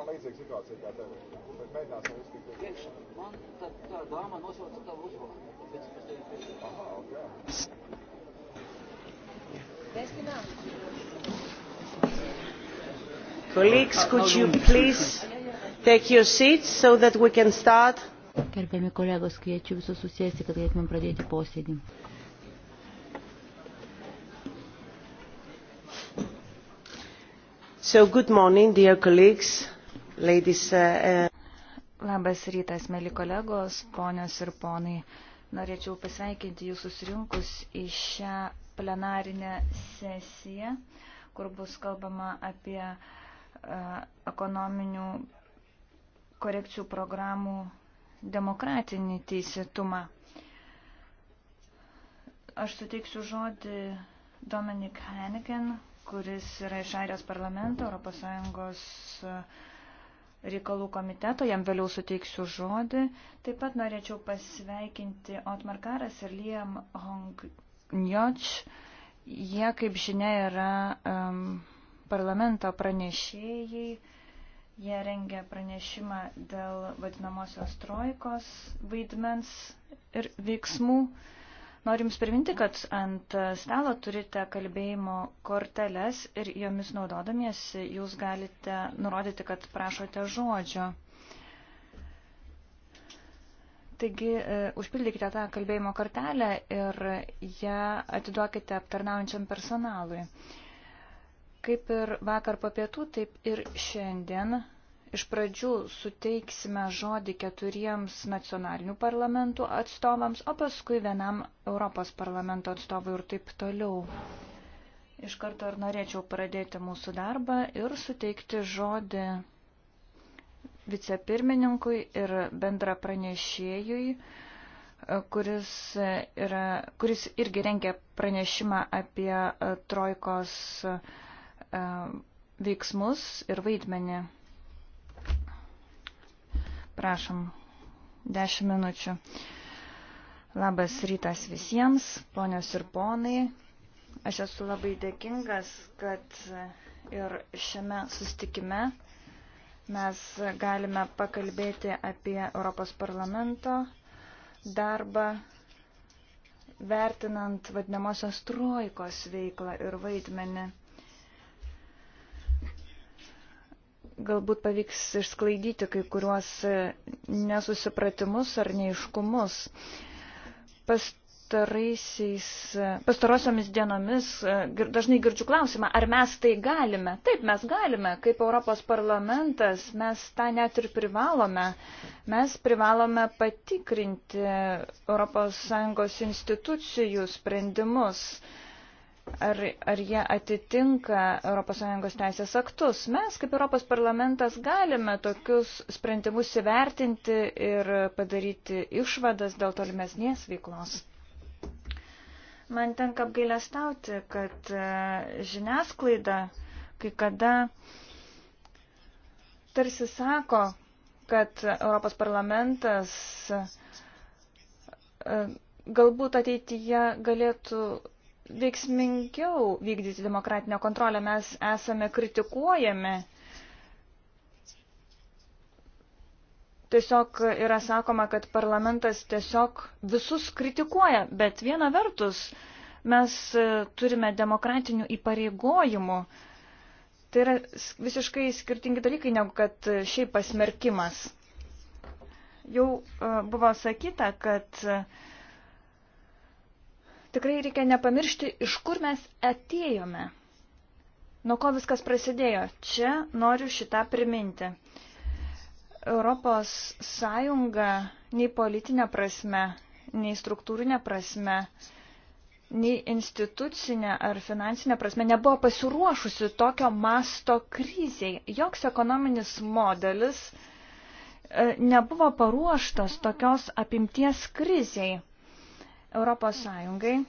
man līdzīga situācija kā tev. Bet mēģināsim uztikt. Iekšā man tā, tā dāma nosauca tavu uzvārdu. Pēc pēc tevi. Aha, ok. Colleagues, could you please take your seats so that we can start? Gerbiami kolegos, kviečiu visus susėsti, kad galėtumėm pradėti posėdį. So good morning, dear colleagues. Ladies, uh, uh, Labas rytas, mėly kolegos, ponios ir ponai. Norėčiau pasveikinti jūsų susirinkus į šią plenarinę sesiją, kur bus kalbama apie uh, ekonominių korekcijų programų demokratinį teisėtumą. Aš suteiksiu žodį Dominic Hannigan, kuris yra iš Airijos parlamento, ES reikalų komiteto, jam vėliau suteiksiu žodį. Taip pat norėčiau pasveikinti Otmar Karas ir Liam Hongnioč. Jie, kaip žinia, yra um, parlamento pranešėjai. Jie rengia pranešimą dėl vadinamosios trojkos vaidmens ir veiksmų. Uh, Noriu Jums priminti, kad ant stalo turite kalbėjimo korteles ir jomis naudodamiesi Jūs galite nurodyti, kad prašote žodžio. Taigi e, užpildykite tą kalbėjimo kortelę ir ją atiduokite aptarnaujančiam personalui. Kaip ir vakar po pietų, taip ir šiandien Iš pradžių suteiksime žodį keturiems nacionalinių parlamentų atstovams, o paskui vienam Europos parlamento atstovui ir taip toliau. Iš karto ir norėčiau pradėti mūsų darbą ir suteikti žodį vicepirmininkui ir bendra pranešėjui, kuris, yra, kuris irgi rengia pranešimą apie e, trojkos e, veiksmus ir vaidmenį Prašom, 10 minučių. Labas rytas visiems, ponios ir ponai. Aš esu labai dėkingas, kad ir šiame sustikime mes galime pakalbėti apie Europos parlamento darbą, vertinant vadinamosios trojkos veiklą ir vaidmenį. galbūt pavyks išsklaidyti kai kuriuos nesusipratimus ar neiškumus. Pastarosiomis dienomis e, dažnai girdžiu klausimą, ar mes tai galime. Taip, mes galime, kaip Europos parlamentas, mes tą net ir privalome. Mes privalome patikrinti ES institucijų sprendimus ar, ar jie atitinka ES teisės aktus. Mes kaip Europos parlamentas galime tokius sprendimus įvertinti ir padaryti išvadas dėl tolimesnės veiklos. Man tenka apgailestauti, kad e, žiniasklaida kai kada tarsi sako, kad Europos parlamentas e, galbūt ateityje galėtų veiksmingiau vykdyti demokratinę kontrolę. Mes esame kritikuojami. Tiesiog yra sakoma, kad parlamentas tiesiog visus kritikuoja, bet viena vertus mes e, turime demokratinių įpareigojimų. Tai yra visiškai skirtingi dalykai negu kad e, šiaip pasmerkimas. Jau e, buvo sakyta, kad uh, tikrai reikia nepamiršti, iš kur mes atėjome, nuo ko viskas prasidėjo. Čia noriu šitą priminti. Europos Sąjunga nei politinė prasme, nei struktūrinė prasme, nei institucinė ar finansinė prasme nebuvo pasiruošusi tokio masto kriziai. Joks ekonominis modelis e, nebuvo paruoštas tokios apimties kriziai. Europos Sąjungai.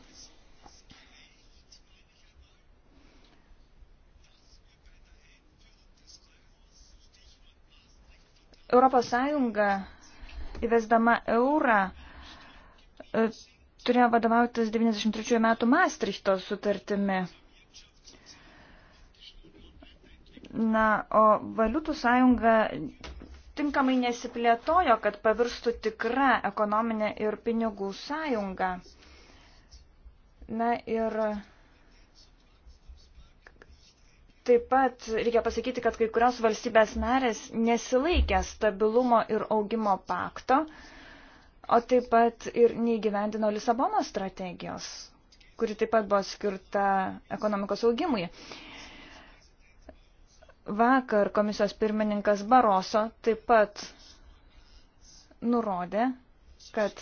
Europos Sąjunga įvesdama eurą e, turėjo vadovautis 93 metų Maastrichto sutartimi. Na, o valiutų sąjunga tinkamai nesiplėtojo, kad pavirstų tikra ekonominė ir pinigų sąjunga. Na ir taip pat reikia pasakyti, kad kai kurios valstybės narės nesilaikė stabilumo ir augimo pakto, o taip pat ir neįgyvendino Lisabono strategijos, kuri taip pat buvo skirta ekonomikos augimui. Vakar komisijos pirmininkas Baroso taip pat nurodė, kad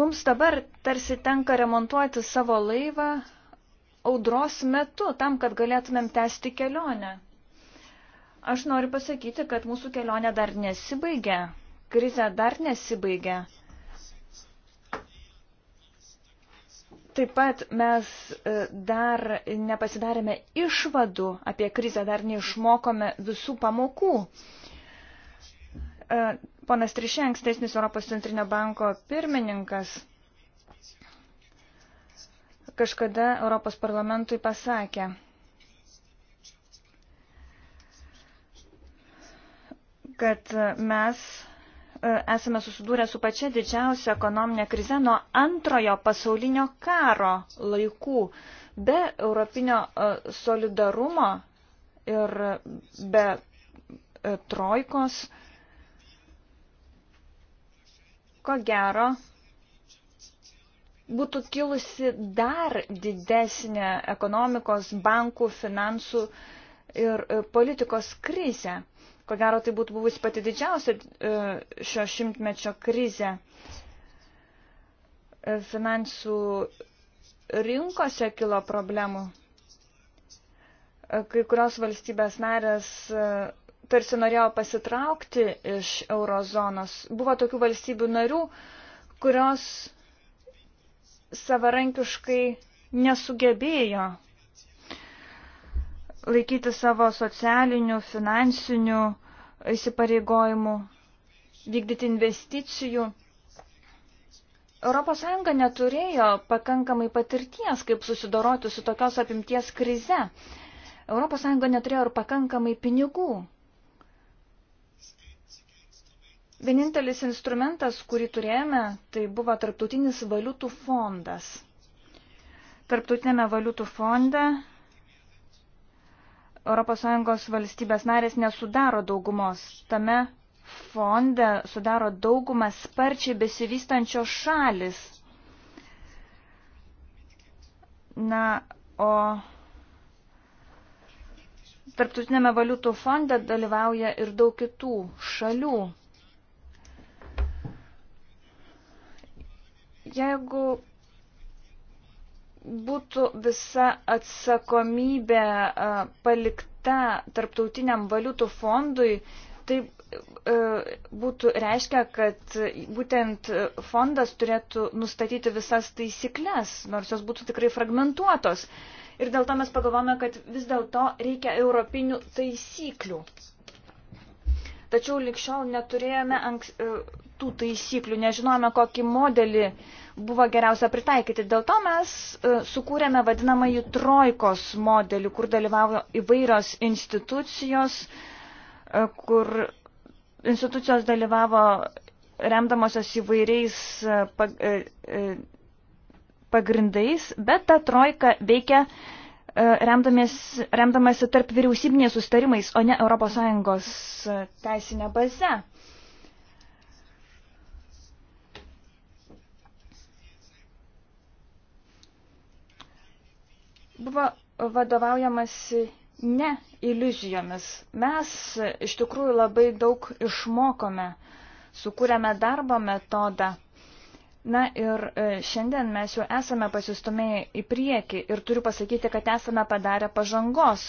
mums dabar tarsi tenka remontuoti savo laivą audros metu, tam, kad galėtumėm tęsti kelionę. Aš noriu pasakyti, kad mūsų kelionė dar nesibaigė, krize dar nesibaigė. Taip pat mes e, dar nepasidarėme išvadų apie krizę, dar neišmokome visų pamokų. E, ponas Trišė, ankstesnis Europos centrinio banko pirmininkas, kažkada Europos parlamentui pasakė, kad mes E, esame susidūrę su pačia didžiausia ekonominė krize nuo antrojo pasaulinio karo laikų. Be europinio e, solidarumo ir be e, trojkos, ko gero, būtų kilusi dar didesnė ekonomikos, bankų, finansų ir politikos krizė. Ko gero, tai būtų buvusi pati didžiausia e, šio šimtmečio krize. Finansų rinkose kilo problemų. E, kai kurios valstybės narės e, tarsi norėjo pasitraukti iš eurozonos. Buvo tokių valstybių narių, kurios savarankiškai nesugebėjo laikyti savo socialinių, finansinių įsipareigojimų, vykdyti investicijų. ES neturėjo pakankamai patirties, kaip susidoroti su tokios apimties krize. ES neturėjo ir pakankamai pinigų. Vienintelis instrumentas, kurį turėjome, tai buvo tarptautinis valiutų fondas. Tarptautinėme valiutų fonde ES valstybės narės nesudaro daugumos. Tame fonde sudaro daugumą sparčiai besivystančios šalis. Na, o Tarptautinėme valiutų fonde dalyvauja ir daug kitų šalių. Jeigu būtų visa atsakomybė e, palikta tarptautiniam valiutų fondui, tai e, būtų reiškia, kad būtent fondas turėtų nustatyti visas taisyklės, nors jos būtų tikrai fragmentuotos. Ir dėl to mes pagalvome, kad vis dėlto reikia europinių taisyklių. Tačiau likščiol neturėjome anks, e, tų taisyklių, nežinojome, kokį modelį uh, buvo geriausia pritaikyti. Dėl to mes e, sukūrėme vadinamąjį trojkos modelį, kur dalyvavo įvairios institucijos, e, kur institucijos dalyvavo remdamosios įvairiais e, pagrindais, bet ta trojka veikia remdamasi tarp vyriausybinės sustarimais, o ne ES teisinė baze. Buvo vadovaujamasi ne iliuzijomis. Mes iš tikrųjų labai daug išmokome, sukūrėme darbo metodą. Na ir e, šiandien mes jau esame pasistumėję į priekį ir turiu pasakyti, kad esame padarę pažangos.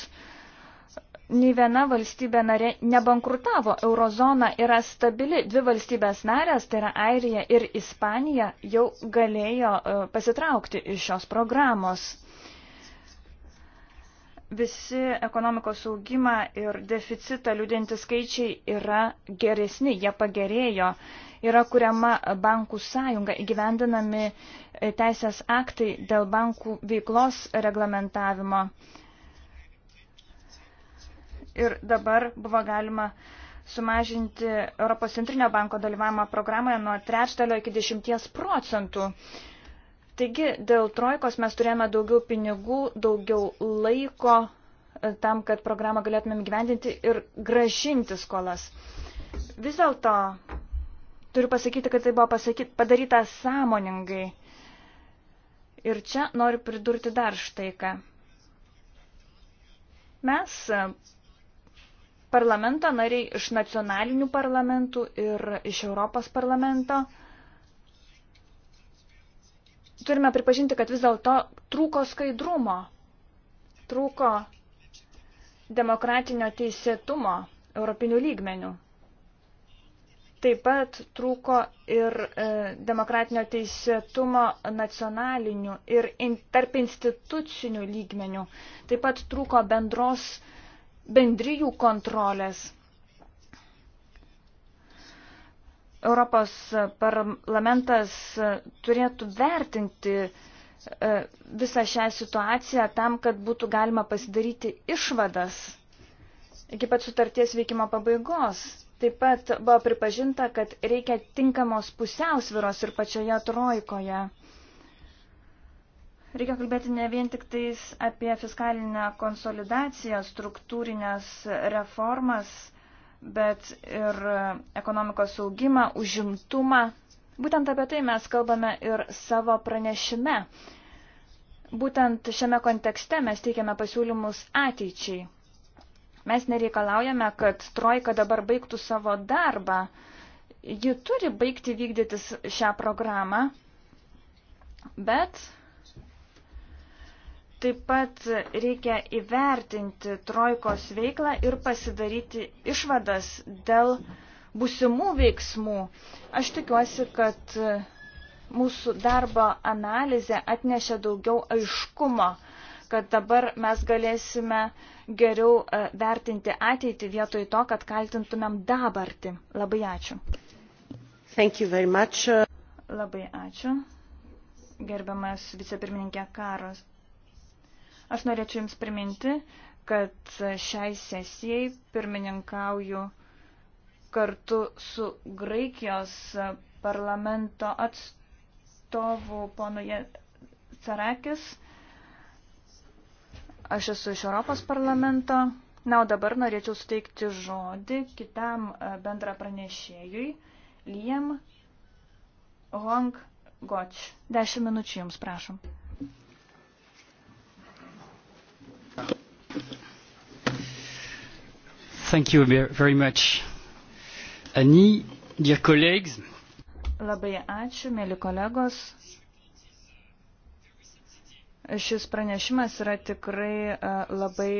Nė viena valstybė narė nebankrutavo, eurozona yra stabili, dvi valstybės narės, tai yra Airija ir Ispanija, jau galėjo e, pasitraukti iš šios programos visi ekonomikos augimą ir deficitą liūdintis skaičiai yra geresni, jie pagerėjo, yra kuriama bankų sąjunga, įgyvendinami e, teisės aktai dėl bankų veiklos reglamentavimo. Ir dabar buvo galima sumažinti Europos centrinio banko dalyvavimą programoje nuo trečdalio iki dešimties procentų. Uh, Taigi dėl trojkos mes turėjome daugiau pinigų, daugiau laiko e, tam, kad programą galėtumėm gyvendinti ir gražinti skolas. Vis dėlto turiu pasakyti, kad tai buvo pasakyt, padaryta sąmoningai. Ir čia noriu pridurti dar štai ką. Mes, e, parlamento nariai iš nacionalinių parlamentų ir iš Europos parlamento, turime pripažinti, kad vis dėlto trūko skaidrumo, trūko demokratinio teisėtumo europinių lygmenių. Taip pat trūko ir e, demokratinio teisėtumo nacionalinių ir in, tarp institucinių lygmenių. Taip pat trūko bendros bendrijų kontrolės Europos parlamentas turėtų vertinti e, visą šią situaciją tam, kad būtų galima pasidaryti išvadas iki pat sutarties veikimo pabaigos. Taip pat buvo pripažinta, kad reikia tinkamos pusiausviros ir pačioje trojkoje. Reikia kalbėti ne vien tik tais apie fiskalinę konsolidaciją, struktūrinės reformas bet ir ekonomikos augimą, užimtumą. Būtent apie tai mes kalbame ir savo pranešime. Būtent šiame kontekste mes teikiame pasiūlymus ateičiai. Mes nereikalaujame, kad trojka dabar baigtų savo darbą. Ji turi baigti vykdytis šią programą, bet Taip pat reikia įvertinti trojkos veiklą ir pasidaryti išvadas dėl būsimų veiksmų. Aš tikiuosi, kad mūsų darbo analizė atnešė daugiau aiškumo, kad dabar mes galėsime geriau e, vertinti ateitį vietoj to, kad kaltintumėm dabartį. Labai ačiū. Labai ačiū. Gerbiamas vicepirmininkė Karos Aš norėčiau Jums priminti, kad šiai sesijai pirmininkauju kartu su Graikijos parlamento atstovu ponu Carakis. Aš esu iš Europos parlamento. Na, o dabar norėčiau suteikti žodį kitam e, bendra pranešėjui, Liam Hong Goch. Dešimt minučių jums prašom. Thank you very much, Annie, dear colleagues. Labai ačiū, mėly kolegos. Šis pranešimas yra tikrai e, labai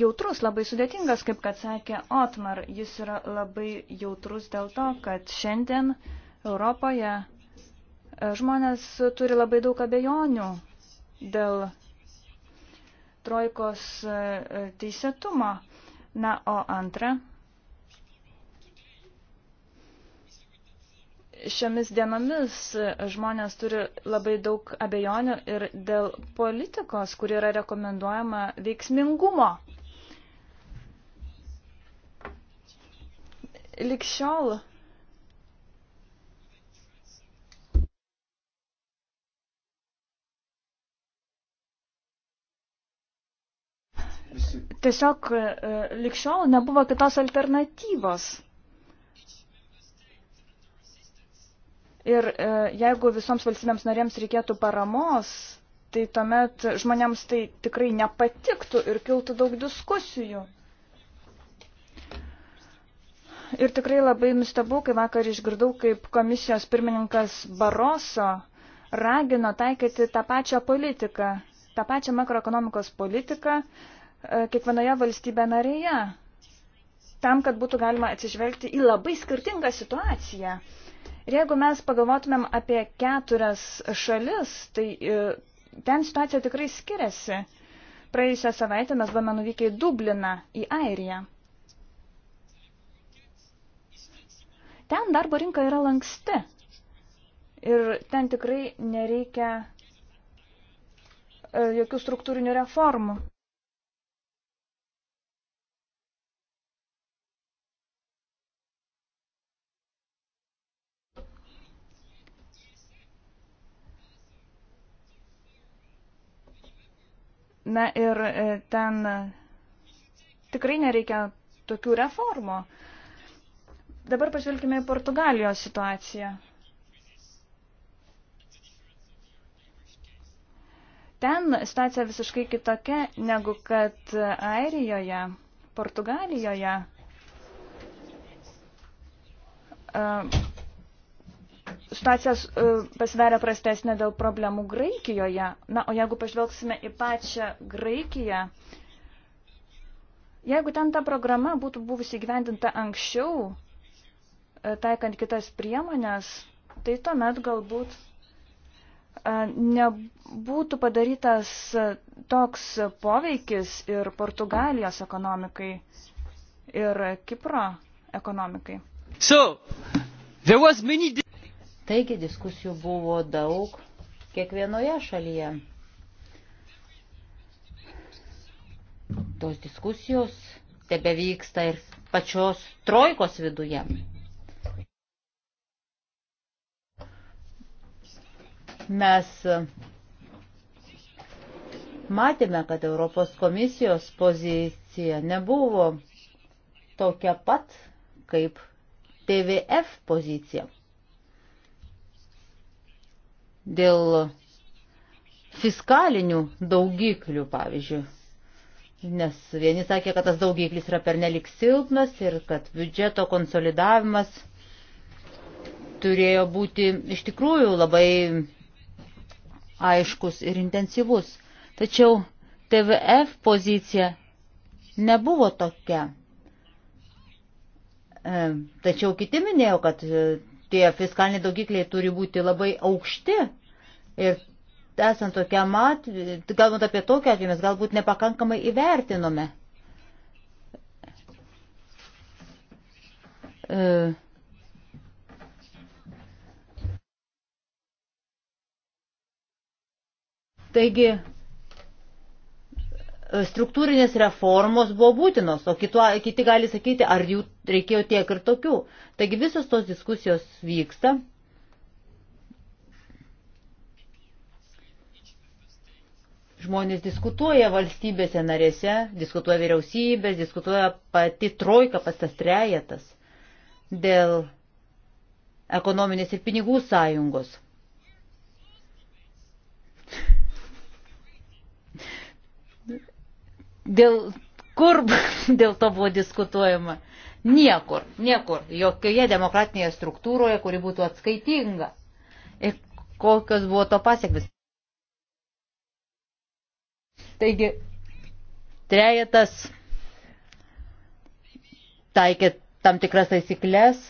jautrus, labai sudėtingas, kaip kad sakė Otmar. Jis yra labai jautrus dėl to, kad šiandien Europoje e, žmonės turi labai daug abejonių dėl trojkos e, e, teisėtumo. Na, o antra, šiomis dienomis žmonės turi labai daug abejonių ir dėl politikos, kuri yra rekomenduojama veiksmingumo. Likščiol Tiesiog e, e, likščiol nebuvo kitos alternatyvos. Ir e, jeigu visoms valstybėms narėms reikėtų paramos, tai tuomet žmonėms tai tikrai nepatiktų ir kiltų daug diskusijų. Ir tikrai labai nustebau, kai vakar išgirdau, kaip komisijos pirmininkas Baroso ragino taikyti tą pačią politiką, tą pačią makroekonomikos politiką, E, kiekvienoje valstybė narėje, tam, kad būtų galima atsižvelgti į labai skirtingą situaciją. Ir jeigu mes pagalvotumėm apie keturias šalis, tai e, ten situacija tikrai skiriasi. Praėjusią savaitę mes buvome nuvykę į Dubliną, į Airiją. Ten darbo rinka yra lanksti. Ir ten tikrai nereikia e, jokių struktūrinių reformų. Na ir e, ten tikrai nereikia tokių reformų. Dabar pažvelkime į Portugalijos situaciją. Ten situacija visiškai kitokia negu kad Airijoje, Portugalijoje. Uh, situacijas e, pasidarė prastesnė dėl problemų Graikijoje. Na, o jeigu pažvelgsime į pačią Graikiją, jeigu ten ta programa būtų buvusi gyvendinta anksčiau, e, taikant kitas priemonės, tai tuomet galbūt e, nebūtų padarytas toks poveikis ir Portugalijos ekonomikai, ir Kipro ekonomikai. So, many... Taigi diskusijų buvo daug kiekvienoje šalyje. Tos diskusijos tebe vyksta ir pačios trojkos viduje. Mes matėme, kad Europos komisijos pozicija nebuvo tokia pat kaip TVF pozicija dėl fiskalinių daugiklių, pavyzdžiui. Nes vieni sakė, kad tas daugiklis yra pernelik silpnas ir kad biudžeto konsolidavimas turėjo būti iš tikrųjų labai aiškus ir intensyvus. Tačiau TVF pozicija nebuvo tokia. Tačiau kiti minėjo, kad tie fiskaliniai daugikliai turi būti labai aukšti ir esant tokiam atveju, galbūt apie tokią atveju mes galbūt nepakankamai įvertinome. E, Taigi, struktūrinės reformos buvo būtinos, o kitu, kiti gali sakyti, ar jų reikėjo tiek ir tokių. Taigi visos tos diskusijos vyksta. Žmonės diskutuoja valstybėse narėse, diskutuoja vyriausybės, diskutuoja pati trojka, pas tas trejetas dėl ekonominės ir pinigų sąjungos. Dėl kur dėl to buvo diskutuojama? Niekur, niekur, jokioje demokratinėje struktūroje, kuri būtų atskaitinga. Ir kokios buvo to pasiekmes? Taigi, trejetas taikė tam tikras taisyklės,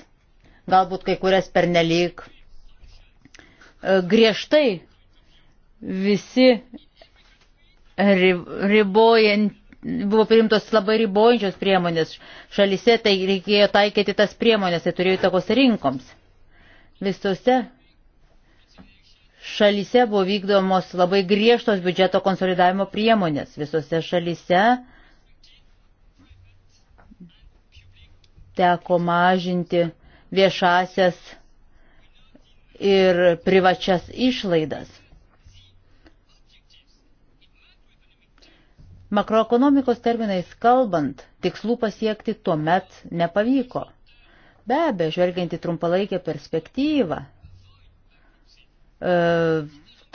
galbūt kai kurias pernelyg e, griežtai visi ribojant buvo priimtos labai ribojančios priemonės šalise, tai reikėjo taikyti tas priemonės, tai turėjo įtakos rinkoms. Visose šalise buvo vykdomos labai griežtos biudžeto konsolidavimo priemonės. Visose šalise teko mažinti viešasias ir privačias išlaidas. Makroekonomikos terminais kalbant, tikslų pasiekti tuo met nepavyko. Be abejo, žvelgiant į trumpalaikę perspektyvą, e,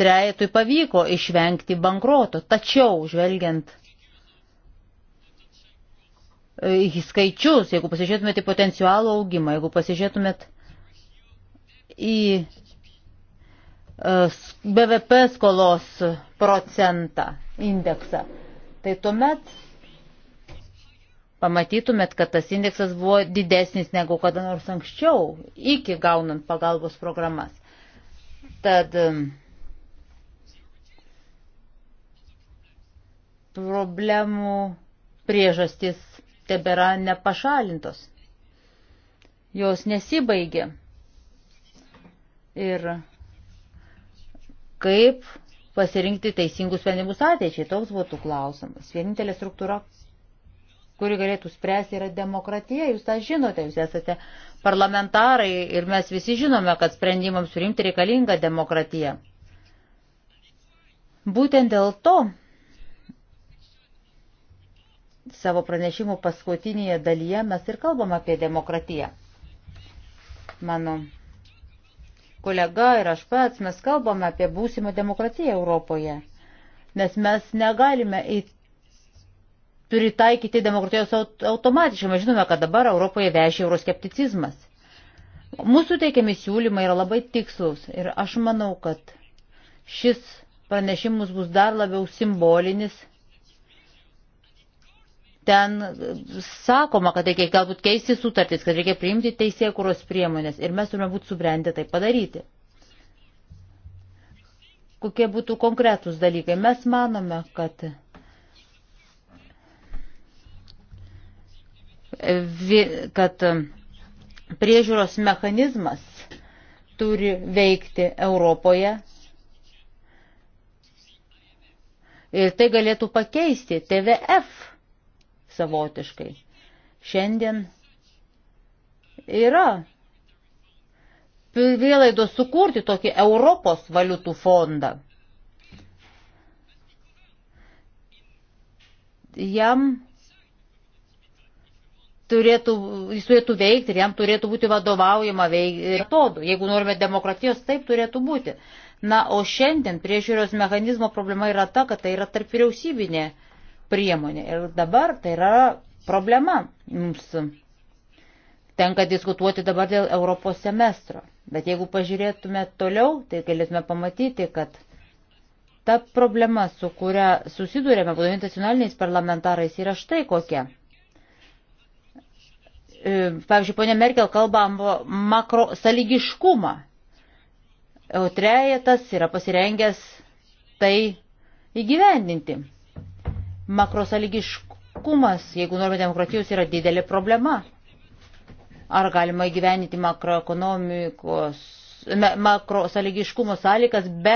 trejetui pavyko išvengti bankroto, tačiau žvelgiant e, į skaičius, jeigu pasižiūrėtumėt į potencialų augimą, jeigu pasižiūrėtumėt į e, BVP skolos procentą indeksą, tai tuomet pamatytumėt, kad tas indeksas buvo didesnis negu kada nors anksčiau, iki gaunant pagalbos programas. Tad problemų priežastis tebėra nepašalintos. Jos nesibaigė. Ir kaip pasirinkti teisingus sprendimus ateičiai. Toks būtų klausimas. Vienintelė struktūra, kuri galėtų spręsti, yra demokratija. Jūs tą žinote, jūs esate parlamentarai ir mes visi žinome, kad sprendimams surimti reikalinga demokratija. Būtent dėl to savo pranešimų paskutinėje dalyje mes ir kalbam apie demokratiją. Mano kolega ir aš pats, mes kalbame apie būsimą demokratiją Europoje, nes mes negalime į, pritaikyti demokratijos aut, automatiškai. Mes žinome, kad dabar Europoje vežia euroskepticizmas. Mūsų teikiami siūlymai yra labai tikslus ir aš manau, kad šis pranešimus bus dar labiau simbolinis ten sakoma, kad reikia galbūt keisti sutartis, kad reikia priimti teisėkuros priemonės ir mes turime būti subrendę tai padaryti. Kokie būtų konkretūs dalykai? Mes manome, kad kad um, priežiūros mechanizmas turi veikti Europoje ir tai galėtų pakeisti TVF savotiškai. Šiandien yra prielaidos sukurti tokį Europos valiutų fondą. Jam turėtų, jis turėtų veikti ir jam turėtų būti vadovaujama metodų. Jeigu norime demokratijos, taip turėtų būti. Na, o šiandien priežiūros mechanizmo problema yra ta, kad tai yra tarp vyriausybinė uh, priemonė. Ir dabar tai yra problema mums. Tenka diskutuoti dabar dėl Europos semestro. Bet jeigu pažiūrėtume toliau, tai galėtume pamatyti, kad ta problema, su kuria susidūrėme, būdami nacionaliniais parlamentarais, yra štai kokia. E, pavyzdžiui, ponė Merkel kalba makro saligiškumą. E, o trejetas yra pasirengęs tai įgyvendinti. Makrosaligiškumas, jeigu norime demokratijos, yra didelė problema. Ar galima įgyveninti makroekonomikos makrosaligiškumo sąlygas be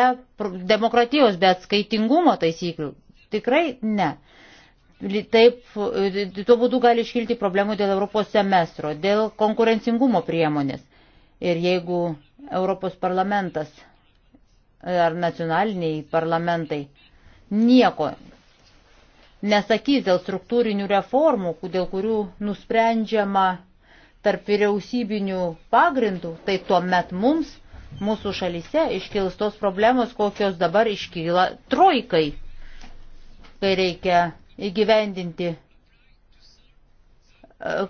demokratijos, be atskaitingumo taisyklių? Tikrai ne. Taip, tuo būdu gali iškilti problemų dėl Europos semestro, dėl konkurencingumo priemonės. Ir jeigu Europos parlamentas ar nacionaliniai parlamentai nieko nesakys dėl struktūrinių reformų, dėl kurių nusprendžiama tarp vyriausybinių pagrindų, tai tuomet mums, mūsų šalyse, iškils tos problemos, kokios dabar iškyla trojkai, kai reikia įgyvendinti e,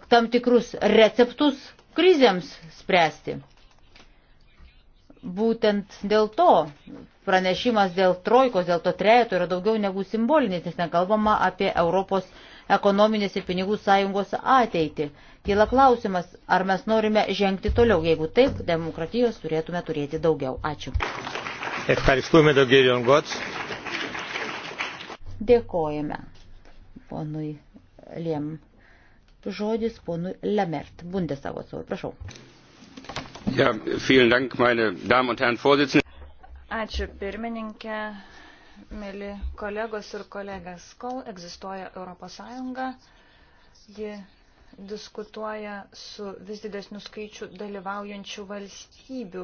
tam tikrus receptus krizėms spręsti. Būtent dėl to pranešimas dėl trojkos, dėl to trejeto yra daugiau negu simbolinis, nes nekalbama apie Europos ekonominės ir pinigų sąjungos ateitį. Kyla klausimas, ar mes norime žengti toliau, jeigu taip, demokratijos turėtume turėti daugiau. Ačiū. Dėkojame ponui Liem. Žodis ponui Lemert, Bundesavo atstovui. Prašau. Ja, vielen Dank, meine Damen und Herren Vorsitzende. Ačiū pirmininkė, mėly kolegos ir kolegas. Kol egzistuoja Europos Sąjunga, ji diskutuoja su vis didesniu skaičiu dalyvaujančių valstybių.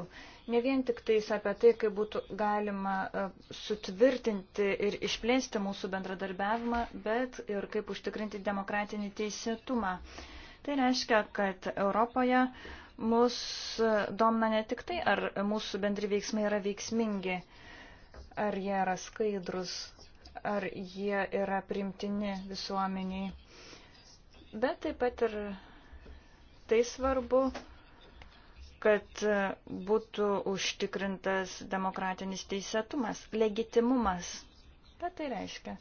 Ne vien tik tais apie tai, kaip būtų galima e, sutvirtinti ir išplėsti mūsų bendradarbiavimą, bet ir kaip užtikrinti demokratinį teisėtumą. Tai reiškia, kad Europoje mus domina ne tik tai, ar mūsų bendri veiksmai yra veiksmingi, ar jie yra skaidrus, ar jie yra primtini visuomeniai, bet taip pat ir tai svarbu, kad būtų užtikrintas demokratinis teisėtumas, legitimumas. Bet tai reiškia,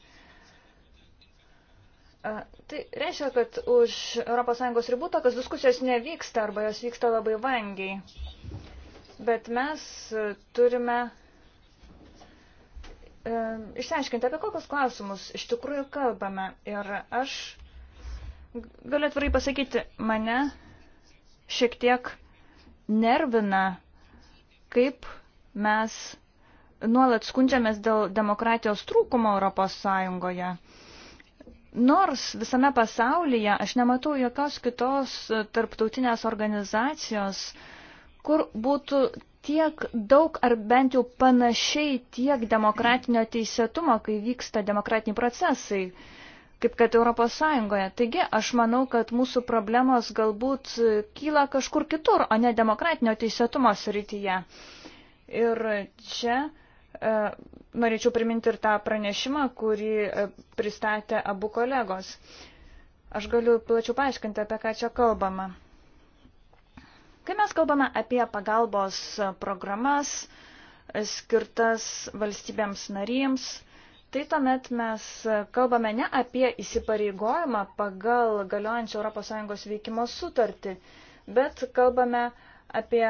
Tai reiškia, kad už ES ribų tokios diskusijos nevyksta arba jos vyksta labai vangiai. Bet mes turime e, išsiaiškinti, apie kokius klausimus iš tikrųjų kalbame. Ir aš galiu atvirai pasakyti, mane šiek tiek nervina, kaip mes nuolat skundžiamės dėl demokratijos trūkumo Europos Sąjungoje. Nors visame pasaulyje aš nematau jokios kitos e, tarptautinės organizacijos, kur būtų tiek daug ar bent jau panašiai tiek demokratinio teisėtumo, kai vyksta demokratiniai procesai, kaip kad Europos Sąjungoje. Taigi aš manau, kad mūsų problemos galbūt e, kyla kažkur kitur, o ne demokratinio teisėtumo srityje. Ir čia uh, E, norėčiau priminti ir tą pranešimą, kurį e, pristatė abu kolegos. Aš galiu plačiau paaiškinti, apie ką čia kalbama. Kai mes kalbame apie pagalbos programas e, skirtas valstybėms narėms, tai tuomet mes kalbame ne apie įsipareigojimą pagal galiojančią ES veikimo sutartį, bet kalbame apie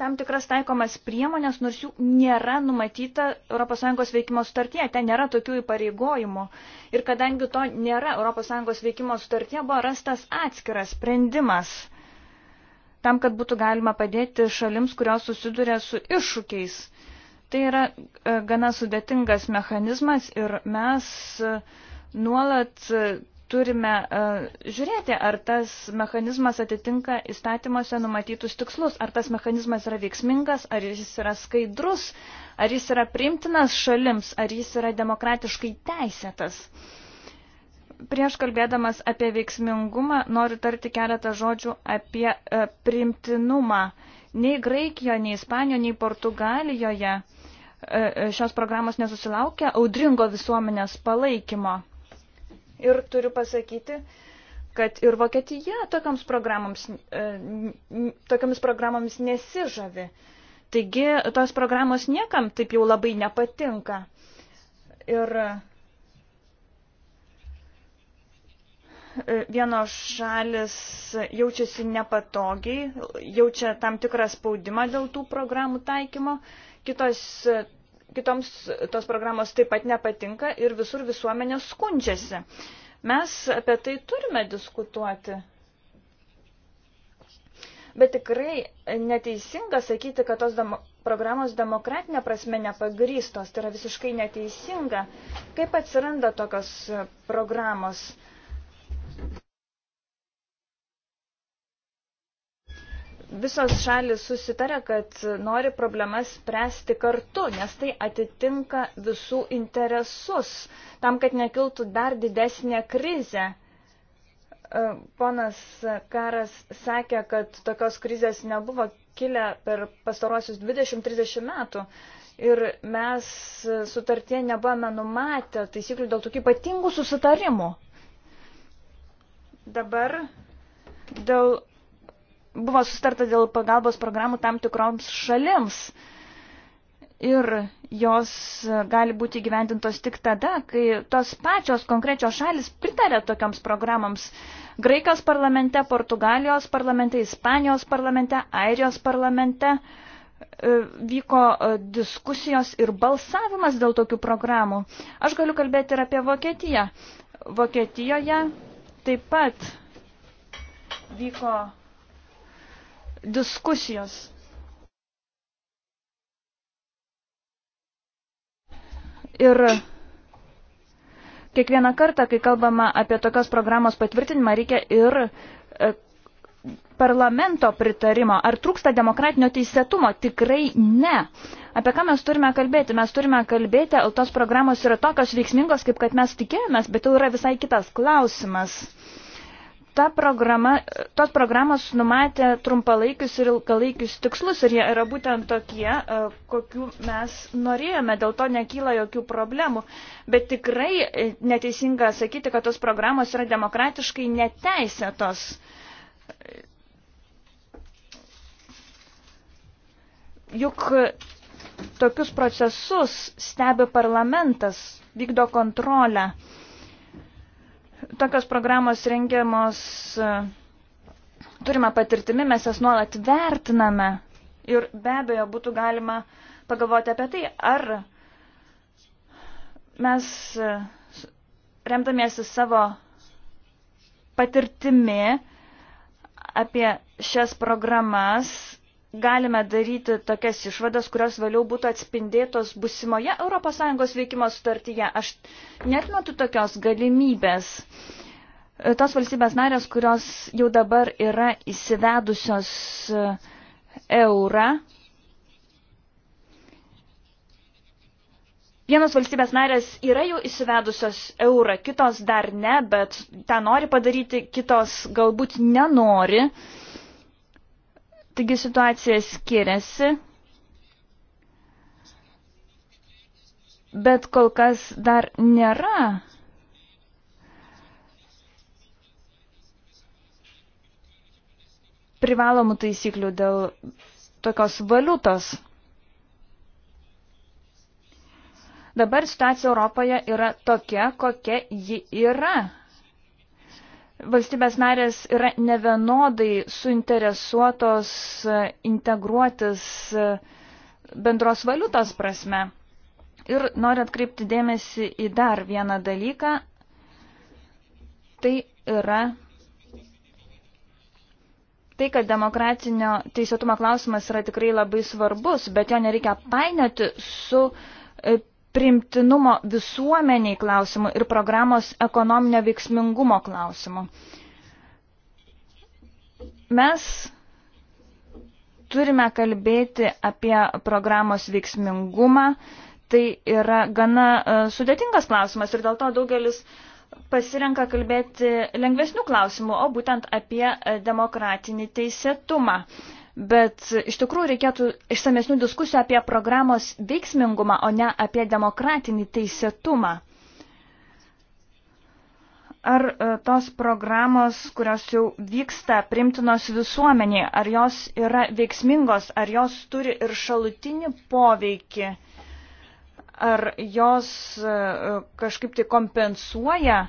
tam tikras taikomas priemonės, nors jų nėra numatyta ES veikimo sutartyje, ten nėra tokių įpareigojimų. Ir kadangi to nėra ES veikimo sutartyje, buvo rastas atskiras sprendimas tam, kad būtų galima padėti šalims, kurios susiduria su iššūkiais. Tai yra e, gana sudėtingas mechanizmas ir mes e, nuolat e, turime e, žiūrėti, ar tas mechanizmas atitinka įstatymuose numatytus tikslus, ar tas mechanizmas yra veiksmingas, ar jis yra skaidrus, ar jis yra priimtinas šalims, ar jis yra demokratiškai teisėtas. Prieš kalbėdamas apie veiksmingumą noriu tarti keletą žodžių apie e, priimtinumą. Nei Graikijoje, nei Ispanijoje, nei Portugalijoje e, e šios programos nesusilaukia audringo visuomenės palaikymo Ir turiu pasakyti, kad ir Vokietija tokiams programams, e, tokiams programams nesižavi. Taigi tos programos niekam taip jau labai nepatinka. Ir e, vienos šalis jaučiasi nepatogiai, jaučia tam tikrą spaudimą dėl tų programų taikymo, kitos e, kitoms tos programos taip pat nepatinka ir visur visuomenė skundžiasi. Mes apie tai turime diskutuoti. Bet tikrai neteisinga sakyti, kad tos demo, programos demokratinė prasme nepagrystos, tai yra visiškai neteisinga. Kaip atsiranda tokios programos? visos šalis susitarė, kad nori problemas spręsti kartu, nes tai atitinka visų interesus, tam, kad nekiltų dar didesnė krizė. E, ponas Karas sakė, kad tokios krizės nebuvo kilę per pastarosius 20-30 metų ir mes sutartie nebuvome numatę taisyklių dėl tokių ypatingų susitarimų. Dabar dėl buvo sustarta dėl pagalbos programų tam tikroms šalims. Ir jos gali būti gyvendintos tik tada, kai tos pačios konkrečios šalis pritarė tokiams programams. Graikijos parlamente, Portugalijos parlamente, Ispanijos parlamente, Airijos parlamente e, vyko e, diskusijos ir balsavimas dėl tokių programų. Aš galiu kalbėti ir apie Vokietiją. Vokietijoje taip pat vyko diskusijos. Ir kiekvieną kartą, kai kalbama apie tokios programos patvirtinimą, reikia ir e, parlamento pritarimo. Ar trūksta demokratinio teisėtumo? Tikrai ne. Apie ką mes turime kalbėti? Mes turime kalbėti, o tos programos yra tokios veiksmingos, kaip kad mes tikėjomės, bet jau yra visai kitas klausimas ta programa, tos programos numatė trumpalaikius ir ilgalaikius tikslus ir jie yra būtent tokie, e, kokių mes norėjome, dėl to nekyla jokių problemų. Bet tikrai e, neteisinga sakyti, kad tos programos yra demokratiškai neteisėtos. Juk tokius procesus stebi parlamentas, vykdo kontrolę. Tokios programos rengiamos e, turime patirtimi, mes jas nuolat vertiname ir be abejo būtų galima pagalvoti apie tai, ar mes e, remdamiesi savo patirtimi apie šias programas galime daryti tokias išvadas, kurios vėliau būtų atspindėtos busimoje ES veikimo sutartyje. Aš netmetu tokios galimybės. Tos valstybės narės, kurios jau dabar yra įsivedusios e, eurą, Vienos valstybės narės yra jau įsivedusios eurą, kitos dar ne, bet tą nori padaryti, kitos galbūt nenori. Uh, Taigi situacija skiriasi, bet kol kas dar nėra. privalomų taisyklių dėl tokios valiutos. Dabar situacija Europoje yra tokia, kokia ji yra valstybės narės yra nevienodai suinteresuotos e, integruotis e, bendros valiutos prasme. Ir noriu atkreipti dėmesį į dar vieną dalyką. Tai yra tai, kad demokratinio teisėtumo klausimas yra tikrai labai svarbus, bet jo nereikia painioti su e, primtinumo visuomeniai klausimų ir programos ekonominio veiksmingumo klausimų. Mes turime kalbėti apie programos veiksmingumą. Tai yra gana e, sudėtingas klausimas ir dėl to daugelis pasirenka kalbėti lengvesnių klausimų, o būtent apie e, demokratinį teisėtumą. Bet iš tikrųjų reikėtų išsamesnių diskusijų apie programos veiksmingumą, o ne apie demokratinį teisėtumą. Ar e, tos programos, kurios jau vyksta, primtinos visuomeniai, ar jos yra veiksmingos, ar jos turi ir šalutinį poveikį, ar jos e, e, kažkaip tai kompensuoja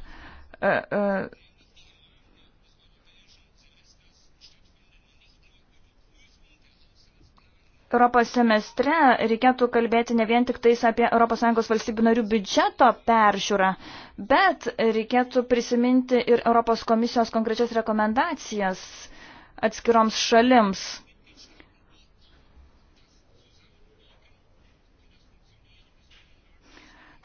Europos semestre reikėtų kalbėti ne vien tik tais apie ES valstybių narių biudžeto peržiūrą, bet reikėtų prisiminti ir Europos komisijos konkrečias rekomendacijas atskiroms šalims.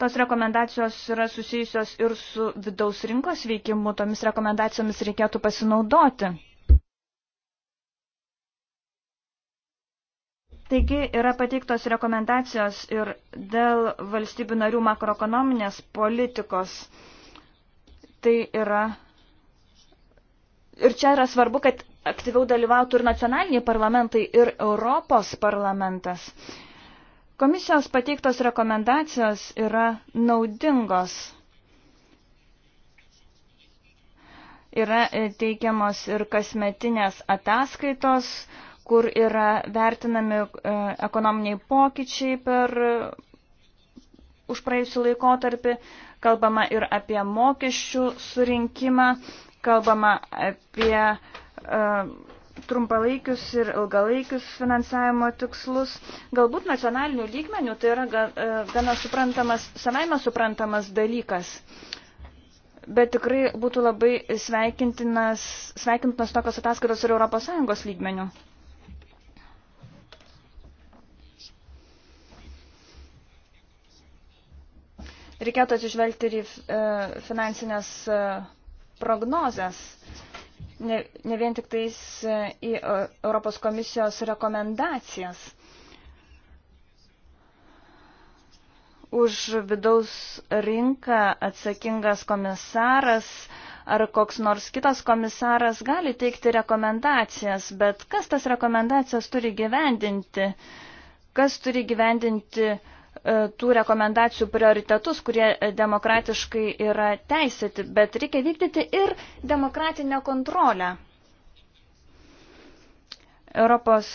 Tos rekomendacijos yra susijusios ir su vidaus rinkos veikimu, tomis rekomendacijomis reikėtų pasinaudoti. Taigi yra pateiktos rekomendacijos ir dėl valstybių narių makroekonominės politikos. Tai yra. Ir čia yra svarbu, kad aktyviau dalyvautų ir nacionaliniai parlamentai, ir Europos parlamentas. Komisijos pateiktos rekomendacijos yra naudingos. Yra teikiamos ir kasmetinės ataskaitos, kur yra vertinami e, ekonominiai pokyčiai per už praėjusių laikotarpį, kalbama ir apie mokesčių surinkimą, kalbama apie uh, trumpalaikius ir ilgalaikius finansavimo tikslus. Galbūt nacionalinių lygmenių tai yra e, gana suprantamas, savaime suprantamas dalykas. Bet tikrai būtų labai sveikintinas, sveikintinas tokios ataskaitos ir ES lygmenių. reikėtų atsižvelgti ir į e, finansinės e, prognozes, ne, ne vien tik tais e, į Europos komisijos rekomendacijas. Už vidaus rinką atsakingas komisaras ar koks nors kitas komisaras gali teikti rekomendacijas, bet kas tas rekomendacijas turi gyvendinti? Kas turi gyvendinti uh, E, tų rekomendacijų prioritetus, kurie demokratiškai yra teisėti, bet reikia vykdyti ir demokratinę kontrolę. Europos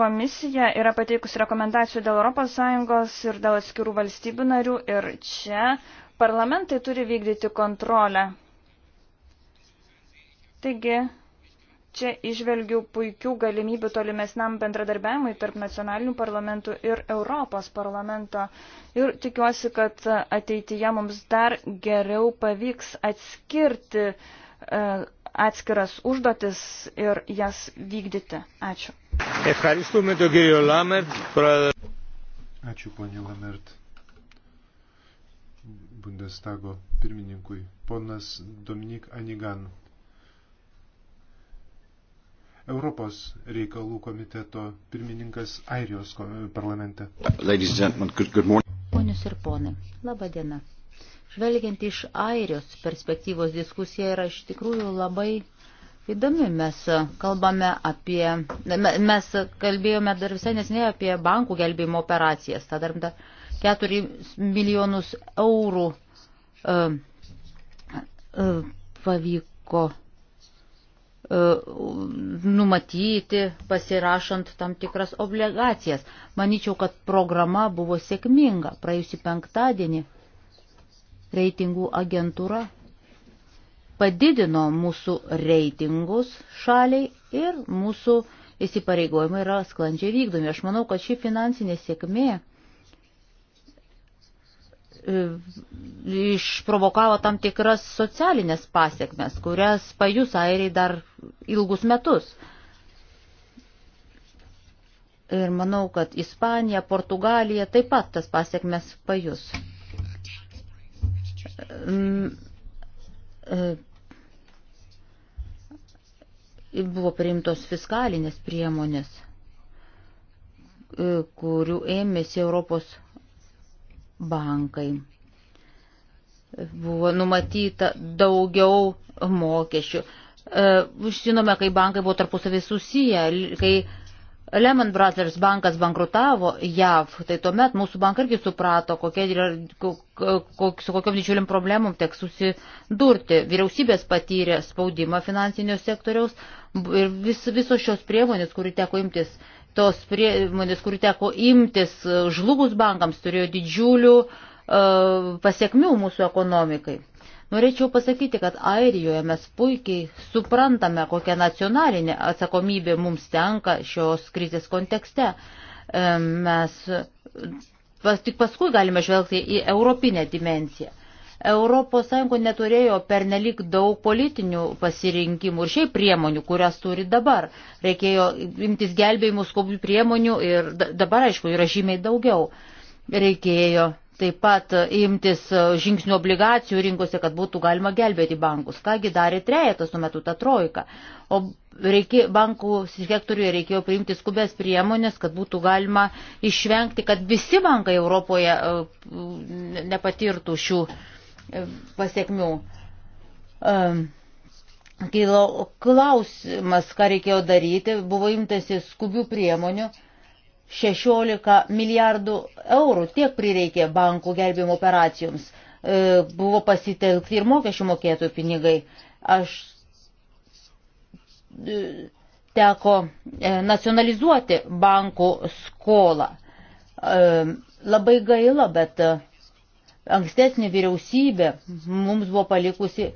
komisija yra pateikusi rekomendacijų dėl ES ir dėl atskirų valstybių narių ir čia parlamentai turi vykdyti kontrolę. Taigi, Čia išvelgiu puikių galimybių tolimesniam bendradarbiavimui tarp nacionalinių parlamentų ir Europos parlamento. Ir tikiuosi, kad ateityje mums dar geriau pavyks atskirti e, atskiras užduotis ir jas vykdyti. Ačiū. Ačiū, ponė Lamert. Bundestago pirmininkui, ponas Dominik Anigan. Europos reikalų komiteto pirmininkas Airijos parlamente. Ponius ir ponai, laba diena. Žvelgiant iš Airijos perspektyvos diskusija yra iš tikrųjų labai įdomi. Mes kalbame apie, mes kalbėjome dar visai nesnei apie bankų gelbėjimo operacijas. Tad dar 4 milijonus eurų uh, uh, pavyko E, numatyti, pasirašant tam tikras obligacijas. Manyčiau, kad programa buvo sėkminga. Praėjusį penktadienį reitingų agentūra padidino mūsų reitingus šaliai ir mūsų įsipareigojimai yra sklandžiai vykdomi. Aš manau, kad ši finansinė sėkmė E, išprovokavo tam tikras socialinės pasiekmes, kurias pajus airiai dar ilgus metus. Ir manau, kad Ispanija, Portugalija taip pat tas pasiekmes pajus. Mm, e, buvo priimtos fiskalinės priemonės, e, kurių ėmėsi Europos bankai. Buvo numatyta daugiau mokesčių. E, žinome, kai bankai buvo tarpusavį susiję, kai Lehman Brothers bankas bankrutavo JAV, tai tuomet mūsų bankai irgi suprato, kokie, kok, su kokiam didžiuliam problemom teks susidurti. Vyriausybės patyrė spaudimą finansinio sektoriaus ir vis, visos šios priemonės, kurių teko imtis tos priemonės, kurių teko imtis žlugus bankams, turėjo didžiulių e, pasiekmių mūsų ekonomikai. Norėčiau pasakyti, kad Airijoje mes puikiai suprantame, kokią nacionalinę atsakomybę mums tenka šios krizės kontekste. E, mes pas, tik paskui galime žvelgti į europinę dimenciją. ES neturėjo pernelik daug politinių pasirinkimų ir šiaip priemonių, kurias turi dabar. Reikėjo imtis gelbėjimų skubių priemonių ir dabar, aišku, yra žymiai daugiau. Reikėjo taip pat imtis žingsnių obligacijų rinkose, kad būtų galima gelbėti bankus. Kągi darė trejetas tuo metu tą trojką. O reikė, bankų sektoriuje reikėjo priimti skubės priemonės, kad būtų galima išvengti, kad visi bankai Europoje e, nepatirtų šių pasiekmių. Um, kilo klausimas, ką reikėjo daryti, buvo imtasi skubių priemonių. 16 milijardų eurų tiek prireikė bankų gelbėjimo operacijoms. E, buvo pasitelkti ir mokesčių mokėtojų pinigai. Aš e, teko e, nacionalizuoti bankų skolą. E, labai gaila, bet e, ankstesnė vyriausybė mums buvo palikusi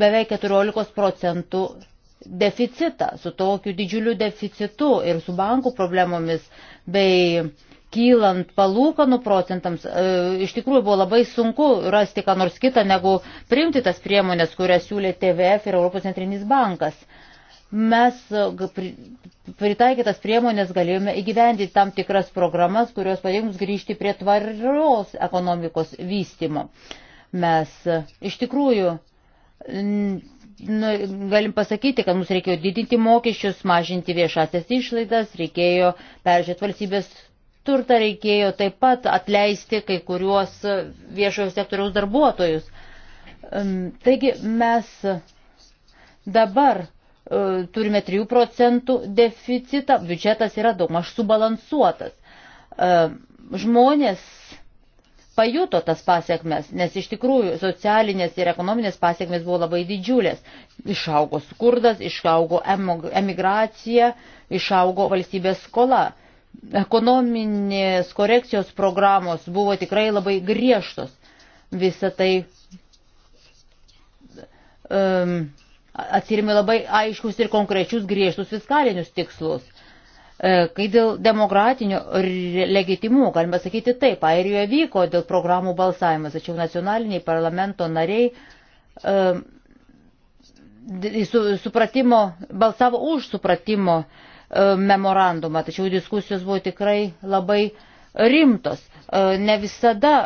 beveik 14 procentų deficitą, su tokiu didžiuliu deficitu ir su bankų problemomis bei kylant palūkanų procentams, e, iš tikrųjų buvo labai sunku rasti ką nors kitą, negu priimti tas priemonės, kurias siūlė TVF ir Europos centrinis bankas. E, mes e, pritaikytas priemonės galėjome įgyvendyti tam tikras programas, kurios padėjo mums grįžti prie tvarios ekonomikos vystimo. Mes e, iš tikrųjų nu, galim pasakyti, kad mums reikėjo didinti mokesčius, mažinti viešasias išlaidas, reikėjo peržiūrėti valstybės turtą, reikėjo taip pat atleisti kai kuriuos e, viešojo sektoriaus darbuotojus. Taigi mes dabar E, turime 3 procentų deficitą, biudžetas yra daugmaž subalansuotas. E, žmonės pajuto tas pasiekmes, nes iš tikrųjų socialinės ir ekonominės pasiekmes buvo labai didžiulės. Išaugo skurdas, išaugo emigracija, išaugo valstybės skola. Ekonominės korekcijos programos buvo tikrai labai griežtos. Visą tai um, atsirimi labai aiškus ir konkrečius griežtus fiskalinius tikslus. E, kai dėl demokratinio legitimumo, galima sakyti taip, Airijoje vyko dėl programų balsavimas, tačiau nacionaliniai parlamento nariai e, supratimo, balsavo už supratimo e, memorandumą, tačiau diskusijos buvo tikrai labai rimtos. Ne visada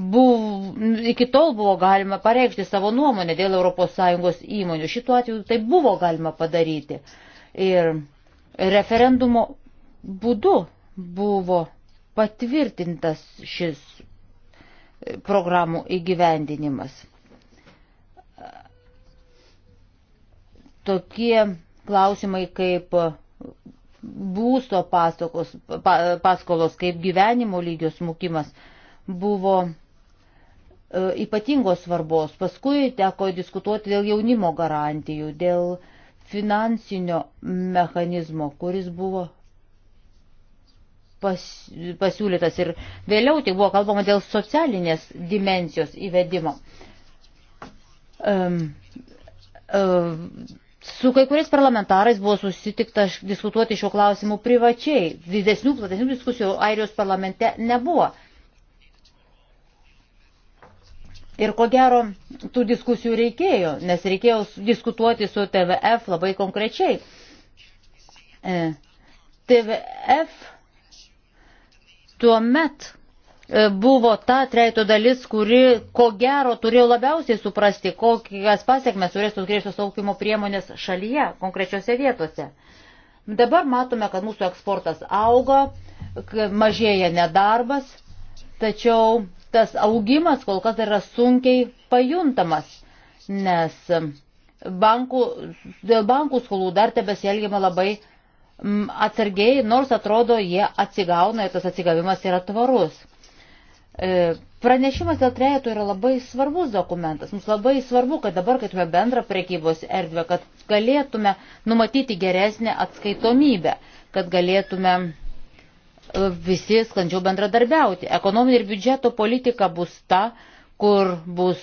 buv, iki tol buvo galima pareikšti savo nuomonę dėl ES įmonių. Šituo atveju tai buvo galima padaryti. Ir referendumo būdu buvo patvirtintas šis programų įgyvendinimas. Tokie klausimai kaip būsto pasakos, paskolos, kaip gyvenimo lygio smukimas buvo E, ypatingos svarbos. Paskui teko diskutuoti dėl jaunimo garantijų, dėl finansinio mechanizmo, kuris buvo pas, pasiūlytas ir vėliau tik buvo kalbama dėl socialinės dimensijos įvedimo. Um, um, su kai kuriais parlamentarais buvo susitikta diskutuoti šiuo klausimu privačiai. Didesnių, platesnių diskusijų Airijos parlamente nebuvo. Ir ko gero, tų diskusijų reikėjo, nes reikėjo diskutuoti su TVF labai konkrečiai. E, TVF tuo met e, buvo ta treito dalis, kuri ko gero turėjo labiausiai suprasti, kokias pasiekmes turės tos griežtos saukimo priemonės šalyje, konkrečiose vietose. Dabar matome, kad mūsų eksportas auga, mažėja nedarbas, tačiau tas augimas kol kas yra sunkiai pajuntamas, nes bankų, dėl bankų skolų dar tebesielgiama labai mm, atsargiai, nors atrodo jie atsigauna ir tas atsigavimas yra tvarus. E, pranešimas dėl trejeto yra labai svarbus dokumentas. Mums labai svarbu, kad dabar, kai turime bendrą prekybos erdvę, kad galėtume numatyti geresnę atskaitomybę, kad galėtume visi sklandžiau bendradarbiauti. Ekonominė ir biudžeto politika bus ta, kur bus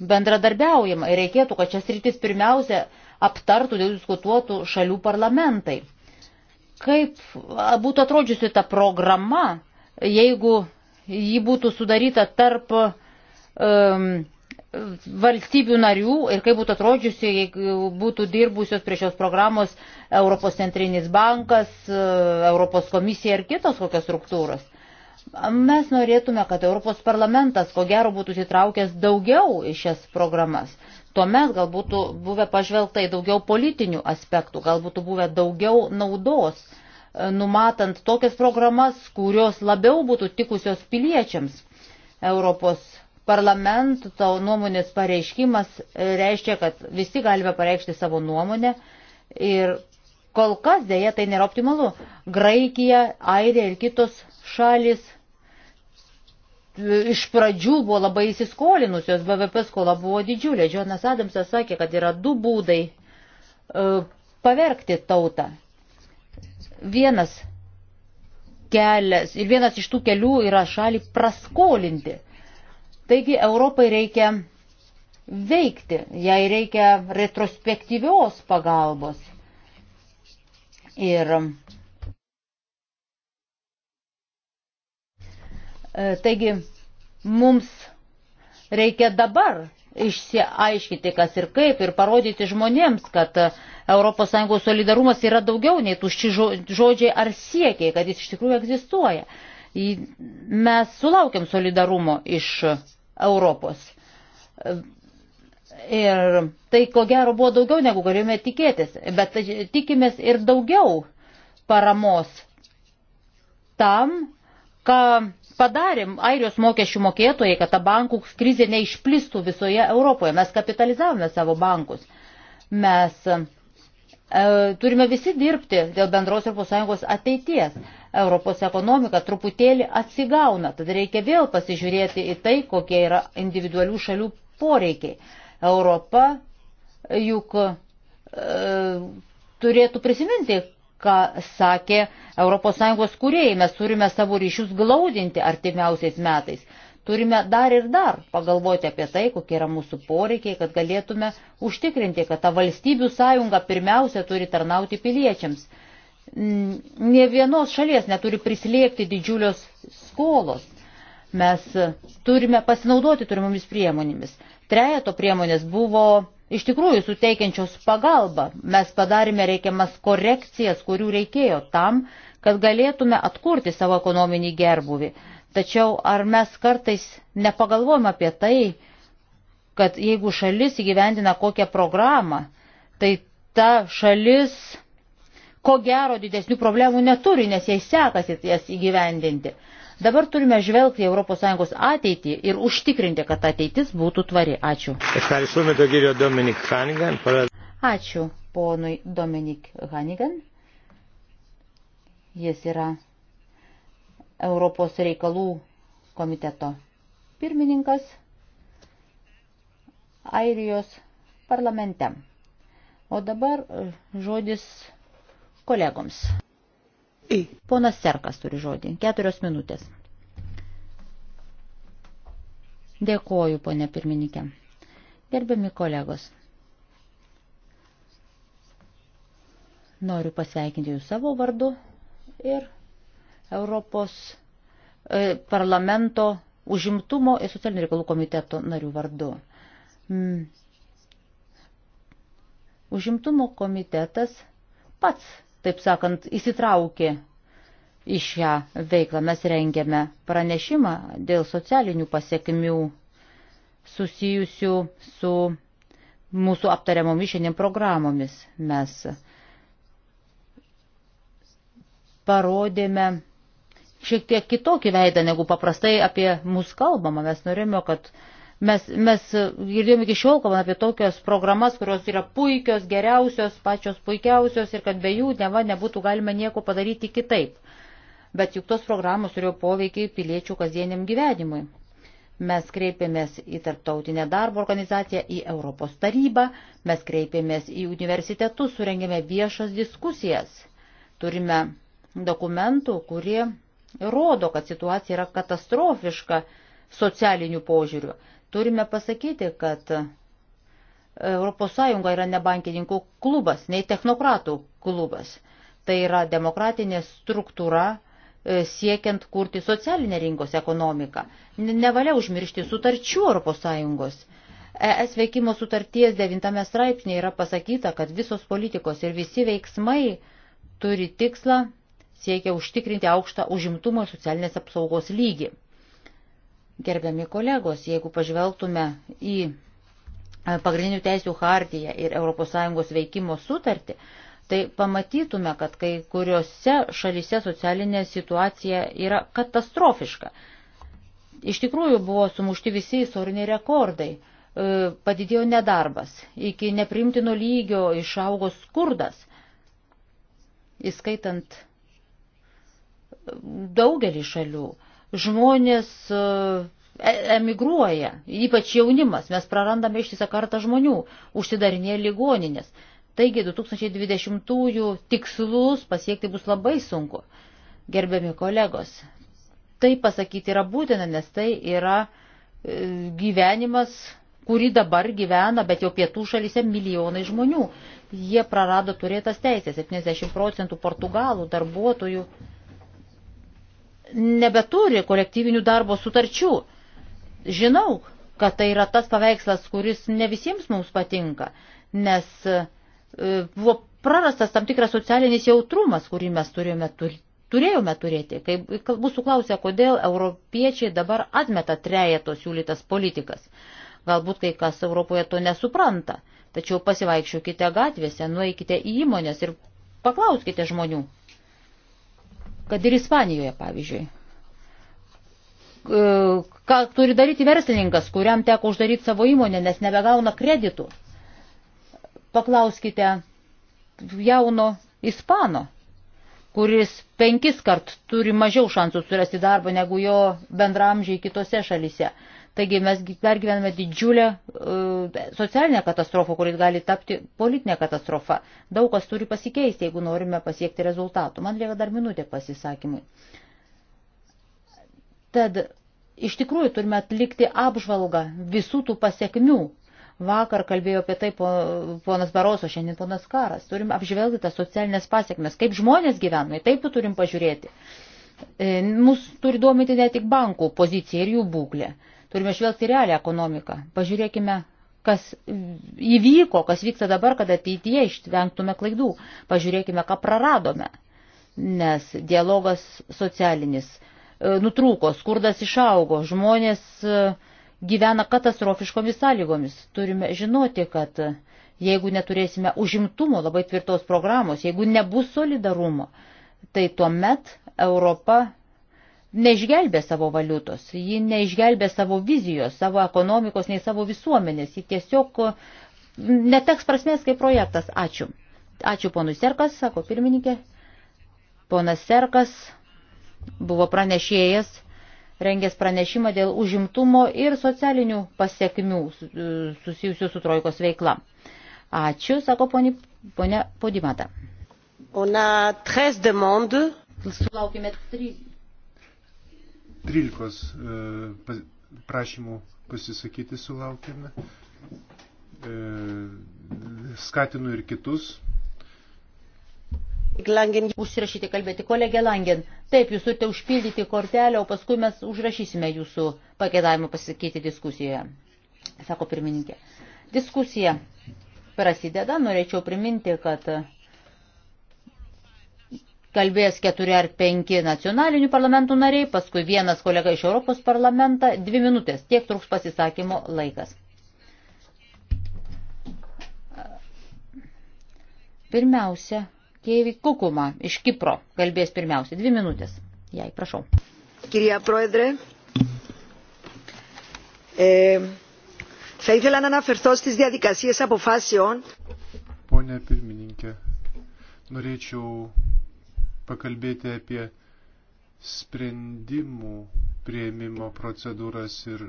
bendradarbiaujama ir reikėtų, kad šias rytis pirmiausia aptartų, diskutuotų šalių parlamentai. Kaip būtų atrodžiusi ta programa, jeigu ji būtų sudaryta tarp um, valstybių narių ir kaip būtų atrodžiusi, jeigu būtų dirbusios prie šios programos Europos centrinis bankas, Europos komisija ir kitos kokios struktūros. Mes norėtume, kad Europos parlamentas ko gero būtų įtraukęs daugiau į šias programas. Tuomet gal būtų buvę pažvelgta į daugiau politinių aspektų, gal būtų buvę daugiau naudos, e, numatant tokias programas, kurios labiau būtų tikusios piliečiams. Europos parlamento nuomonės pareiškimas e, reiškia, kad visi galime pareikšti savo nuomonę ir kol kas dėja tai nėra optimalu. Graikija, Airija ir kitos šalis e, iš pradžių buvo labai įsiskolinusios, BVP skola buvo didžiulė. Džonas Adamsas sakė, kad yra du būdai e, pavergti tautą. Vienas kelias ir vienas iš tų kelių yra šalį praskolinti. Taigi Europai reikia veikti, jai reikia retrospektyvios pagalbos. Ir e, taigi mums reikia dabar išsiaiškinti, kas ir kaip, ir parodyti žmonėms, kad ES solidarumas yra daugiau nei tušči žodžiai ar siekiai, kad jis iš tikrųjų egzistuoja. Mes sulaukiam solidarumo iš Europos. Ir tai ko gero buvo daugiau negu galėjome tikėtis, bet tikimės ir daugiau paramos tam, ką padarėm airijos mokesčių mokėtojai, kad ta bankų krizė neišplistų visoje Europoje. Mes kapitalizavome savo bankus. Mes e, turime visi dirbti dėl bendros Europos Sąjungos ateities. Europos ekonomika truputėlį atsigauna, tad reikia vėl pasižiūrėti į tai, kokie yra individualių šalių poreikiai. Europa juk e, turėtų prisiminti, ką sakė ES kūrėjai, mes turime savo ryšius glaudinti artimiausiais metais. Turime dar ir dar pagalvoti apie tai, kokie yra mūsų poreikiai, kad galėtume užtikrinti, kad ta valstybių sąjunga pirmiausia turi tarnauti piliečiams ne vienos šalies neturi prislėgti didžiulios skolos. Mes turime pasinaudoti turimomis priemonėmis. Trejato priemonės buvo iš tikrųjų suteikiančios pagalbą. Mes padarėme reikiamas korekcijas, kurių reikėjo tam, kad galėtume atkurti savo ekonominį gerbuvį. Tačiau ar mes kartais nepagalvojame apie tai, kad jeigu šalis įgyvendina kokią programą, tai ta šalis ko gero didesnių problemų neturi, nes jai sekasi jas įgyvendinti. Dabar turime žvelgti į ES ateitį ir užtikrinti, kad ateitis būtų tvari. Ačiū. Ačiū ponui Dominik Hanigan. Jis yra Europos reikalų komiteto pirmininkas Airijos parlamente. O dabar žodis kolegoms. Ponas Serkas turi žodį. Keturios minutės. Dėkoju, ponė pirmininkė. Gerbiami kolegos. Noriu pasveikinti jūs savo vardu ir Europos e, parlamento užimtumo ir socialinių reikalų komiteto narių vardu. Mm. Užimtumo komitetas pats taip sakant, įsitraukė į šią veiklą. Mes rengėme pranešimą dėl socialinių pasiekmių susijusių su mūsų aptariamomis šiandien programomis. Mes parodėme šiek tiek kitokį veidą negu paprastai apie mus kalbama. Mes norėjome, kad uh, Mes, mes girdėjome iki šiol, kalbant apie tokios programas, kurios yra puikios, geriausios, pačios puikiausios ir kad be jų neva nebūtų galima nieko padaryti kitaip. Bet juk tos programos turėjo poveikį piliečių kasdieniam gyvenimui. Mes kreipėmės į Tarptautinę darbo organizaciją, į Europos tarybą, mes kreipėmės į universitetus, surengėme viešas diskusijas. Turime dokumentų, kurie rodo, kad situacija yra katastrofiška socialiniu požiūriu. Turime pasakyti, kad ES yra ne bankininkų klubas, nei technokratų klubas. Tai yra demokratinė struktūra e, siekiant kurti socialinę rinkos ekonomiką. Nevalia užmiršti sutarčių ES. ES veikimo sutarties devintame straipsnėje yra pasakyta, kad visos politikos ir visi veiksmai turi tikslą siekia užtikrinti aukštą užimtumo ir socialinės apsaugos lygį. Gerbiami kolegos, jeigu pažvelgtume į e, pagrindinių teisų hartiją ir ES veikimo sutartį, tai pamatytume, kad kai kuriuose šalyse socialinė situacija yra katastrofiška. Iš tikrųjų buvo sumušti visi istoriniai rekordai, e, padidėjo nedarbas, iki neprimtino lygio išaugo skurdas, įskaitant daugelį šalių žmonės e, e, emigruoja, ypač jaunimas, mes prarandame ištisą kartą žmonių, užsidarinėja ligoninės. Taigi 2020-ųjų tikslus pasiekti bus labai sunku, gerbiami kolegos. Tai pasakyti yra būtina, nes tai yra e, gyvenimas, kurį dabar gyvena, bet jau pietų šalyse milijonai žmonių. Jie prarado turėtas teisės, 70 procentų portugalų darbuotojų nebeturi kolektyvinių darbo sutarčių. Žinau, kad tai yra tas paveikslas, kuris ne visiems mums patinka, nes e, buvo prarastas tam tikras socialinis jautrumas, kurį mes turėjome, turėjome turėti. Kai mūsų klausia, kodėl europiečiai dabar atmeta trejeto siūlytas politikas. Galbūt kai kas Europoje to nesupranta, tačiau pasivaikščiokite gatvėse, nueikite į įmonės ir paklauskite žmonių, kad ir Ispanijoje, pavyzdžiui. Ką turi daryti verslininkas, kuriam teko uždaryti savo įmonę, nes nebegauna kreditų? Paklauskite jauno ispano, kuris penkis kart turi mažiau šansų surasti darbą negu jo bendramžiai kitose šalise. Taigi mes pergyvename didžiulę e, socialinę katastrofą, kuri gali tapti politinę katastrofą. Daug kas turi pasikeisti, jeigu norime pasiekti rezultatų. Man lieka dar minutė pasisakymui. Tad iš tikrųjų turime atlikti apžvalgą visų tų pasiekmių. Vakar kalbėjo apie tai ponas Baroso, šiandien ponas Karas. Turim apžvelgti tas socialinės pasiekmes, kaip žmonės gyvena, taip turim pažiūrėti. E, Mūsų turi duomyti ne tik bankų pozicija ir jų būklė. Turime žvelgti realią ekonomiką. Pažiūrėkime, kas įvyko, kas vyksta dabar, kad ateityje išvengtume klaidų. Pažiūrėkime, ką praradome. Nes dialogas socialinis e, nutrūko, skurdas išaugo, žmonės e, gyvena katastrofiškomis sąlygomis. Turime žinoti, kad jeigu neturėsime užimtumo labai tvirtos programos, jeigu nebus solidarumo, tai tuomet Europa neišgelbė savo valiutos, ji neišgelbė savo vizijos, savo ekonomikos, nei savo visuomenės, ji tiesiog uh, neteks prasmės kaip projektas. Ačiū. Ačiū ponui Serkas, sako pirmininkė. Ponas Serkas buvo pranešėjas, rengęs pranešimą dėl užimtumo ir socialinių pasiekmių uh, susijusių su trojkos veikla. Ačiū, sako poni, ponia Podimata. On a 13 demandes. Sulaukime 3. 13 e, prašymų pasisakyti sulaukėme. E, skatinu ir kitus. Langen. Užsirašyti kalbėti. Kolegė Langen, taip, jūs turite užpildyti kortelę, o paskui mes užrašysime jūsų pakėdavimą pasisakyti diskusijoje, sako pirmininkė. Diskusija prasideda, norėčiau priminti, kad kalbės keturi ar penki nacionalinių parlamentų nariai, paskui vienas kolega iš Europos parlamentą, dvi minutės, tiek truks pasisakymo laikas. Pirmiausia, Keivi Kukuma iš Kipro kalbės pirmiausia, dvi minutės. Jai, prašau. Kirija Proedre. Ε, θα ήθελα να αναφερθώ στις διαδικασίες αποφάσεων. Πόνια πυρμηνίνκε, norėčiau pakalbėti apie sprendimų prieimimo procedūras ir e,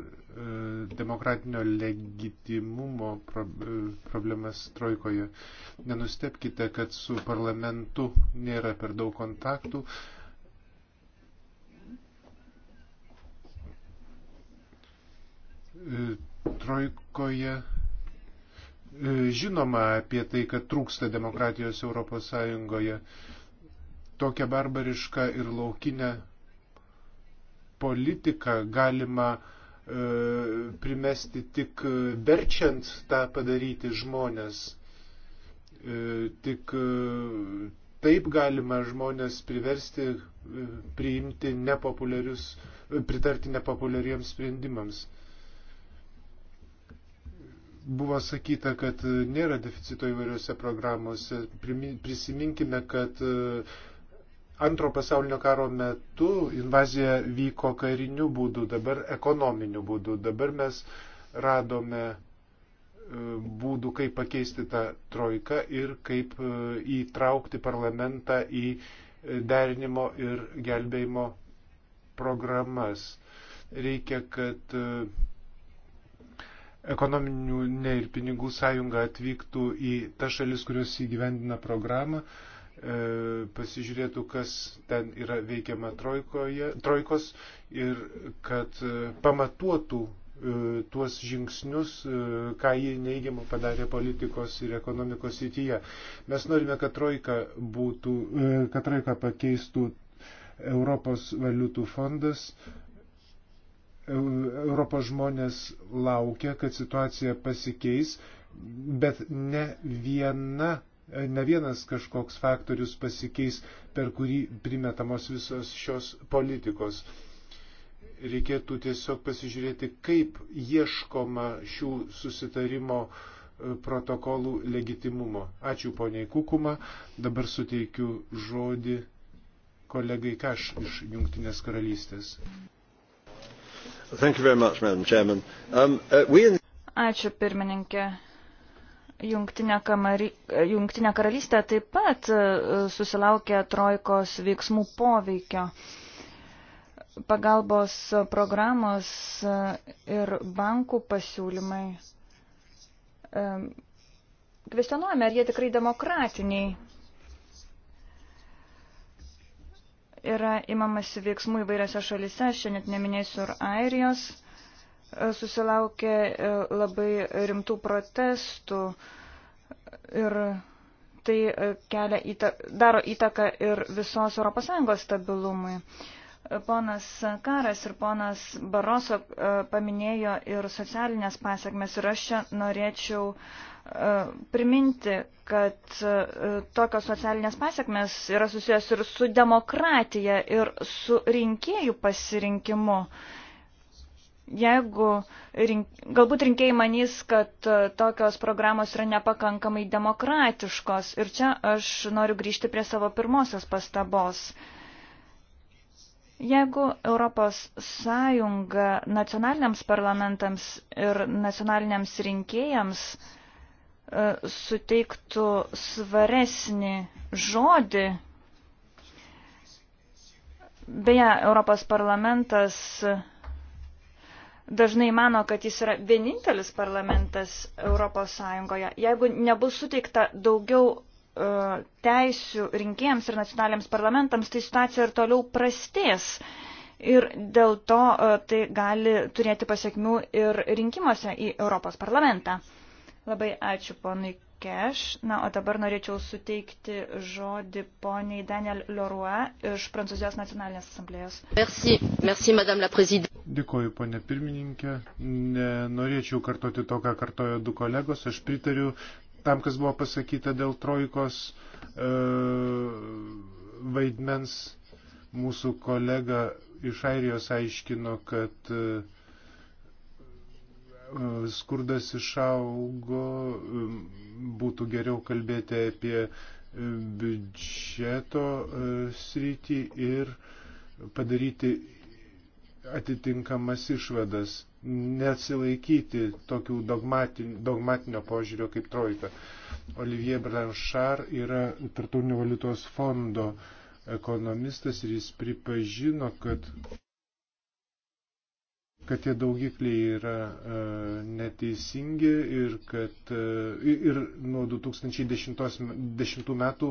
demokratinio legitimumo pro, e, problemas trojkoje. Nenustepkite, kad su parlamentu nėra per daug kontaktų. E, trojkoje e, žinoma apie tai, kad trūksta demokratijos Europos Sąjungoje. E, tokią barbarišką ir laukinę politiką galima e, primesti tik e, verčiant tą padaryti žmonės. E, tik taip galima žmonės priversti priimti nepopuliarius, pritarti nepopuliariems sprendimams. Buvo sakyta, kad nėra deficito įvairiose programuose. Prisiminkime, kad Antro pasaulinio karo metu invazija vyko kariniu būdu, dabar ekonominiu būdu. Dabar mes radome e, būdų, kaip pakeisti tą trojką ir kaip e, įtraukti parlamentą į derinimo ir gelbėjimo programas. Reikia, kad e, ekonominių ne ir pinigų sąjunga atvyktų į tas šalis, kurios įgyvendina programą, E, pasižiūrėtų, kas ten yra veikiama trojkoje, trojkos ir kad e, pamatuotų e, tuos žingsnius, ką jį neigiamą padarė politikos ir ekonomikos įtyje. Mes norime, kad trojka, būtų, kad trojka pakeistų Europos valiutų fondas. Europos žmonės laukia, kad situacija pasikeis, bet ne viena ne vienas kažkoks faktorius pasikeis, per kurį primetamos visos šios politikos. Reikėtų tiesiog pasižiūrėti, kaip ieškoma šių susitarimo e, protokolų legitimumo. Ačiū poniai Kukuma. Dabar suteikiu žodį kolegai Kaš iš Junktinės karalystės. Much, um, uh, we... Ačiū pirmininkė Jungtinė, kamari, Jungtinė karalystė taip pat e, susilaukė trojkos veiksmų poveikio. Pagalbos programos e, ir bankų pasiūlymai. E, Kvestionuojame, ar jie tikrai demokratiniai. Yra imamasi veiksmų įvairiose šalise, šiandien neminėsiu ir Airijos susilaukė e, labai rimtų protestų ir tai e, kelia įta, daro įtaką ir visos ES stabilumui. E, ponas Karas ir ponas Baroso paminėjo ir socialinės pasiekmes ir aš čia norėčiau priminti, kad tokios socialinės pasiekmes yra susijęs ir su demokratija, ir su rinkėjų pasirinkimu. Uh, Jeigu rink, galbūt rinkėjai manys, kad e, tokios programos yra nepakankamai demokratiškos ir čia aš noriu grįžti prie savo pirmosios pastabos. Jeigu Europos Sąjunga nacionaliniams parlamentams ir nacionaliniams rinkėjams e, suteiktų svaresnį žodį, beje, Europos parlamentas dažnai mano, kad jis yra vienintelis parlamentas Europos Sąjungoje. Jeigu nebus suteikta daugiau uh, teisių rinkėjams ir nacionaliniams parlamentams, tai situacija ir toliau prastės. Ir dėl to uh, tai gali turėti pasiekmių ir rinkimuose į Europos parlamentą. Labai ačiū ponui Keš. Na, o dabar norėčiau suteikti žodį poniai Daniel Leroy iš Prancūzijos nacionalinės asamblėjos. Merci, merci, madame la prezidente. Dėkuoju, ponė pirmininkė. Norėčiau kartoti to, ką kartojo du kolegos. Aš pritariu tam, kas buvo pasakyta dėl trojkos e, vaidmens. Mūsų kolega iš Airijos aiškino, kad e, skurdas išaugo, būtų geriau kalbėti apie e, biudžeto e, sritį ir padaryti atitinkamas išvadas, nesilaikyti tokių dogmatinio požiūrio kaip trojka. Olivier Blanchard yra Tartautinio valiutos fondo ekonomistas ir jis pripažino, kad kad tie daugikliai yra e, neteisingi ir kad e, ir nuo 2010, 2010 metų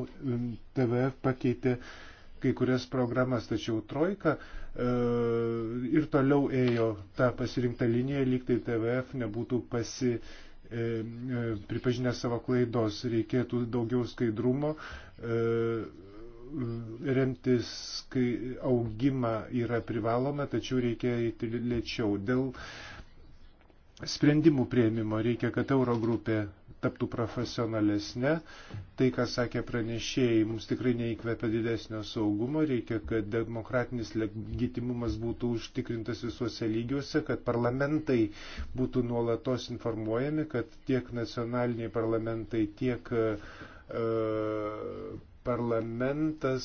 TVF pakeitė kai kurias programas, tačiau Trojka e, ir toliau ėjo tą pasirinktą liniją, lyg tai TVF nebūtų pasi, e, e pripažinę savo klaidos, reikėtų daugiau skaidrumo. E, remtis, kai augimą yra privaloma, tačiau reikia eiti lėčiau. Dėl sprendimų prieimimo reikia, kad Eurogrupė taptų profesionalesnė. Tai, ką sakė pranešėjai, mums tikrai neįkvepia didesnio saugumo. Reikia, kad demokratinis legitimumas būtų užtikrintas visuose lygiuose, kad parlamentai būtų nuolatos informuojami, kad tiek nacionaliniai parlamentai, tiek e, parlamentas,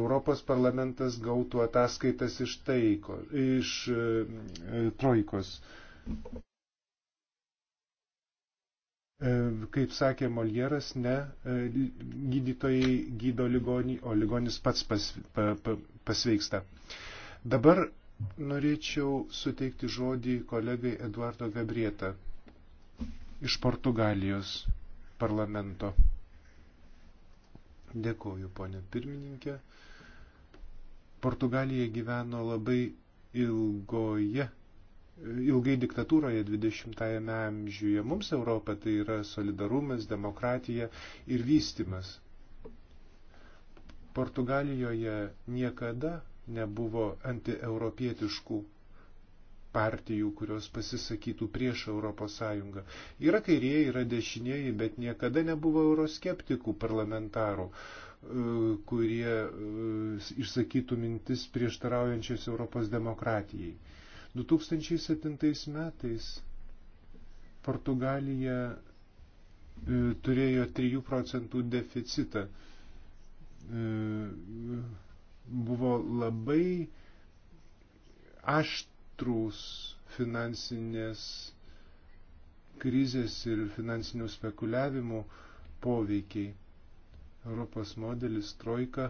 Europos parlamentas gautų ataskaitas iš, taiko, iš e, e trojkos. E, kaip sakė Moljeras, ne e, gydytojai gydo ligonį, o ligonis pats pas, pa, pa, pasveiksta. Dabar norėčiau suteikti žodį kolegai Eduardo Gabrieta iš Portugalijos parlamento. Dėkoju, ponė pirmininkė. Portugalija gyveno labai ilgoje, ilgai diktatūroje 20-ame amžiuje. Mums Europa tai yra solidarumas, demokratija ir vystimas. Portugalijoje niekada nebuvo antieuropietiškų partijų, kurios pasisakytų prieš ES. Yra kairieji, yra dešinieji, bet niekada nebuvo euroskeptikų parlamentarų, e, kurie e, išsakytų mintis prieštaraujančias Europos demokratijai. 2007 metais Portugalija e, turėjo 3 procentų deficitą. Buvo labai aš aštrūs finansinės krizės ir finansinių spekuliavimų poveikiai. Europos modelis Trojka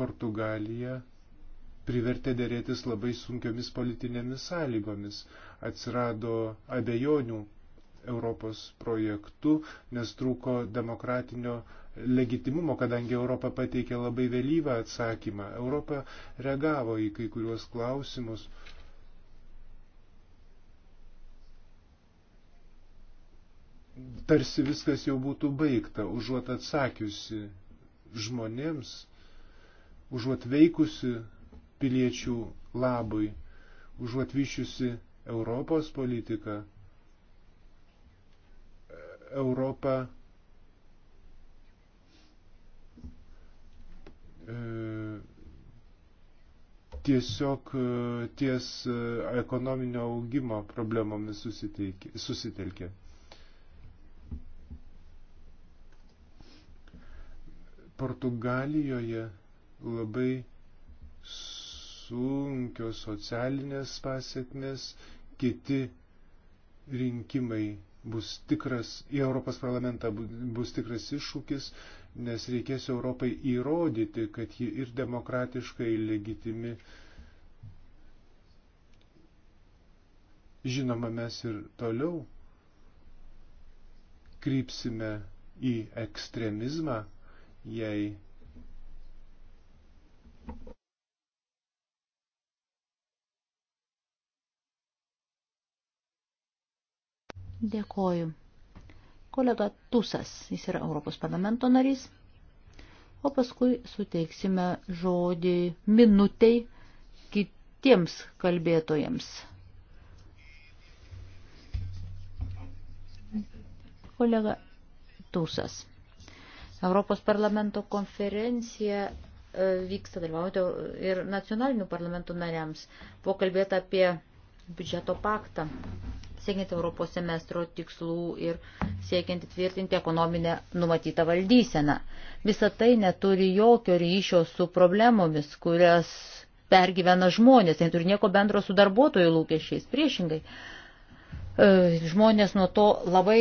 Portugalija privertė dėrėtis labai sunkiomis politinėmis sąlygomis. Atsirado abejonių Europos projektu, nes trūko demokratinio legitimumo, kadangi Europa pateikė labai vėlyvą atsakymą. Europa reagavo į kai kuriuos klausimus. Tarsi viskas jau būtų baigta, užuot atsakiusi žmonėms, užuot veikusi piliečių labui, užuot vyšiusi Europos politiką, Europa e, tiesiog e, ties e, ekonominio augimo problemomis susitelkė. Portugalijoje labai sunkios socialinės pasiekmes, kiti rinkimai bus tikras, į Europos parlamentą bus tikras iššūkis, nes reikės Europai įrodyti, kad ji ir demokratiškai legitimi. Žinoma, mes ir toliau krypsime į ekstremizmą, jei Dėkoju. Kolega Tusas, jis yra Europos parlamento narys, o paskui suteiksime žodį minutiai kitiems kalbėtojams. Kolega Tusas. Europos parlamento konferencija e, vyksta dalyvauti ir nacionalinių parlamentų nariams. Buvo kalbėta apie biudžeto paktą siekiant Europos semestro tikslų ir siekiant įtvirtinti ekonominę numatytą valdyseną. Visa tai neturi jokio ryšio su problemomis, kurias pergyvena žmonės, tai neturi nieko bendro su darbuotojų lūkesčiais, priešingai. E, žmonės nuo to labai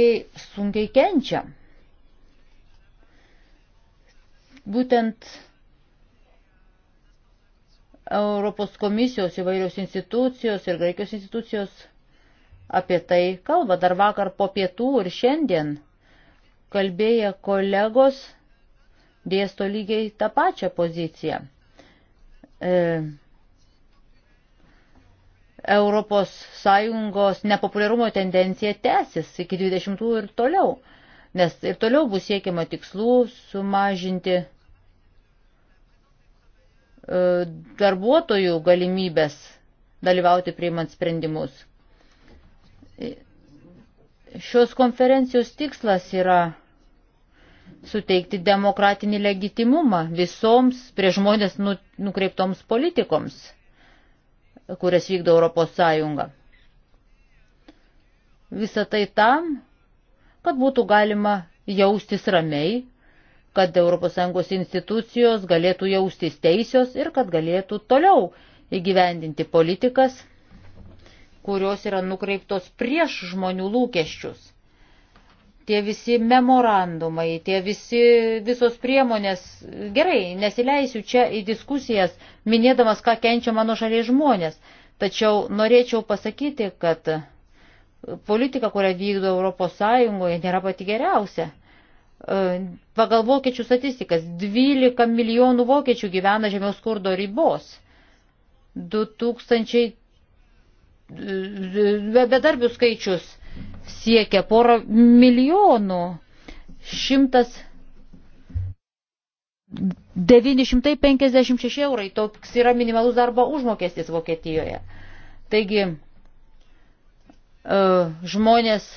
sunkiai kenčia. Būtent Europos komisijos įvairios institucijos ir Graikijos institucijos apie tai kalba. Dar vakar po pietų ir šiandien kalbėję kolegos dėsto lygiai tą pačią poziciją. E, Europos Sąjungos nepopuliarumo tendencija tęsis iki 20 ir toliau, nes ir toliau bus siekiama tikslų sumažinti e, darbuotojų galimybės dalyvauti priimant sprendimus. Šios konferencijos tikslas yra suteikti demokratinį legitimumą visoms prie žmonės nu, nukreiptoms politikoms, kurias vykdo Europos Sąjunga. Visą tai tam, kad būtų galima jaustis ramiai, kad ES institucijos galėtų jaustis teisios ir kad galėtų toliau įgyvendinti politikas kurios yra nukreiptos prieš žmonių lūkesčius. Tie visi memorandumai, tie visi visos priemonės, gerai, nesileisiu čia į diskusijas, minėdamas, ką kenčia mano šaliai žmonės, tačiau norėčiau pasakyti, kad politika, kurią vykdo Europos Sąjungoje, nėra pati geriausia. E, pagal vokiečių statistikas 12 milijonų vokiečių gyvena žemiaus skurdo ribos. 2000 bedarbių skaičius siekia porą milijonų, šimtas 956 eurai, toks yra minimalus darbo užmokestis Vokietijoje. Taigi, e, žmonės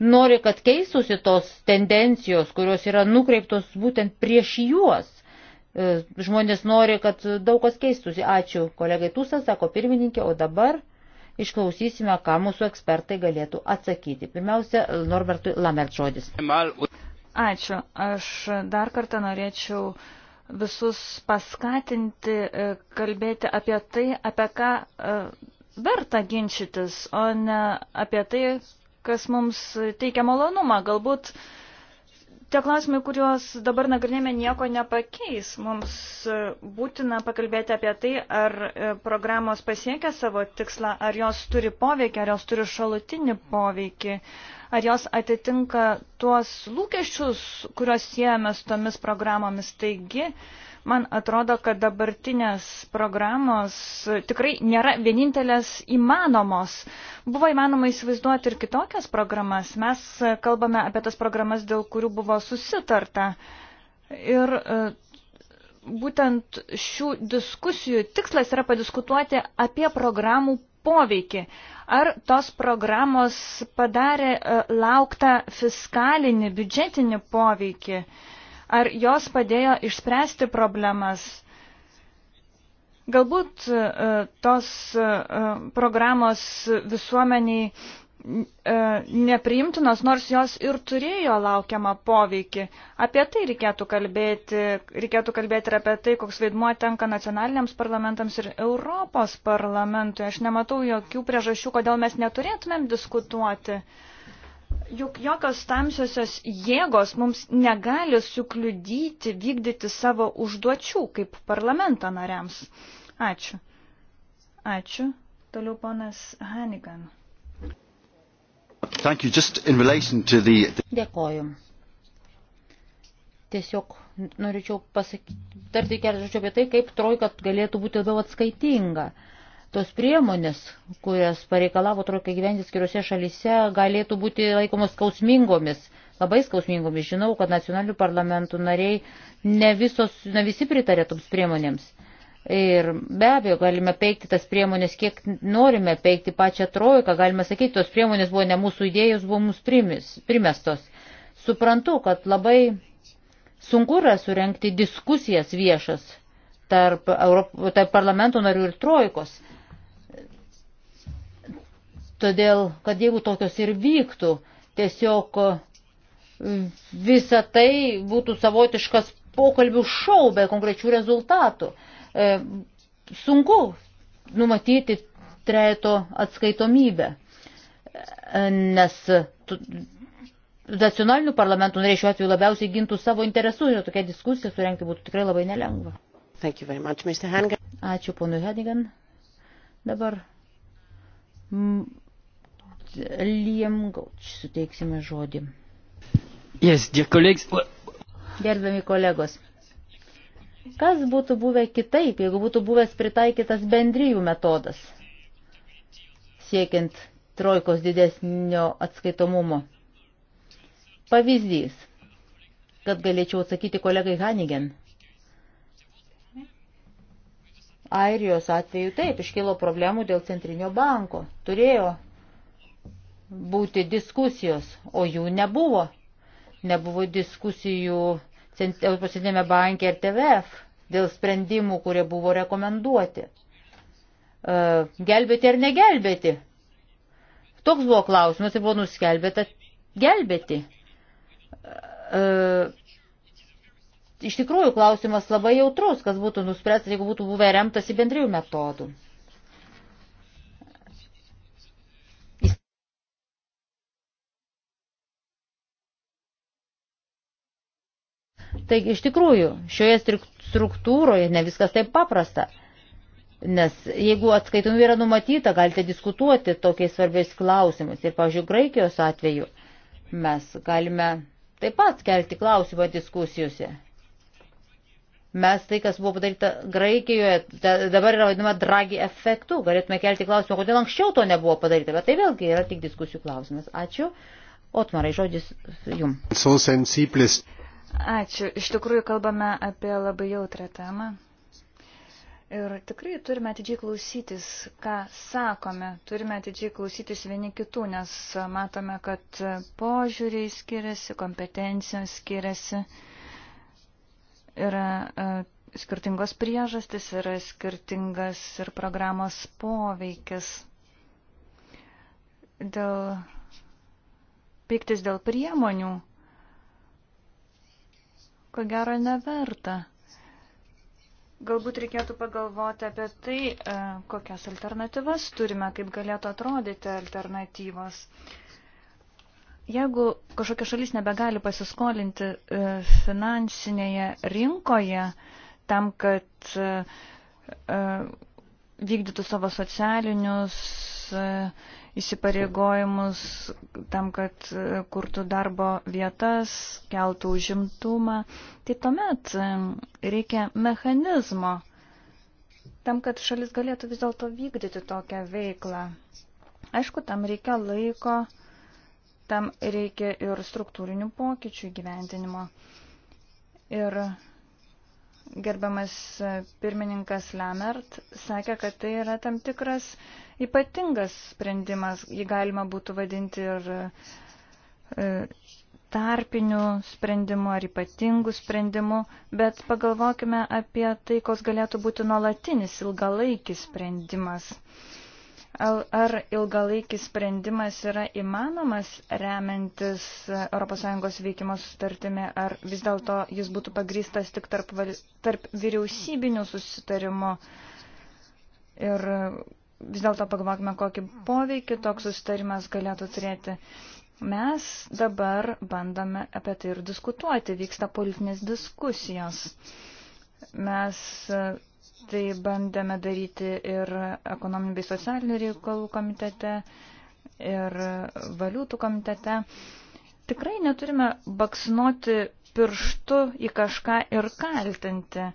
nori, kad keistusi tos tendencijos, kurios yra nukreiptos būtent prieš juos. E, žmonės nori, kad daug kas keistųsi. Ačiū kolegai Tūsas, sako pirmininkė, o dabar išklausysime, ką mūsų ekspertai galėtų atsakyti. Pirmiausia, Norbertui Lamert žodis. Ačiū. Aš dar kartą norėčiau visus paskatinti e, kalbėti apie tai, apie ką e, verta ginčytis, o ne apie tai, kas mums teikia malonumą. Galbūt uh, tie klausimai, kuriuos dabar nagrinėme, nieko nepakeis. Mums būtina pakalbėti apie tai, ar e, programos pasiekia savo tikslą, ar jos turi poveikį, ar jos turi šalutinį poveikį, ar jos atitinka tuos lūkesčius, kuriuos siejame su tomis programomis. Taigi, uh, Man atrodo, kad dabartinės programos tikrai nėra vienintelės įmanomos. Buvo įmanoma įsivaizduoti ir kitokias programas. Mes kalbame apie tas programas, dėl kurių buvo susitarta. Ir e, būtent šių diskusijų tikslas yra padiskutuoti apie programų poveikį. Ar tos programos padarė e, lauktą fiskalinį, biudžetinį poveikį? Ar jos padėjo išspręsti problemas? Galbūt e, tos e, programos visuomeniai e, nepriimtinos, nors jos ir turėjo laukiamą poveikį. Apie tai reikėtų kalbėti, reikėtų kalbėti ir apie tai, koks vaidmuo tenka nacionaliniams parlamentams ir Europos parlamentui. Aš nematau jokių priežasčių, kodėl mes neturėtumėm diskutuoti uh, juk jokios tamsiosios jėgos mums negali sukliudyti vykdyti savo užduočių kaip parlamento nariams. Ačiū. Ačiū. Toliau ponas Hanigan. The... Dėkoju. Tiesiog norėčiau pasakyti, tarti keletą žodžių apie tai, kaip trojka galėtų būti labiau atskaitinga. Uh, tos priemonės, kurias pareikalavo trojka gyventi skiriuose šalyse, galėtų būti laikomos skausmingomis, labai skausmingomis. Žinau, kad nacionalinių parlamentų nariai ne, visos, ne visi pritarė toms priemonėms. Ir be abejo, galime peikti tas priemonės, kiek norime peikti pačią trojką, galime sakyti, tos priemonės buvo ne mūsų idėjos, buvo mūsų primis, primestos. Suprantu, kad labai sunku yra surenkti diskusijas viešas tarp, Europ... tarp parlamento narių ir trojkos. Todėl, kad jeigu tokios ir vyktų, tiesiog visa tai būtų savotiškas pokalbių šau be konkrečių rezultatų. E, sunku numatyti trejeto atskaitomybę, e, nes nacionalinių parlamentų nariai šiuo atveju labiausiai gintų savo interesus ir tokia diskusija surenkti būtų tikrai labai nelengva. Much, Ačiū ponui Hedigan. Dabar Liam Gauč suteiksime žodį. Yes, Gerbiami kolegos, kas būtų buvę kitaip, jeigu būtų buvęs pritaikytas bendryjų metodas, siekiant trojkos didesnio atskaitomumo? Pavyzdys, kad galėčiau atsakyti kolegai Hanigen. Airijos atveju taip iškilo problemų dėl centrinio banko. Turėjo būti diskusijos, o jų nebuvo. Nebuvo diskusijų Europos Centrinėme banke ir TVF dėl sprendimų, kurie buvo rekomenduoti. E, gelbėti ar negelbėti? Toks buvo klausimas ir buvo nuskelbėta gelbėti. E, iš tikrųjų, klausimas labai jautrus, kas būtų nuspręstas, jeigu būtų buvę remtas į bendrijų metodų. Taigi iš tikrųjų šioje struktūroje ne viskas taip paprasta. Nes jeigu atskaitomybė yra numatyta, galite diskutuoti tokiais svarbiais klausimais. Ir, pavyzdžiui, Graikijos atveju mes galime taip pat kelti klausimą diskusijose. Mes tai, kas buvo padaryta Graikijoje, dabar yra vadinama dragi efektu. Galėtume kelti klausimą, kodėl anksčiau to nebuvo padaryta, bet tai vėlgi yra tik diskusijų klausimas. Ačiū. Otmarai, žodis jum. So sensibles. Ačiū. Iš tikrųjų kalbame apie labai jautrą temą. Ir tikrai turime atidžiai klausytis, ką sakome, turime atidžiai klausytis vieni kitų, nes matome, kad požiūriai skiriasi, kompetencijos skiriasi, yra e, skirtingos priežastis, yra skirtingas ir programos poveikis. Dėl, piktis dėl priemonių ko gero neverta. Galbūt reikėtų pagalvoti apie tai, e, kokias alternatyvas turime, kaip galėtų atrodyti alternatyvos. Jeigu kažkokia šalis nebegali pasiskolinti e, finansinėje rinkoje tam, kad e, vykdytų savo socialinius įsipareigojimus tam, kad e, kurtų darbo vietas, keltų užimtumą, tai tuomet e, reikia mechanizmo tam, kad šalis galėtų vis dėlto vykdyti tokią veiklą. Aišku, tam reikia laiko, tam reikia ir struktūrinių pokyčių gyventinimo. Ir gerbiamas pirmininkas Lemert sakė, kad tai yra tam tikras ypatingas sprendimas, jį galima būtų vadinti ir e, tarpinių sprendimų ar ypatingų sprendimų, bet pagalvokime apie tai, koks galėtų būti nuolatinis ilgalaikis sprendimas. Uh, Ar ilgalaikis sprendimas yra įmanomas remiantis ES veikimo sutartimi, ar vis dėlto jis būtų pagrįstas tik tarp, tarp vyriausybinių susitarimų? Ir vis dėlto pagalvokime, kokį poveikį toks susitarimas galėtų turėti. Mes dabar bandome apie tai ir diskutuoti, vyksta politinės diskusijos. Mes Tai bandėme daryti ir ekonominių bei socialinių reikalų komitete, ir valiutų komitete. Tikrai neturime baksnuoti pirštu į kažką ir kaltinti.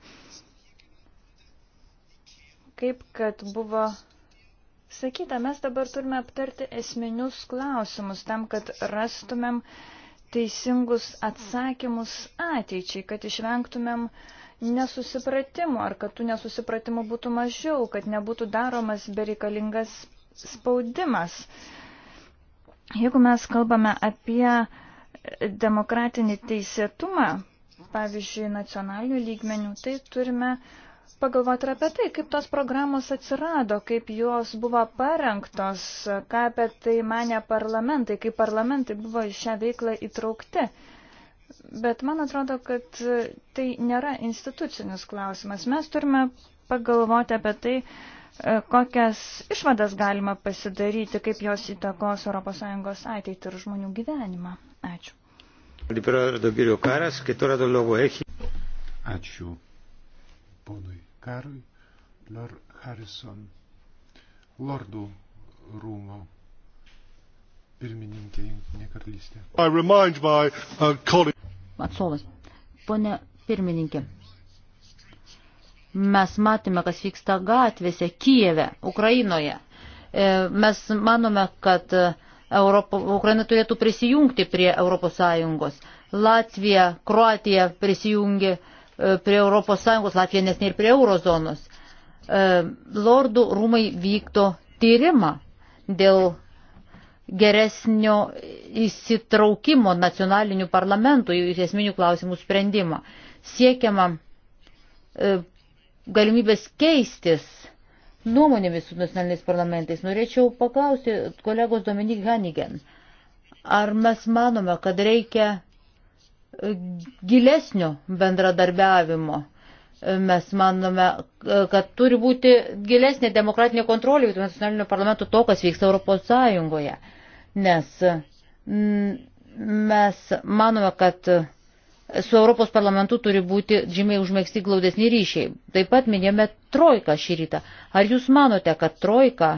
Kaip kad buvo sakyta, mes dabar turime aptarti esminius klausimus tam, kad rastumėm teisingus atsakymus ateičiai, kad išvengtumėm uh, nesusipratimo, ar kad tų nesusipratimų būtų mažiau, kad nebūtų daromas bereikalingas spaudimas. Jeigu mes kalbame apie demokratinį teisėtumą, pavyzdžiui, nacionalinių lygmenių, tai turime pagalvoti ir apie tai, kaip tos programos atsirado, kaip jos buvo parengtos, ką apie tai mane parlamentai, kaip parlamentai buvo į šią veiklą įtraukti. Bet man atrodo, kad tai nėra institucinis klausimas. Mes turime pagalvoti apie tai, e, kokias išvadas galima pasidaryti, kaip jos įtakos ES ateitį ir žmonių gyvenimą. Ačiū. Ačiū ponui Karui, Lord Harrison, Lordų rūmo pirmininkė Jungtinė karalystė atstovas. Pone pirmininkė, mes matėme, kas vyksta gatvėse Kijeve, Ukrainoje. E, mes manome, kad e, Europo, Ukraina turėtų prisijungti prie ES. Latvija, Kroatija prisijungi e, prie ES, Latvija nesnei ir prie eurozonos. Lordų rūmai vykdo tyrimą dėl geresnio įsitraukimo nacionalinių parlamentų į esminių klausimų sprendimą. Siekiama e, galimybės keistis nuomonėmis su nacionaliniais parlamentais. Norėčiau paklausti kolegos Dominik Hanigen, ar mes manome, kad reikia e, gilesnio bendradarbiavimo Mes manome, kad turi būti gilesnė demokratinė kontrolė vidų nacionalinių parlamentų to, kas vyksta Europos Sąjungoje. Nes mm, mes manome, kad su Europos parlamentu turi būti žymiai užmėgsti glaudesni ryšiai. Taip pat minėjome trojką šį rytą. Ar jūs manote, kad trojka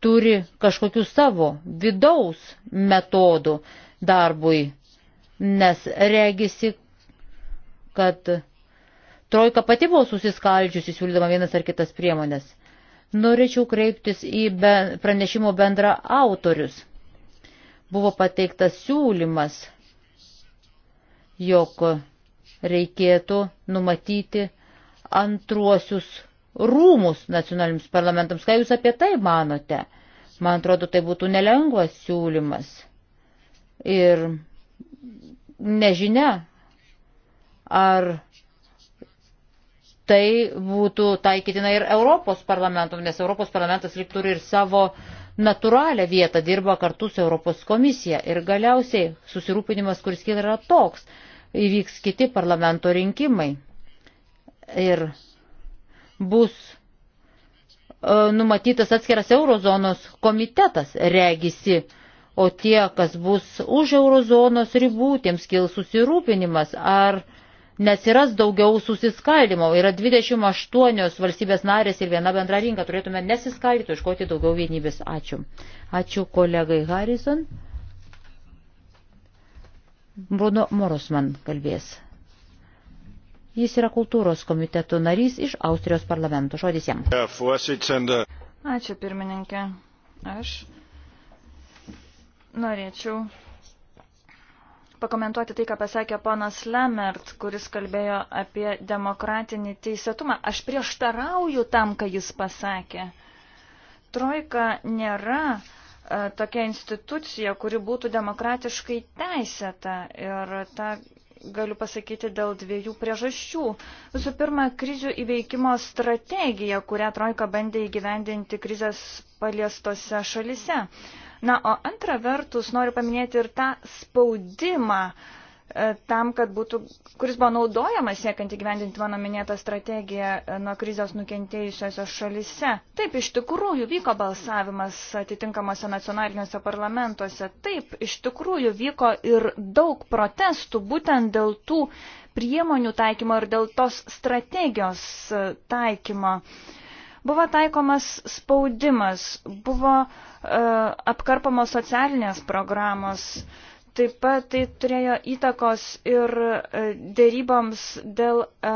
turi kažkokių savo vidaus metodų darbui? Nes regisi, kad Trojka pati buvo susiskaldžiusi, siūlydama vienas ar kitas priemonės. Norėčiau kreiptis į be, pranešimo bendra autorius. Buvo pateiktas siūlymas, jog reikėtų numatyti antruosius rūmus nacionaliniams parlamentams. Ką Jūs apie tai manote? Man atrodo, tai būtų nelengvas siūlymas. Ir nežinia, ar tai būtų taikytina ir Europos parlamentom, nes Europos parlamentas lyg turi ir savo natūralią vietą, dirba kartu su Europos komisija. Ir galiausiai susirūpinimas, kuris kyla, yra toks. Įvyks kiti parlamento rinkimai. Ir bus e, numatytas atskiras eurozonos komitetas, regisi, o tie, kas bus už eurozonos ribų, tiems kils susirūpinimas, ar uh, nesiras daugiau susiskaldimo. Yra 28 valstybės narės ir viena bendra rinka. Turėtume nesiskaldyti, iškoti daugiau vienybės. Ačiū. Ačiū kolegai Harrison. Bruno Morosman kalbės. Jis yra kultūros komiteto narys iš Austrijos parlamento. Žodis jam. Ačiū pirmininkė. Aš norėčiau pakomentuoti tai, ką pasakė ponas Lemert, kuris kalbėjo apie demokratinį teisėtumą. Aš prieštarauju tam, ką jis pasakė. Trojka nėra e, tokia institucija, kuri būtų demokratiškai teisėta. Ir tą galiu pasakyti dėl dviejų priežasčių. Visų pirma, krizių įveikimo strategija, kurią Trojka bandė įgyvendinti krizės paliestose šalise. Na, o antra vertus noriu paminėti ir tą spaudimą e, tam, kad būtų, kuris buvo naudojamas siekiant įgyvendinti mano minėtą strategiją e, nuo krizės nukentėjusiose šalise. Taip, iš tikrųjų vyko balsavimas atitinkamose nacionaliniuose parlamentuose. Taip, iš tikrųjų vyko ir daug protestų būtent dėl tų priemonių taikymo ir dėl tos strategijos e, taikymo. Buvo taikomas spaudimas, buvo uh, E, apkarpamos socialinės programos. Taip pat tai turėjo įtakos ir e, dėryboms dėl e,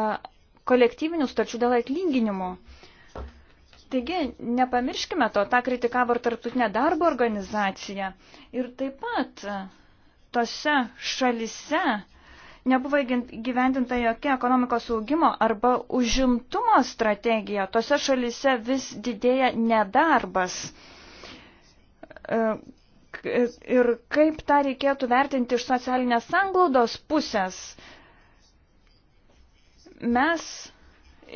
kolektyvinių stačių dėl atlyginimų. Taigi, nepamirškime to, tą kritikavo ir tarptautinė darbo organizacija. Ir taip pat tose šalise nebuvo gyvendinta jokia ekonomikos augimo arba užimtumo strategija. Tose šalise vis didėja nedarbas. E, e, ir kaip tą reikėtų vertinti iš socialinės sanglaudos pusės. Mes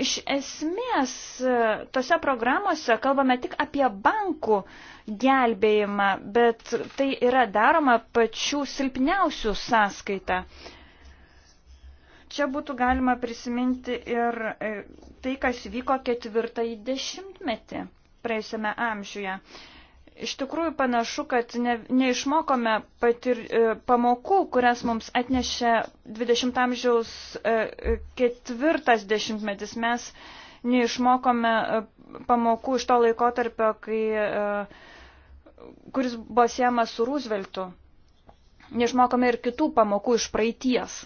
iš esmės e, tose programuose kalbame tik apie bankų gelbėjimą, bet tai yra daroma pačių silpniausių sąskaita. Čia būtų galima prisiminti ir tai, kas vyko ketvirtąjį dešimtmetį praėjusiame amžiuje. Uh, Iš tikrųjų panašu, kad ne, neišmokome patir, e, pamokų, kurias mums atnešė 20 amžiaus e, e, ketvirtas dešimtmetis. Mes neišmokome pamokų iš to laikotarpio, kai, kuris buvo siejamas su Rooseveltu. Neišmokome ir kitų pamokų iš praeities.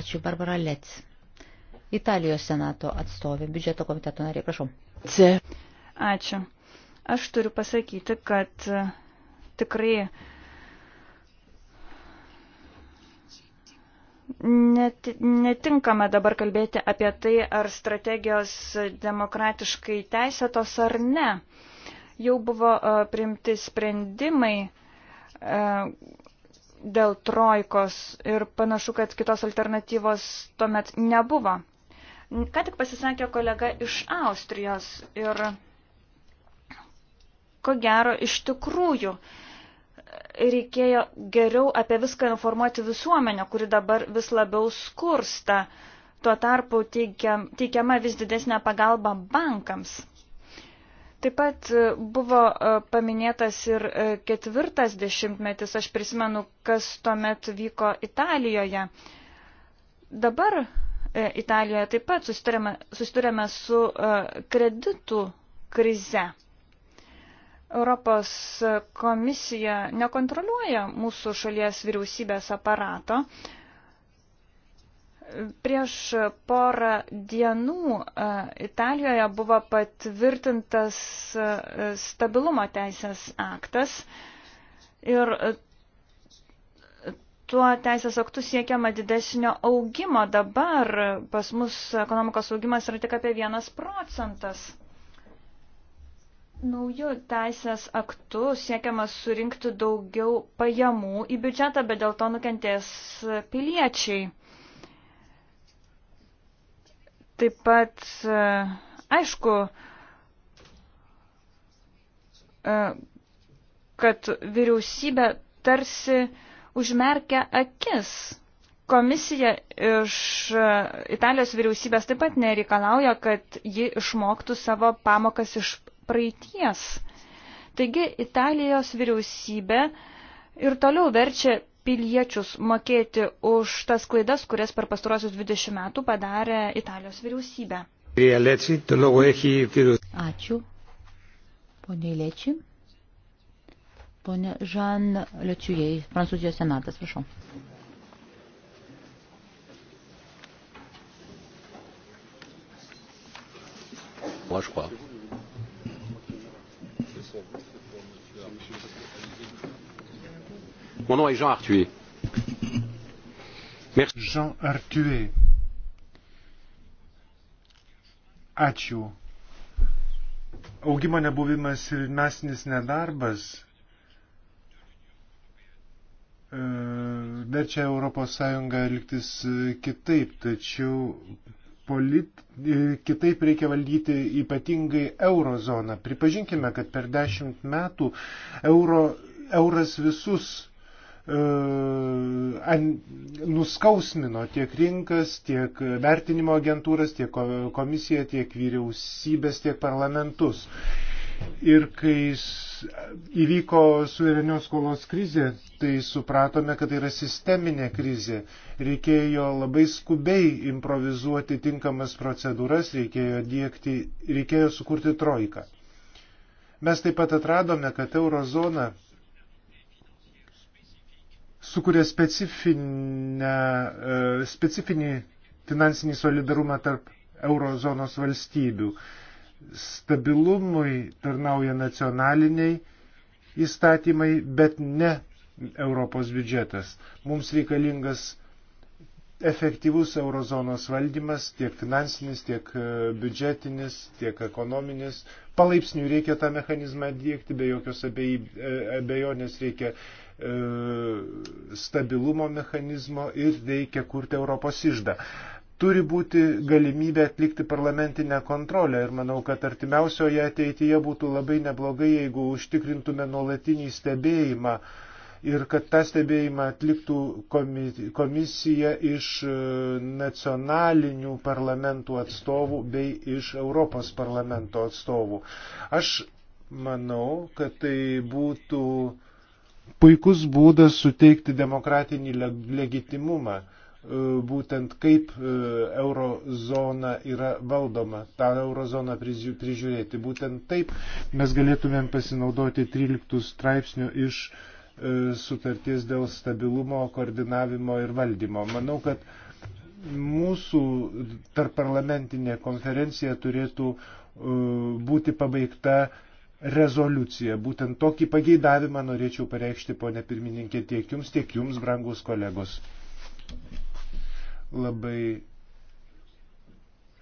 Ačiū, Barbara Lets. Italijos senato atstovė, biudžeto komiteto narė, prašau. C. Ačiū. Aš turiu pasakyti, kad e, tikrai net, netinkama dabar kalbėti apie tai, ar strategijos demokratiškai teisėtos ar ne. Jau buvo uh, priimti sprendimai uh, dėl trojkos ir panašu, kad kitos alternatyvos tuomet nebuvo. Ką tik pasisakė kolega iš Austrijos ir ko gero iš tikrųjų reikėjo geriau apie viską informuoti visuomenę, kuri dabar vis labiau skursta. Tuo tarpu teikiam, teikiama vis didesnė pagalba bankams. Taip pat e, buvo e, paminėtas ir e, ketvirtas dešimtmetis, aš prisimenu, kas tuomet vyko Italijoje. Dabar Italijoje taip pat susidurėme su kreditų krize. Europos komisija nekontroliuoja mūsų šalies vyriausybės aparato. Prieš porą dienų e, Italijoje buvo patvirtintas e, stabilumo teisės aktas ir e, tuo teisės aktu siekiama didesnio augimo. Dabar pas mus ekonomikos augimas yra tik apie vienas procentas. Naujų teisės aktų siekiama surinkti daugiau pajamų į biudžetą, bet dėl to nukentės piliečiai. Taip pat, e, aišku, e, kad vyriausybė tarsi užmerkia akis. Komisija iš e, Italijos vyriausybės taip pat nereikalauja, kad ji išmoktų savo pamokas iš praeities. Taigi Italijos vyriausybė ir toliau verčia piliečius mokėti už tas klaidas, kurias per pastarosius 20 metų padarė Italijos vyriausybė. Ačiū. Pone Leči. Pone Žan Lečiujai, Prancūzijos senatas, prašau. Moi, je crois. Mon nom est Jean Artué. Merci. Jean Artué. Ačiū. Augimo nebuvimas ir mesinis nedarbas e, verčia Europos Sąjungą elgtis e, kitaip, tačiau polit, e, kitaip reikia valdyti ypatingai eurozoną. Pripažinkime, kad per dešimt metų euro, euras visus e, an, nuskausmino tiek rinkas, tiek vertinimo agentūras, tiek komisiją, tiek vyriausybės, tiek parlamentus. E, Ir kai įvyko suverenios skolos krizė, tai supratome, kad tai yra sisteminė krizė. Reikėjo labai skubiai improvizuoti tinkamas procedūras, reikėjo, dėkti, reikėjo sukurti trojką. Mes taip pat atradome, kad eurozona sukuria e, specifinį finansinį solidarumą tarp eurozonos valstybių. Stabilumui tarnauja nacionaliniai įstatymai, bet ne Europos biudžetas. Mums reikalingas efektyvus eurozonos valdymas, tiek finansinis, tiek e, biudžetinis, tiek ekonominis. Palaipsniui reikia tą mechanizmą dėkti, be jokios e, abejonės reikia e, stabilumo mechanizmo ir reikia kurti Europos išdą turi būti galimybė atlikti parlamentinę kontrolę ir manau, kad artimiausioje ateityje būtų labai neblogai, jeigu užtikrintume nuolatinį stebėjimą ir kad tą stebėjimą atliktų komisija iš e, nacionalinių parlamentų atstovų bei iš Europos parlamento atstovų. Aš manau, kad tai būtų puikus būdas suteikti demokratinį legitimumą E, būtent kaip e, eurozona yra valdoma, tą eurozoną prižiūrėti. Būtent taip mes galėtumėm pasinaudoti 13 straipsnių iš e, sutarties dėl stabilumo, koordinavimo ir valdymo. Manau, kad mūsų tarparlamentinė konferencija turėtų būti pabaigta rezoliucija. Būtent tokį pageidavimą norėčiau pareikšti, ponė pirmininkė, tiek jums, tiek jums, brangus kolegos. Labai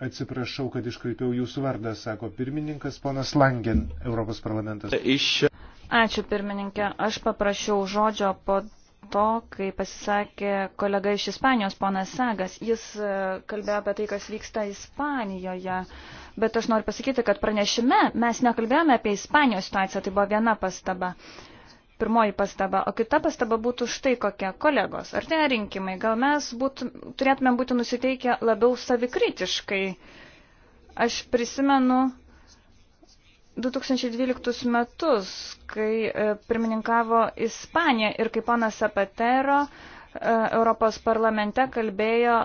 atsiprašau, kad iškreipiau jūsų vardą, sako pirmininkas ponas Langen, Europos parlamentas. Iš... Ačiū pirmininkė. Aš paprašiau žodžio po to, kai pasisakė kolega iš Ispanijos, ponas Sagas. Jis e, kalbėjo apie tai, kas vyksta Ispanijoje. Bet aš noriu pasakyti, kad pranešime mes nekalbėjome apie Ispanijos situaciją, tai buvo viena pastaba. Uh, pirmoji pastaba. O kita pastaba būtų štai kokia. Kolegos, ar tai rinkimai? Gal mes būtų, turėtume būti nusiteikę labiau savikritiškai? Aš prisimenu 2012 metus, kai e, pirmininkavo Ispanija ir kai ponas Zapatero e, Europos parlamente kalbėjo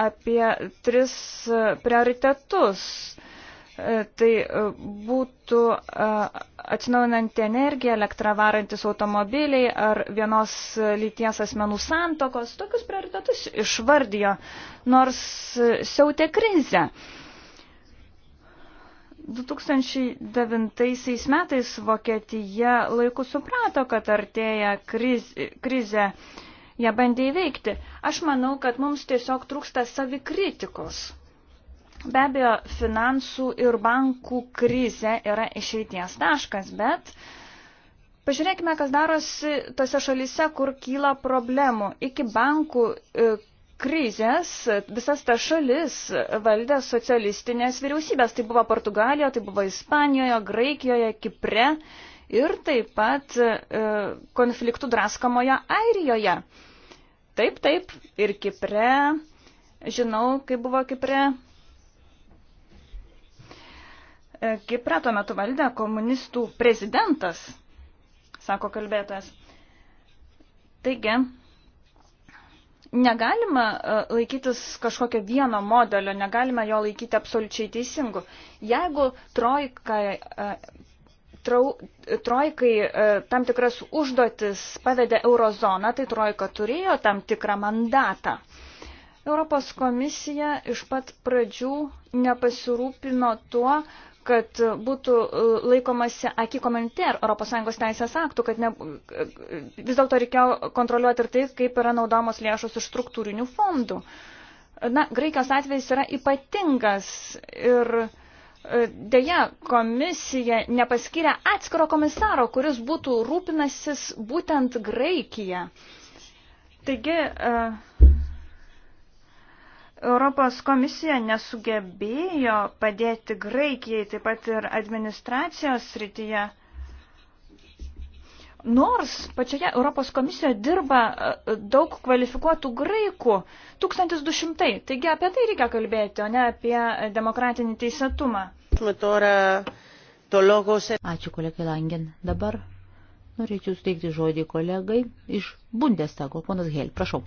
apie tris prioritetus E, tai e, būtų e, atsinaujinanti energija, elektrą varantis automobiliai ar vienos lyties asmenų santokos, tokius prioritetus išvardijo, nors siautė krizę. 2009 metais Vokietija laiku suprato, kad artėja kriz, krizė, ją bandė įveikti. Aš manau, kad mums tiesiog trūksta savikritikos. Be abejo, finansų ir bankų krize yra išeities taškas, bet pažiūrėkime, kas darosi tose šalise, kur kyla problemų. Iki bankų e, krizės visas ta šalis valdė socialistinės vyriausybės. Tai buvo Portugalijoje, tai buvo Ispanijoje, Graikijoje, Kipre ir taip pat e, konfliktų draskamoje Airijoje. Taip, taip, ir Kipre. Žinau, kaip buvo Kipre Kiprą tuo metu valdė komunistų prezidentas, sako kalbėtojas. Taigi, negalima e, laikytis kažkokio vieno modelio, negalima jo laikyti absoliučiai teisingu. Jeigu trojkai, e, trau, trojkai e, tam tikras užduotis pavedė eurozoną, tai trojka turėjo tam tikrą mandatą. Europos komisija iš pat pradžių nepasirūpino tuo, kad būtų e, laikomasi aki komuniter ES teisės aktų, kad ne, e, vis dėlto reikėjo kontroliuoti ir tai, kaip yra naudomos lėšos iš struktūrinių fondų. Na, Graikijos atvejs yra ypatingas ir e, Deja, komisija nepaskiria atskiro komisaro, kuris būtų rūpinasis būtent Graikija. Taigi, Europos komisija nesugebėjo padėti Graikijai, taip pat ir administracijos srityje. Nors pačioje Europos komisijoje dirba e, daug kvalifikuotų graikų, 1200, taigi apie tai reikia kalbėti, o ne apie demokratinį teisėtumą. Ačiū kolegai Langin. Dabar norėčiau suteikti žodį kolegai iš Bundestago, ponas Hel, prašau.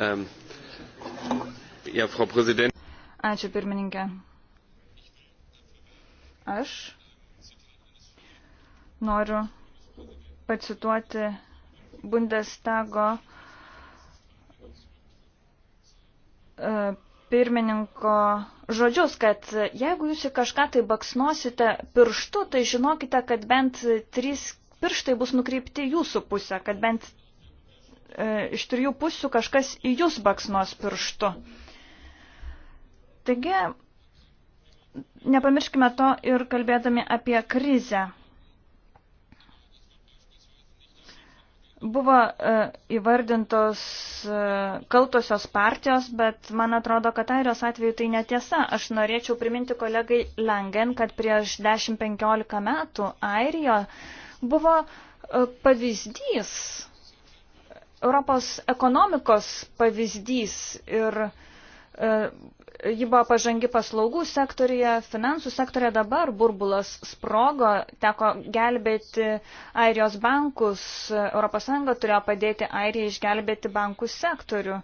Um, ja, Frau Präsident. Ačiū pirmininkė. Aš noriu pacituoti Bundestago e, pirmininko žodžius, kad jeigu jūs į kažką tai baksnosite pirštu, tai žinokite, kad bent trys pirštai bus nukreipti jūsų pusę, kad bent E, iš trijų pusių kažkas į jūs baksnos pirštu. Taigi, nepamirškime to ir kalbėdami apie krizę. Buvo e, įvardintos e, kaltosios partijos, bet man atrodo, kad airijos atveju tai netiesa. Aš norėčiau priminti kolegai Langen, kad prieš 10-15 metų airijo buvo pavyzdys Europos ekonomikos pavyzdys ir e, ji buvo pažangi paslaugų sektorija, finansų sektorija dabar burbulas sprogo, teko gelbėti Airijos bankus, ES turėjo padėti Airijai išgelbėti bankų sektorių.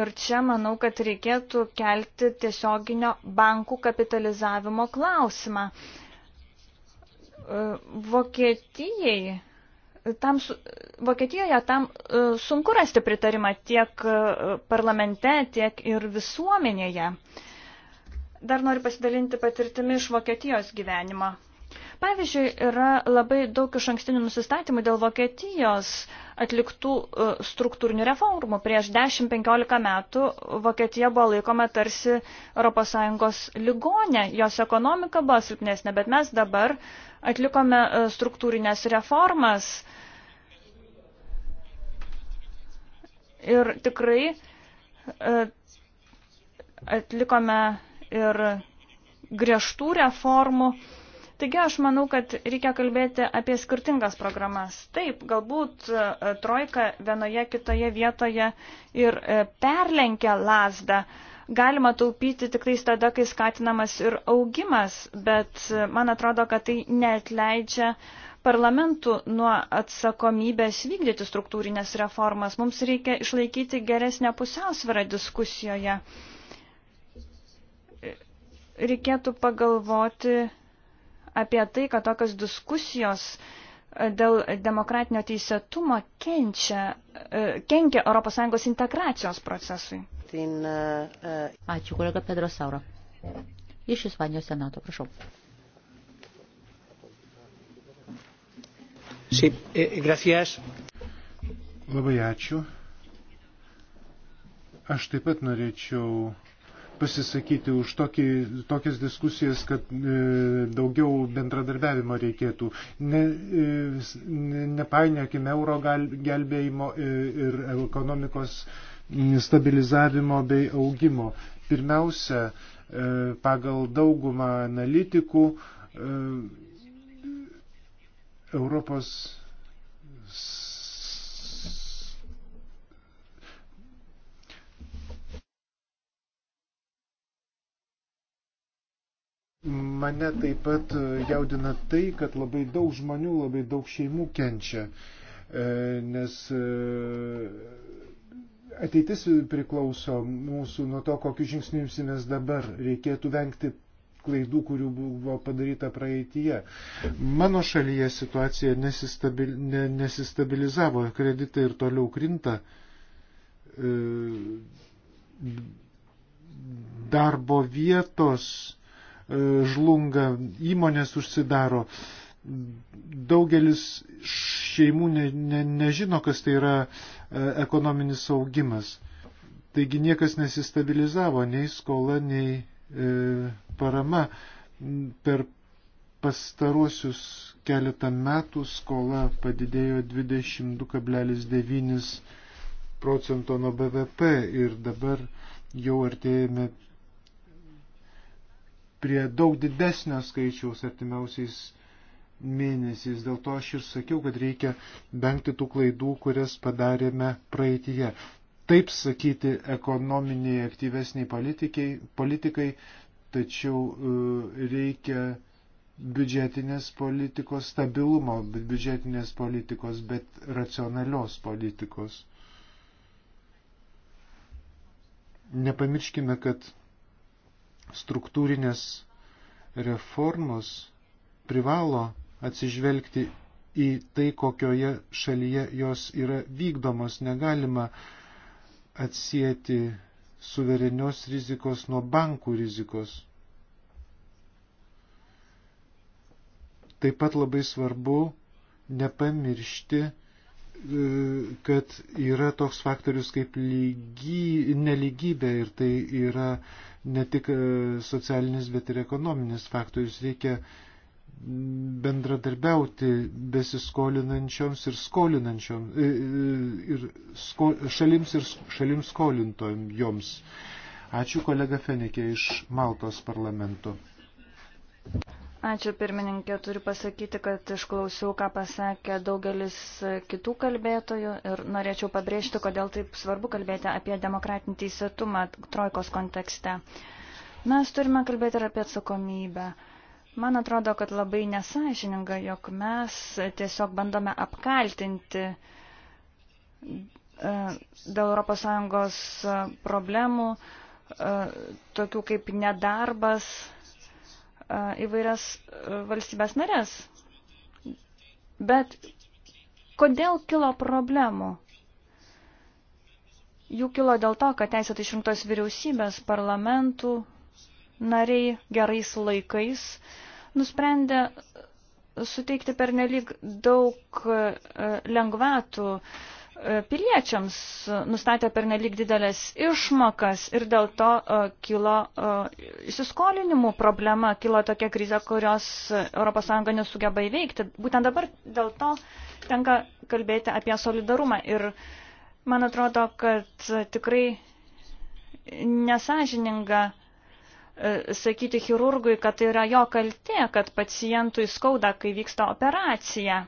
Ir čia manau, kad reikėtų kelti tiesioginio bankų kapitalizavimo klausimą. E, Vokietijai tam, Vokietijoje tam e, sunku rasti pritarimą tiek e, parlamente, tiek ir visuomenėje. Dar noriu pasidalinti patirtimi iš Vokietijos gyvenimo. Pavyzdžiui, yra labai daug iš ankstinių nusistatymų dėl Vokietijos atliktų e, struktūrinių reformų. Prieš 10-15 metų Vokietija buvo laikoma tarsi ES ligonė, jos ekonomika buvo silpnesnė, bet mes dabar atlikome e, struktūrinės reformas. Ir tikrai e, atlikome ir griežtų reformų. Taigi aš manau, kad reikia kalbėti apie skirtingas programas. Taip, galbūt e, trojka vienoje kitoje vietoje ir perlenkia lasdą, Galima taupyti tik tais tada, kai skatinamas ir augimas, bet e, man atrodo, kad tai netleidžia parlamentų nuo atsakomybės vykdyti struktūrinės reformas. Mums reikia išlaikyti geresnę pusiausvyrą diskusijoje. E, reikėtų pagalvoti apie tai, kad tokios diskusijos e, dėl demokratinio teisėtumo kenčia, kenkia ES integracijos procesui. Uh, ačiū, kolega Pedro Sauro. Iš Ispanijos senato, prašau. Sí, eh, gracias. Labai ačiū. Aš taip pat norėčiau pasisakyti už tokį, tokias diskusijas, kad e, daugiau bendradarbiavimo reikėtų. Ne, e, nepainiokime euro gal, gelbėjimo e, ir ekonomikos e, stabilizavimo bei augimo. Pirmiausia, e, pagal daugumą analitikų e, Europos Mane taip pat jaudina tai, kad labai daug žmonių, labai daug šeimų kenčia, e, nes ateitis priklauso mūsų nuo to, kokius žingsnius mes dabar reikėtų vengti klaidų, kurių buvo padaryta praeitie. Mano šalyje situacija nesistabil, ne, nesistabilizavo, kreditai ir toliau krinta. E, darbo vietos e, žlunga, įmonės užsidaro. Daugelis šeimų ne, ne, nežino, kas tai yra E, ekonominis augimas. Taigi niekas nesistabilizavo, nei skola, nei e, parama. Per pastaruosius keletą metų skola padidėjo 22,9 procento nuo BVP ir dabar jau artėjame prie daug didesnio skaičiaus artimiausiais mėnesiais. Dėl to aš ir sakiau, kad reikia vengti tų klaidų, kurias padarėme praeitie. Taip sakyti ekonominiai aktyvesniai politikai, politikai tačiau e, reikia biudžetinės politikos stabilumo, biudžetinės politikos, bet racionalios politikos. Nepamirškime, kad struktūrinės reformos privalo atsižvelgti į tai, kokioje šalyje jos yra vykdomos. Negalima atsijėti suverenios rizikos nuo bankų rizikos. Taip pat labai svarbu nepamiršti, e, kad yra toks faktorius kaip lygy, neligybė ir tai yra ne tik e, socialinis, bet ir ekonominis faktorius. Reikia bendradarbiauti besiskolinančioms ir skolinančioms e, e, ir sko, šalims ir šalims skolintojoms. Ačiū kolega Fenikė iš Maltos parlamento. Ačiū pirmininkė, turiu pasakyti, kad išklausiau, ką pasakė daugelis kitų kalbėtojų ir norėčiau pabrėžti, kodėl taip svarbu kalbėti apie demokratinį teisėtumą trojkos kontekste. Mes turime kalbėti ir apie atsakomybę. Uh, Man atrodo, kad labai nesažininga, jog mes tiesiog bandome apkaltinti e, dėl ES e, problemų, e, tokių kaip nedarbas, įvairias valstybės narės. Bet kodėl kilo problemų? Jų kilo dėl to, kad teisėtai išrinktos vyriausybės, parlamentų, nariai gerais laikais nusprendė suteikti pernelyg daug e, lengvatų e, piliečiams, nustatė pernelyg didelės išmokas ir dėl to e, kilo įsiskolinimų problema, kilo tokia krizė, kurios ES nesugeba įveikti. Būtent dabar dėl to tenka kalbėti apie solidarumą ir man atrodo, kad tikrai nesažininga E, sakyti chirurgui, kad tai yra jo kaltė, kad pacientui skauda, kai vyksta operacija.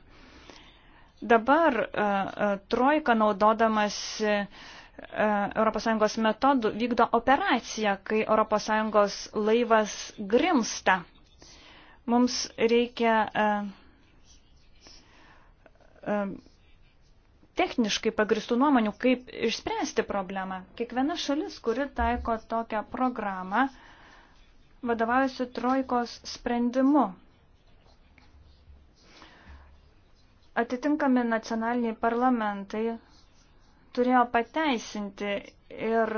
Dabar e, e, trojka naudodamas ES metodų vykdo operaciją, kai ES laivas grimsta. Mums reikia techniškai pagristų nuomonių, kaip išspręsti problemą. Kiekviena šalis, kuri taiko tokią programą, uh, vadovaujasi trojkos sprendimu. Atitinkami nacionaliniai parlamentai turėjo pateisinti ir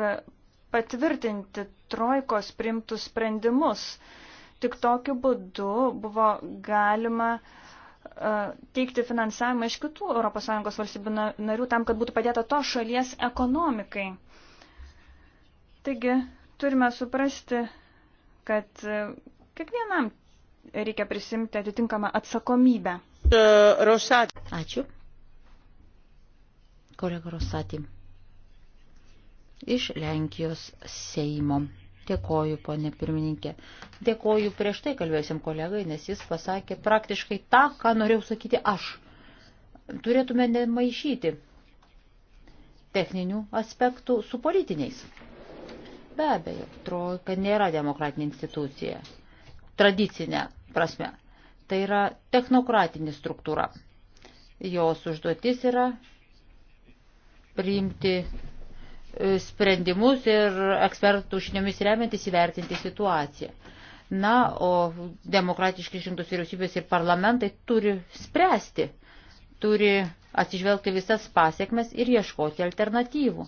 patvirtinti trojkos primtus sprendimus. Tik tokiu būdu buvo galima e, teikti finansavimą iš kitų ES valstybių narių tam, kad būtų padėta to šalies ekonomikai. Taigi, turime suprasti kad e, kiekvienam reikia prisimti atitinkamą atsakomybę. E, Ačiū. Kolega Rosati. Iš Lenkijos Seimo. Dėkoju, ponė pirmininkė. Dėkoju prieš tai kalbėjusiam kolegai, nes jis pasakė praktiškai tą, ką norėjau sakyti aš. Turėtume nemaišyti techninių aspektų su politiniais. Be abejo, trojka nėra demokratinė institucija. Tradicinė prasme. Tai yra technokratinė struktūra. Jos užduotis yra priimti e, sprendimus ir ekspertų žiniomis remiantis įvertinti situaciją. Na, o demokratiškai išrinktos vyriausybės ir parlamentai turi spręsti, turi atsižvelgti visas pasiekmes ir ieškoti alternatyvų.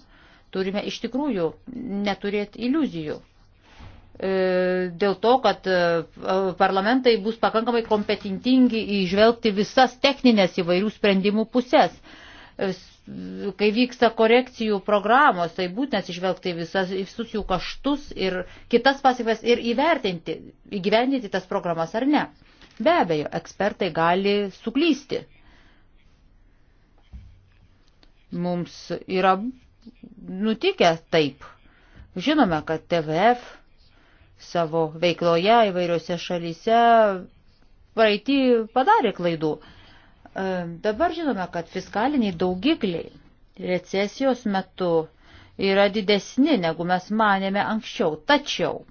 Turime iš tikrųjų neturėti iliuzijų. E, dėl to, kad e, e, parlamentai bus pakankamai kompetentingi įžvelgti visas techninės įvairių sprendimų pusės kai vyksta korekcijų programos, tai būtent išvelgti visas, visus jų kaštus ir kitas pasiekmes ir įvertinti, įgyvendinti tas programas ar ne. Be abejo, ekspertai gali suklysti. Mums yra nutikę taip. Žinome, kad TVF savo veikloje įvairiose šalyse praeitį padarė klaidų. E, dabar žinome, kad fiskaliniai daugikliai recesijos metu yra didesni, negu mes manėme anksčiau. Tačiau,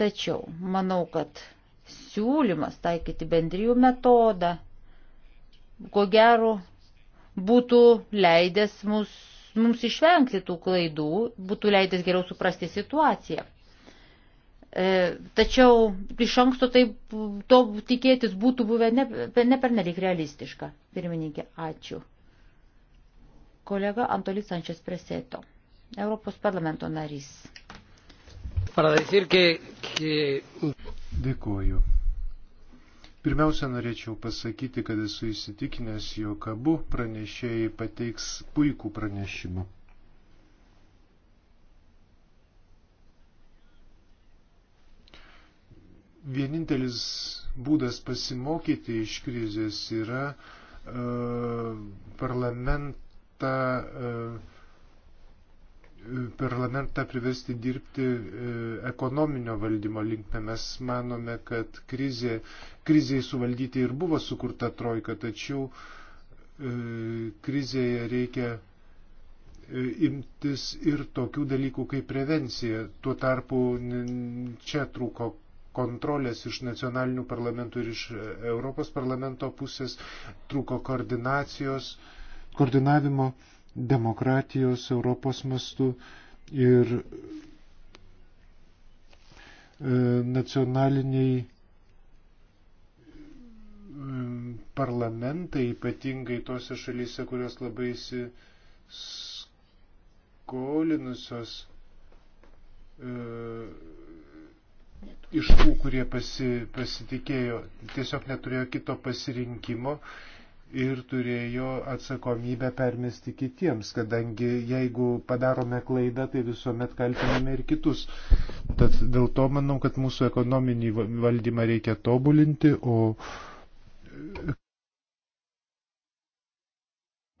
tačiau, manau, kad siūlymas taikyti bendrijų metodą, ko gero, būtų leidęs mus, mums išvengti tų klaidų, būtų leidęs geriau suprasti situaciją. E, tačiau iš anksto tai to tikėtis būtų buvę ne, ne per nelik realistiška. Pirmininkė, ačiū. Kolega Antolis Sančias Preseto, Europos parlamento narys. Para decir que, que... Dėkuoju. Pirmiausia, norėčiau pasakyti, kad esu įsitikinęs, jog abu pranešėjai pateiks puikų pranešimą. Vienintelis būdas pasimokyti iš krizės yra e, parlamentą e, parlamentą priversti dirbti e, ekonominio valdymo linkme. Mes manome, kad krizė, kriziai suvaldyti ir buvo sukurta trojka, tačiau e, krizėje reikia e, imtis ir tokių dalykų kaip prevencija. Tuo tarpu čia trūko kontrolės iš nacionalinių parlamentų ir iš Europos parlamento pusės, trūko koordinacijos, koordinavimo demokratijos Europos mastu ir e, nacionaliniai e, parlamentai, ypatingai tose šalyse, kurios labai įsiskolinusios e, iš tų, kurie pasi, pasitikėjo, tiesiog neturėjo kito pasirinkimo ir turėjo atsakomybę permesti kitiems, kadangi jeigu padarome klaidą, tai visuomet kaltiname ir kitus. Tad dėl to manau, kad mūsų ekonominį valdymą reikia tobulinti, o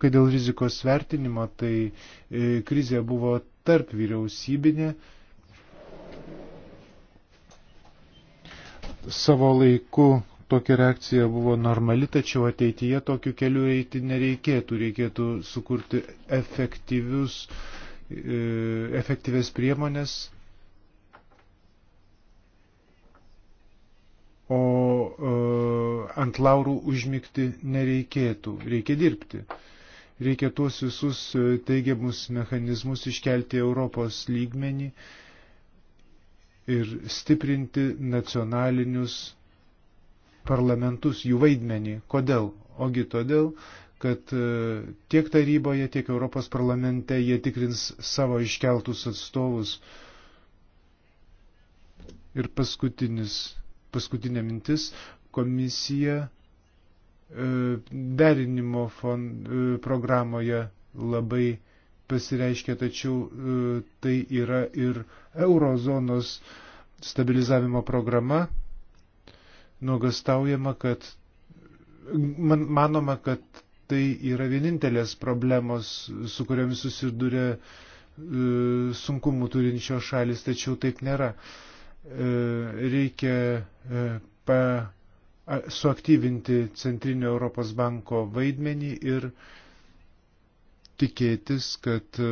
kai dėl rizikos vertinimo, tai e, krizė buvo tarp vyriausybinė. Savo laiku tokia reakcija buvo normali, tačiau ateityje tokiu keliu eiti nereikėtų. Reikėtų sukurti efektyvius, e, efektyves priemonės. O e, ant laurų užmygti nereikėtų. Reikia dirbti. Reikia tuos visus e, teigiamus mechanizmus iškelti Europos lygmenį ir stiprinti nacionalinius parlamentus, jų vaidmenį. Kodėl? Ogi todėl, kad e, tiek taryboje, tiek Europos parlamente jie tikrins savo iškeltus atstovus. Ir paskutinis, paskutinė mintis, komisija e, derinimo fon, e, programoje labai pasireiškia, tačiau tai yra ir eurozonos stabilizavimo programa, nuogastaujama, kad man, manoma, kad tai yra vienintelės problemos, su kuriomis susiduria e, sunkumų turinčios šalis, tačiau taip nėra. E, reikia e, pa, a, suaktyvinti Centrinio Europos banko vaidmenį ir tikėtis, kad e,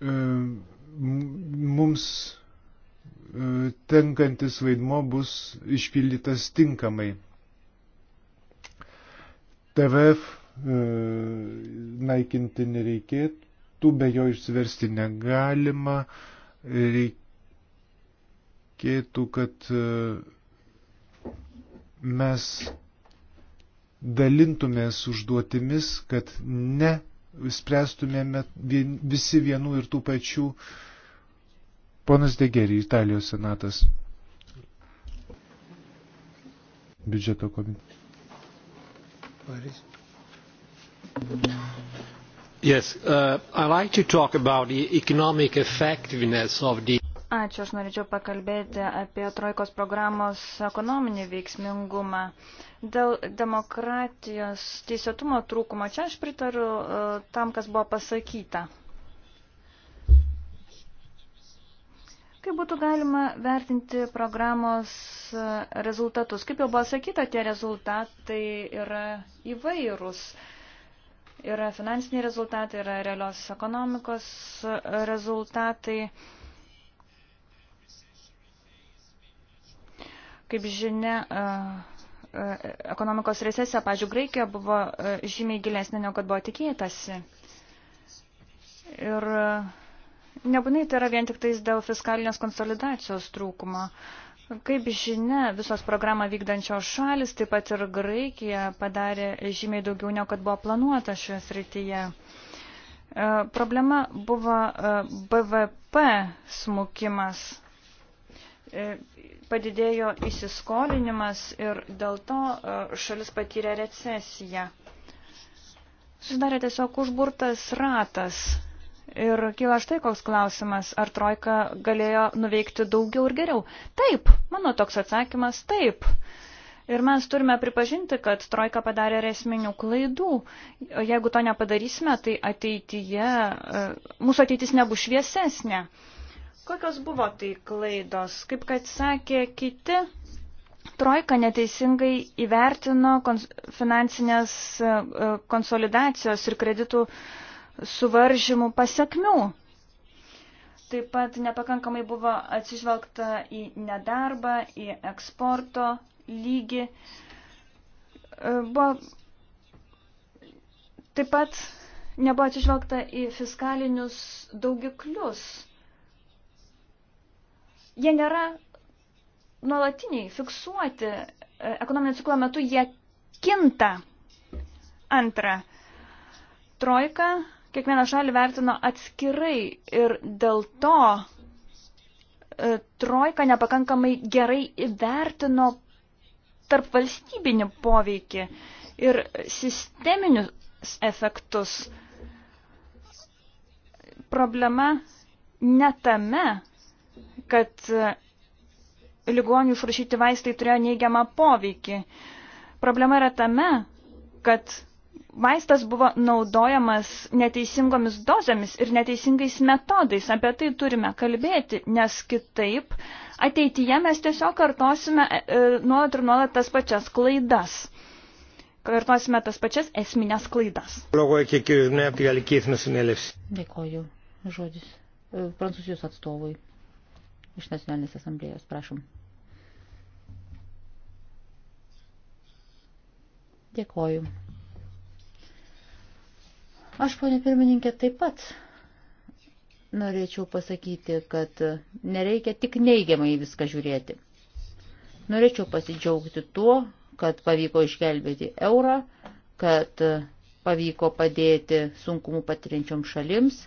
E, mums e, tenkantis vaidmo bus išpildytas tinkamai. TVF e, naikinti nereikėtų, be jo išsiversti negalima. Reikėtų, kad mes dalintumės užduotimis, kad ne spręstumėme visi vienų ir tų pačių. Ponas Degeri, Italijos senatas. Biudžeto komitetas. Yes, uh, I like to talk about the economic effectiveness of the Ačiū, aš norėčiau pakalbėti apie Trojkos programos ekonominį veiksmingumą. Dėl demokratijos teisėtumo trūkumo čia aš pritariu e, tam, kas buvo pasakyta. Kaip būtų galima vertinti programos e, rezultatus? Kaip jau buvo sakyta, tie rezultatai yra įvairūs yra finansiniai rezultatai, yra realios ekonomikos e, rezultatai. Kaip žinia, ekonomikos recesija, pažiūrėjau, Graikija buvo žymiai gilesnė, negu kad buvo tikėtasi. Ir nebūtinai tai yra vien tik tais dėl fiskalinės konsolidacijos trūkumo. Kaip žinia, visos programą vykdančios šalis, taip pat ir Graikija, padarė žymiai daugiau, negu kad buvo planuota šioje srityje. Problema buvo BVP smukimas E, padidėjo įsiskolinimas ir dėl to e, šalis patyrė recesiją. Susidarė tiesiog užburtas ratas. Ir kyla štai koks klausimas, ar Trojka galėjo nuveikti daugiau ir geriau. Taip, mano toks atsakymas - taip. Ir mes turime pripažinti, kad Trojka padarė esminių klaidų. O jeigu to nepadarysime, tai ateityje e, mūsų ateitis nebus šviesesnė. Ne. Kokios buvo tai klaidos? Kaip kad sakė kiti, Trojka neteisingai įvertino kons finansinės e, e, konsolidacijos ir kreditų suvaržymų pasiekmių. Taip pat nepakankamai buvo atsižvelgta į nedarbą, į eksporto lygį. E, buvo taip pat nebuvo atsižvelgta į fiskalinius daugiklius jie nėra nuolatiniai, fiksuoti. E, ekonominio ciklo metu jie kinta. Antra, trojka kiekvieną šalį vertino atskirai ir dėl to e, trojka nepakankamai gerai įvertino tarp valstybinį poveikį ir sisteminius efektus. Problema ne tame, kad ligonių išrašyti vaistai turėjo neigiamą poveikį. Problema yra tame, kad vaistas buvo naudojamas neteisingomis dozėmis ir neteisingais metodais. Apie tai turime kalbėti, nes kitaip ateityje mes tiesiog kartosime e, e, nuolat ir nuolat tas pačias klaidas. Kartosime tas pačias esminės klaidas. Dėkoju. Žodis e, prancūzijos atstovui iš Nacionalinės asamblėjos. Prašom. Dėkoju. Aš, ponė pirmininkė, taip pat norėčiau pasakyti, kad nereikia tik neigiamai viską žiūrėti. Norėčiau pasidžiaugti tuo, kad pavyko išgelbėti eurą, kad pavyko padėti sunkumų patiriančiom šalims,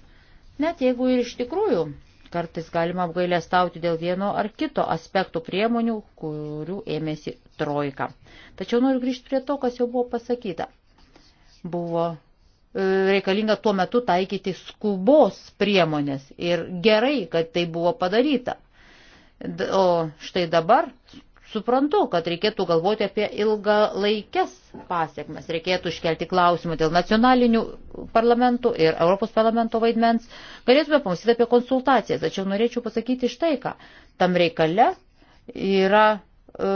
net jeigu ir iš tikrųjų kartais galima apgailestauti dėl vieno ar kito aspekto priemonių, kurių ėmėsi trojka. Tačiau noriu grįžti prie to, kas jau buvo pasakyta. Buvo e, reikalinga tuo metu taikyti skubos priemonės ir gerai, kad tai buvo padaryta. O štai dabar suprantu, kad reikėtų galvoti apie ilgalaikės pasiekmes. Reikėtų iškelti klausimą dėl nacionalinių parlamentų ir Europos parlamento vaidmens. Galėtume pamastyti apie konsultacijas, tačiau norėčiau pasakyti štai ką. Tam reikale yra e,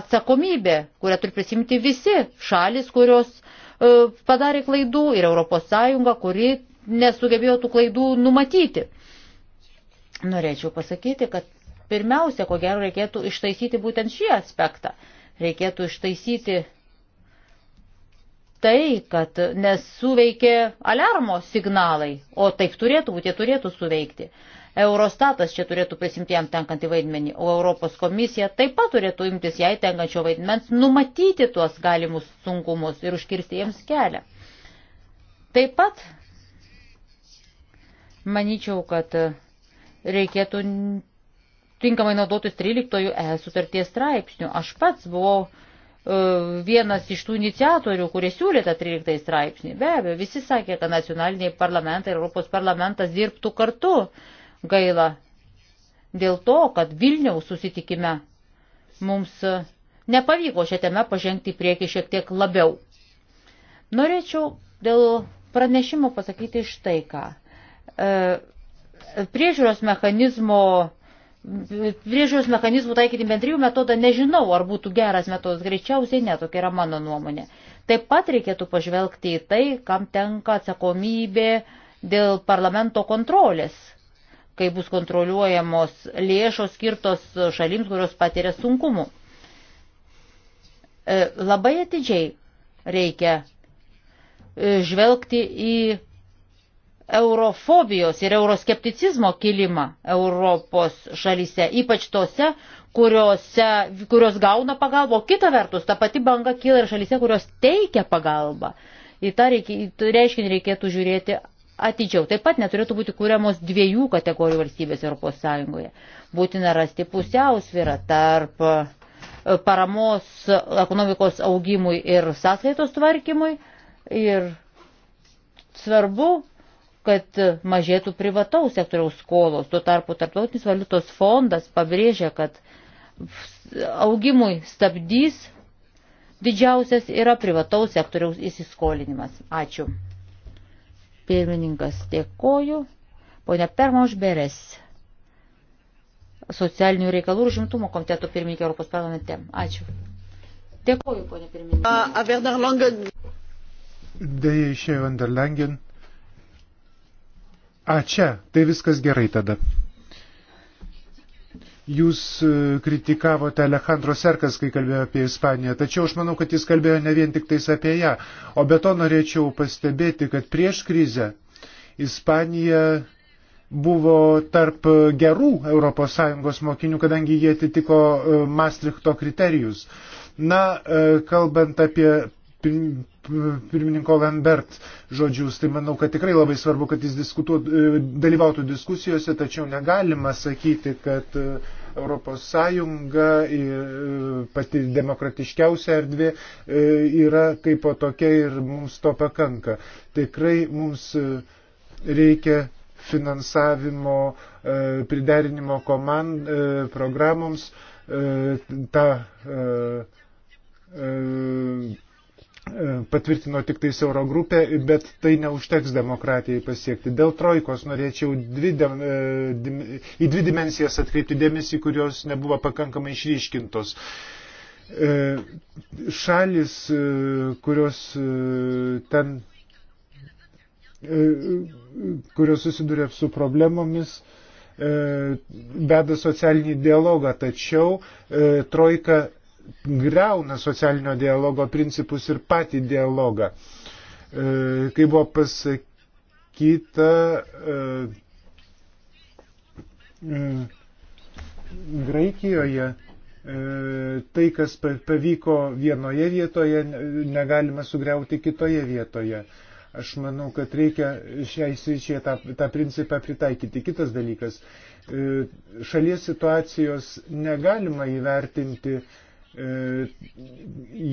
atsakomybė, kurią turi prisimti visi šalis, kurios e, padarė klaidų ir Europos Sąjunga, kuri nesugebėjo tų klaidų numatyti. Norėčiau pasakyti, kad Pirmiausia, ko gero, reikėtų ištaisyti būtent šį aspektą. Reikėtų ištaisyti tai, kad nesuveikė alarmo signalai, o taip turėtų būti, jie turėtų suveikti. Eurostatas čia turėtų prisimti jam tenkantį vaidmenį, o Europos komisija taip pat turėtų imtis jai tenkančio vaidmens, numatyti tuos galimus sunkumus ir užkirsti jiems kelią. Taip pat manyčiau, kad reikėtų tinkamai naudotis 13 ES sutarties straipsnių. Aš pats buvau e, vienas iš tų iniciatorių, kurie siūlė tą 13 straipsnį. Be abejo, visi sakė, kad nacionaliniai parlamentai ir Europos parlamentas dirbtų kartu. Gaila dėl to, kad Vilniaus susitikime mums nepavyko šią temą pažengti į priekį šiek tiek labiau. Norėčiau dėl pranešimo pasakyti štai ką. E, priežiūros mechanizmo priežiūros mechanizmų taikyti bendrijų metodą nežinau, ar būtų geras metodas, greičiausiai ne, tokia yra mano nuomonė. Taip pat reikėtų pažvelgti į tai, kam tenka atsakomybė dėl parlamento kontrolės, kai bus kontroliuojamos lėšos skirtos šalims, kurios patiria sunkumų. E, labai atidžiai reikia e, žvelgti į eurofobijos ir euroskepticizmo kilimą Europos šalyse, ypač tose, kuriuose, kurios gauna pagalbą, o kita vertus, ta pati banga kyla ir šalyse, kurios teikia pagalbą. Į tą reiškinį reikėtų žiūrėti atidžiau. Taip pat neturėtų būti kūriamos dviejų kategorijų valstybės Europos Sąjungoje. Būtina rasti pusiausvyrą tarp e, paramos ekonomikos augimui ir sąskaitos tvarkymui. Ir svarbu kad mažėtų privataus sektoriaus skolos. Tuo tarpu Tarptautinis valiutos fondas pabrėžia, kad augimui stabdys didžiausias yra privataus sektoriaus įsiskolinimas. Ačiū. Pirmininkas dėkoju. Pone Permožberes, socialinių reikalų ir žimtumo komiteto pirmininkė Europos parlamente. Ačiū. Dėkoju, ponė pirmininkė. Deja išėjo Vanderlengen. A čia, tai viskas gerai tada. Jūs e, kritikavote Alejandro Serkas, kai kalbėjo apie Ispaniją, tačiau aš manau, kad jis kalbėjo ne vien tik tais apie ją. O be to norėčiau pastebėti, kad prieš krizę Ispanija buvo tarp gerų ES mokinių, kadangi jie atitiko e, Maastrichto kriterijus. Na, e, kalbant apie pirmininko Lambert žodžius. Tai manau, kad tikrai labai svarbu, kad jis e, dalyvautų diskusijose, tačiau negalima sakyti, kad e, Europos Sąjunga, e, pati demokratiškiausia erdvė, yra kaip po tokia ir mums to pakanka. Tikrai mums reikia finansavimo, priderinimo komand, programoms, ta E, patvirtino tik tais Eurogrupė, bet tai neužteks demokratijai pasiekti. Dėl trojkos norėčiau dvi, e, į dvi dimensijas atkreipti dėmesį, kurios nebuvo pakankamai išryškintos e, šalis, kurios ten kurios susiduria su problemomis, beda socialinį dialogą, tačiau trojka greuna socialinio dialogo principus ir patį dialogą. E, kai buvo pasakyta, e, e, Graikijoje tai, kas pavyko vienoje vietoje, negalima sugriauti kitoje vietoje. Aš manau, kad reikia šiai sričiai tą, tą principą pritaikyti. Kitas dalykas, šalies situacijos negalima įvertinti E,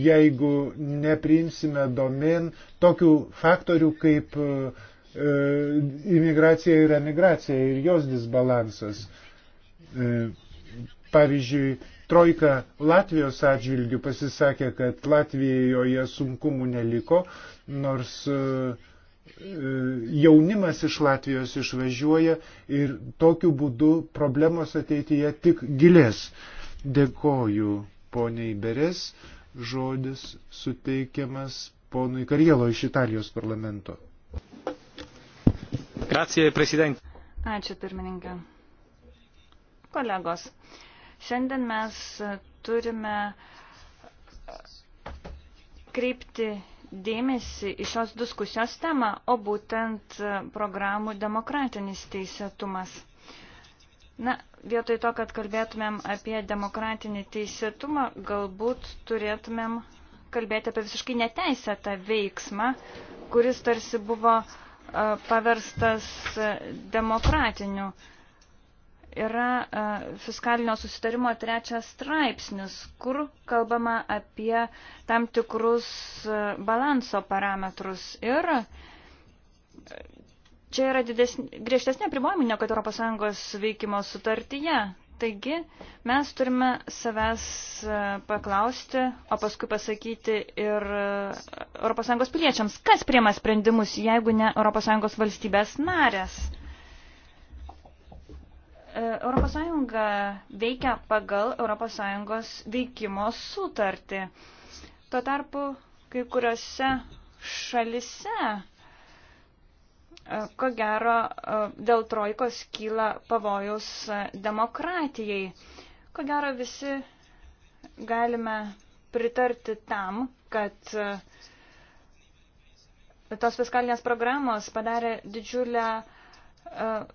jeigu neprimsime domin tokių faktorių kaip e, imigracija ir emigracija ir jos disbalansas. E, pavyzdžiui, Trojka Latvijos atžvilgių pasisakė, kad Latvijoje sunkumų neliko, nors jaunimas iš Latvijos išvažiuoja ir tokiu būdu problemos ateityje tik gilės. Dėkoju poniai Beres žodis suteikiamas ponui Karielo iš Italijos parlamento. Grazie, prezident. Ačiū, pirmininkė. Kolegos, šiandien mes turime e, kreipti dėmesį į šios diskusijos temą, o būtent e, programų demokratinis teisėtumas. Na, vietoj to, kad kalbėtumėm apie demokratinį teisėtumą, galbūt turėtumėm kalbėti apie visiškai neteisėtą veiksmą, kuris tarsi buvo paverstas demokratiniu. Yra fiskalinio susitarimo trečias straipsnis, kur kalbama apie tam tikrus balanso parametrus. Ir Čia yra didesnė, griežtesnė pribojimai, negu kad ES veikimo sutartyje. Taigi mes turime savęs e, paklausti, o paskui pasakyti ir ES piliečiams, kas priema sprendimus, jeigu ne ES valstybės narės. ES veikia pagal ES veikimo sutartį. Tuo tarpu kai kuriuose šalise E, ko gero e, dėl trojkos kyla pavojus e, demokratijai. Ko gero visi galime pritarti tam, kad tos fiskalinės programos padarė didžiulę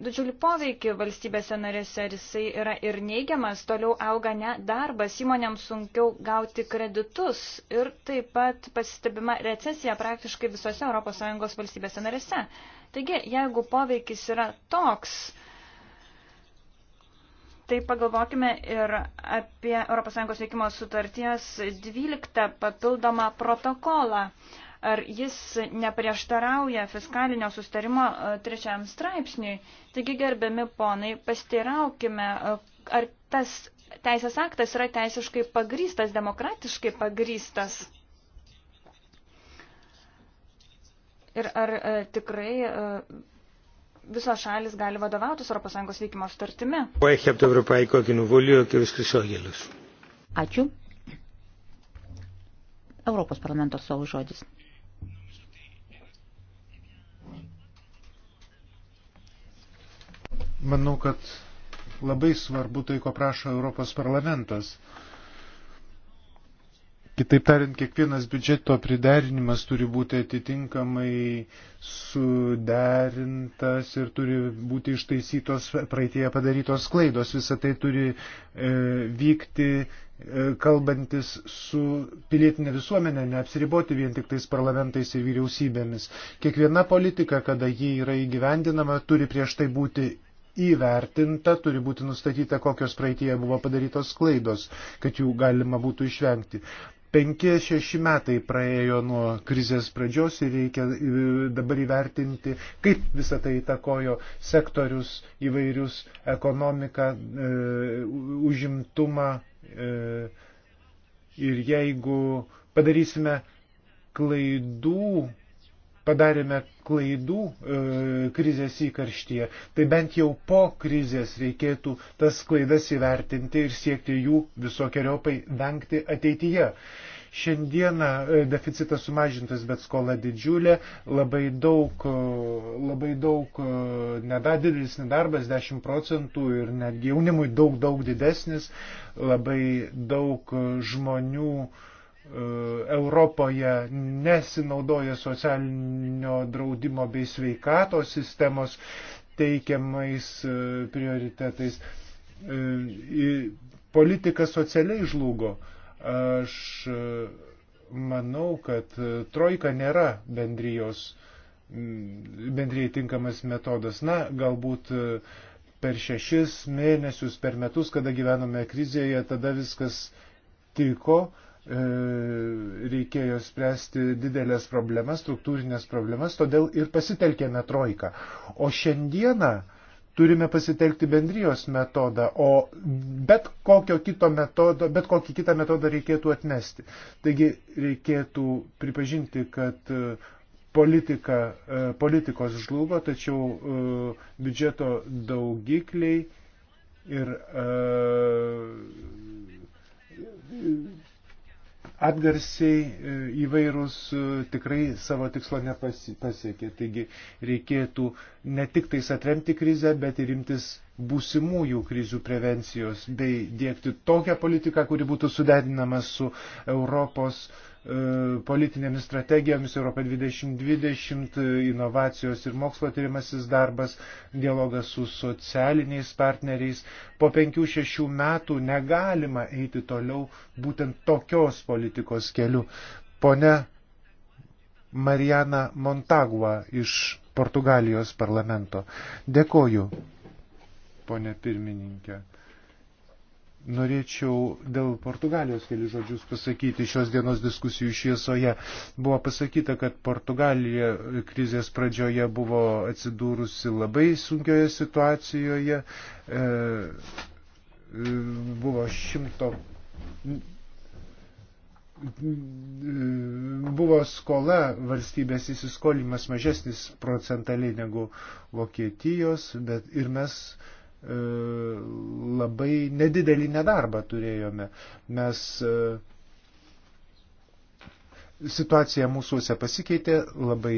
didžiulį poveikį valstybėse narėse ir jisai yra ir neigiamas, toliau auga nedarbas, įmonėms sunkiau gauti kreditus ir taip pat pasistebima recesija praktiškai visose ES valstybėse narėse. Uh, Taigi, jeigu poveikis yra toks, Tai pagalvokime ir apie ES veikimo sutarties 12 papildomą protokolą. Ar jis neprieštarauja fiskalinio sustarimo e, trečiam straipsniui? Taigi, gerbiami ponai, pasteiraukime, e, ar tas teisės aktas yra teisiškai pagrystas, demokratiškai pagrystas. Ir ar e, tikrai e, visos šalis gali vadovautis ES veikimo sutartimi? Ačiū. Europos parlamento savo žodis. Manau, kad labai svarbu tai, ko prašo Europos parlamentas. Kitaip tariant, kiekvienas biudžeto priderinimas turi būti atitinkamai suderintas ir turi būti ištaisytos praeitėje padarytos klaidos. Visą tai turi e, vykti e, kalbantis su pilietinė visuomenė, neapsiriboti vien tik tais parlamentais ir vyriausybėmis. Kiekviena politika, kada ji yra įgyvendinama, turi prieš tai būti įvertinta, turi būti nustatyta, kokios praeitie buvo padarytos klaidos, kad jų galima būtų išvengti. Penki, šeši metai praėjo nuo krizės pradžios ir reikia e, dabar įvertinti, kaip visą tai įtakojo sektorius įvairius, ekonomiką, e, užimtumą. E, ir jeigu padarysime klaidų, padarėme klaidų e, krizės įkarštyje, tai bent jau po krizės reikėtų tas klaidas įvertinti ir siekti jų visokiojopai vengti ateityje. Šiandieną e, deficitas sumažintas, bet skola didžiulė, labai daug, e, labai daug e, nedadidelis nedarbas, 10 procentų ir netgi jaunimui daug, daug didesnis, labai daug žmonių uh, E, Europoje nesinaudoja socialinio draudimo bei sveikatos sistemos teikiamais e, prioritetais. E, politika socialiai žlugo. Aš manau, kad trojka nėra bendrijos, bendrijai tinkamas metodas. Na, galbūt per šešis mėnesius, per metus, kada gyvenome krizėje, tada viskas tiko, E, reikėjo spręsti didelės problemas, struktūrinės problemas, todėl ir pasitelkėme trojką. O šiandieną turime pasitelkti bendrijos metodą, o bet, kito metodo, bet kokį kitą metodą reikėtų atmesti. Taigi reikėtų pripažinti, kad e, politika, e, politikos žlugo, tačiau biudžeto daugikliai ir atgarsiai e, įvairūs e, tikrai savo tikslo nepasiekė. Taigi reikėtų ne tik tais atremti krizę, bet ir imtis būsimųjų krizių prevencijos bei dėkti tokią politiką, kuri būtų suderinama su Europos uh, E, politinėmis strategijomis Europa 2020, e, inovacijos ir mokslo tyrimasis darbas, dialogas su socialiniais partneriais. Po 5-6 metų negalima eiti toliau būtent tokios politikos keliu. Pone Mariana Montagua iš Portugalijos parlamento. Dėkoju, ponė pirmininkė. Norėčiau dėl Portugalijos keli žodžius pasakyti šios dienos diskusijų šviesoje. Buvo pasakyta, kad Portugalija krizės pradžioje buvo atsidūrusi labai sunkioje situacijoje. E, e buvo šimto. E, buvo skola valstybės įsiskolimas mažesnis procentaliai negu Vokietijos, bet ir mes E, labai nedidelį nedarbą turėjome. Mes e, situacija mūsųse pasikeitė, labai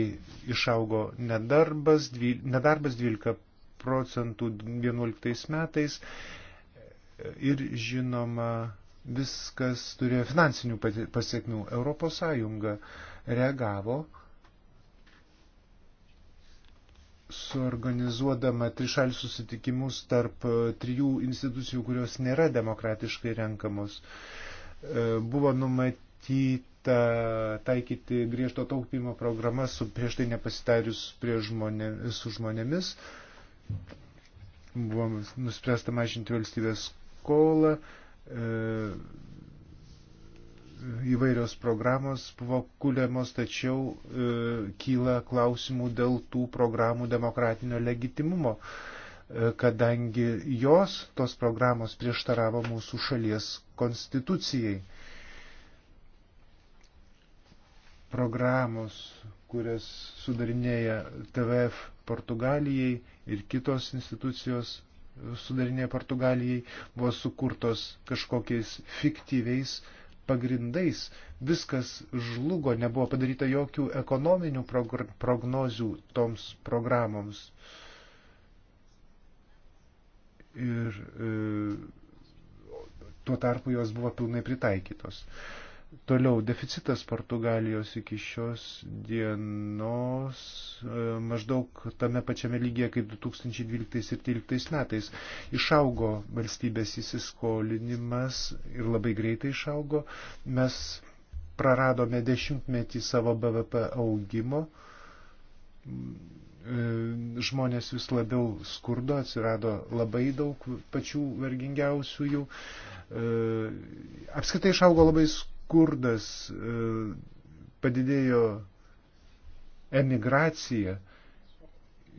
išaugo nedarbas, nedarbas 12 procentų 11 metais ir žinoma viskas turėjo finansinių pasiekmių. Europos Sąjunga reagavo suorganizuodama trišalių susitikimus tarp e, trijų institucijų, kurios nėra demokratiškai renkamos, e, buvo numatyta taikyti griežto taupimo programas su prieš tai nepasitarius prie žmonė, su žmonėmis. Buvo nuspręsta mažinti valstybės skolą, e, įvairios programos buvo kūliamos, tačiau e, kyla klausimų dėl tų programų demokratinio legitimumo, e, kadangi jos, tos programos prieštaravo mūsų šalies konstitucijai. Programos, kurias sudarinėja TVF Portugalijai ir kitos institucijos sudarinėja Portugalijai, buvo sukurtos kažkokiais fiktyviais pagrindais viskas žlugo, nebuvo padaryta jokių ekonominių prognozių toms programoms. Ir e, tuo tarpu jos buvo pilnai pritaikytos. E, Toliau deficitas Portugalijos iki šios dienos e, maždaug tame pačiame lygyje kaip 2012 ir 2013 metais. Išaugo valstybės įsiskolinimas ir labai greitai išaugo. Mes praradome dešimtmetį savo BVP augimo. E, žmonės vis labiau skurdo, atsirado labai daug pačių vargingiausiųjų. E, apskritai išaugo labai skurdo skurdas, e, padidėjo emigracija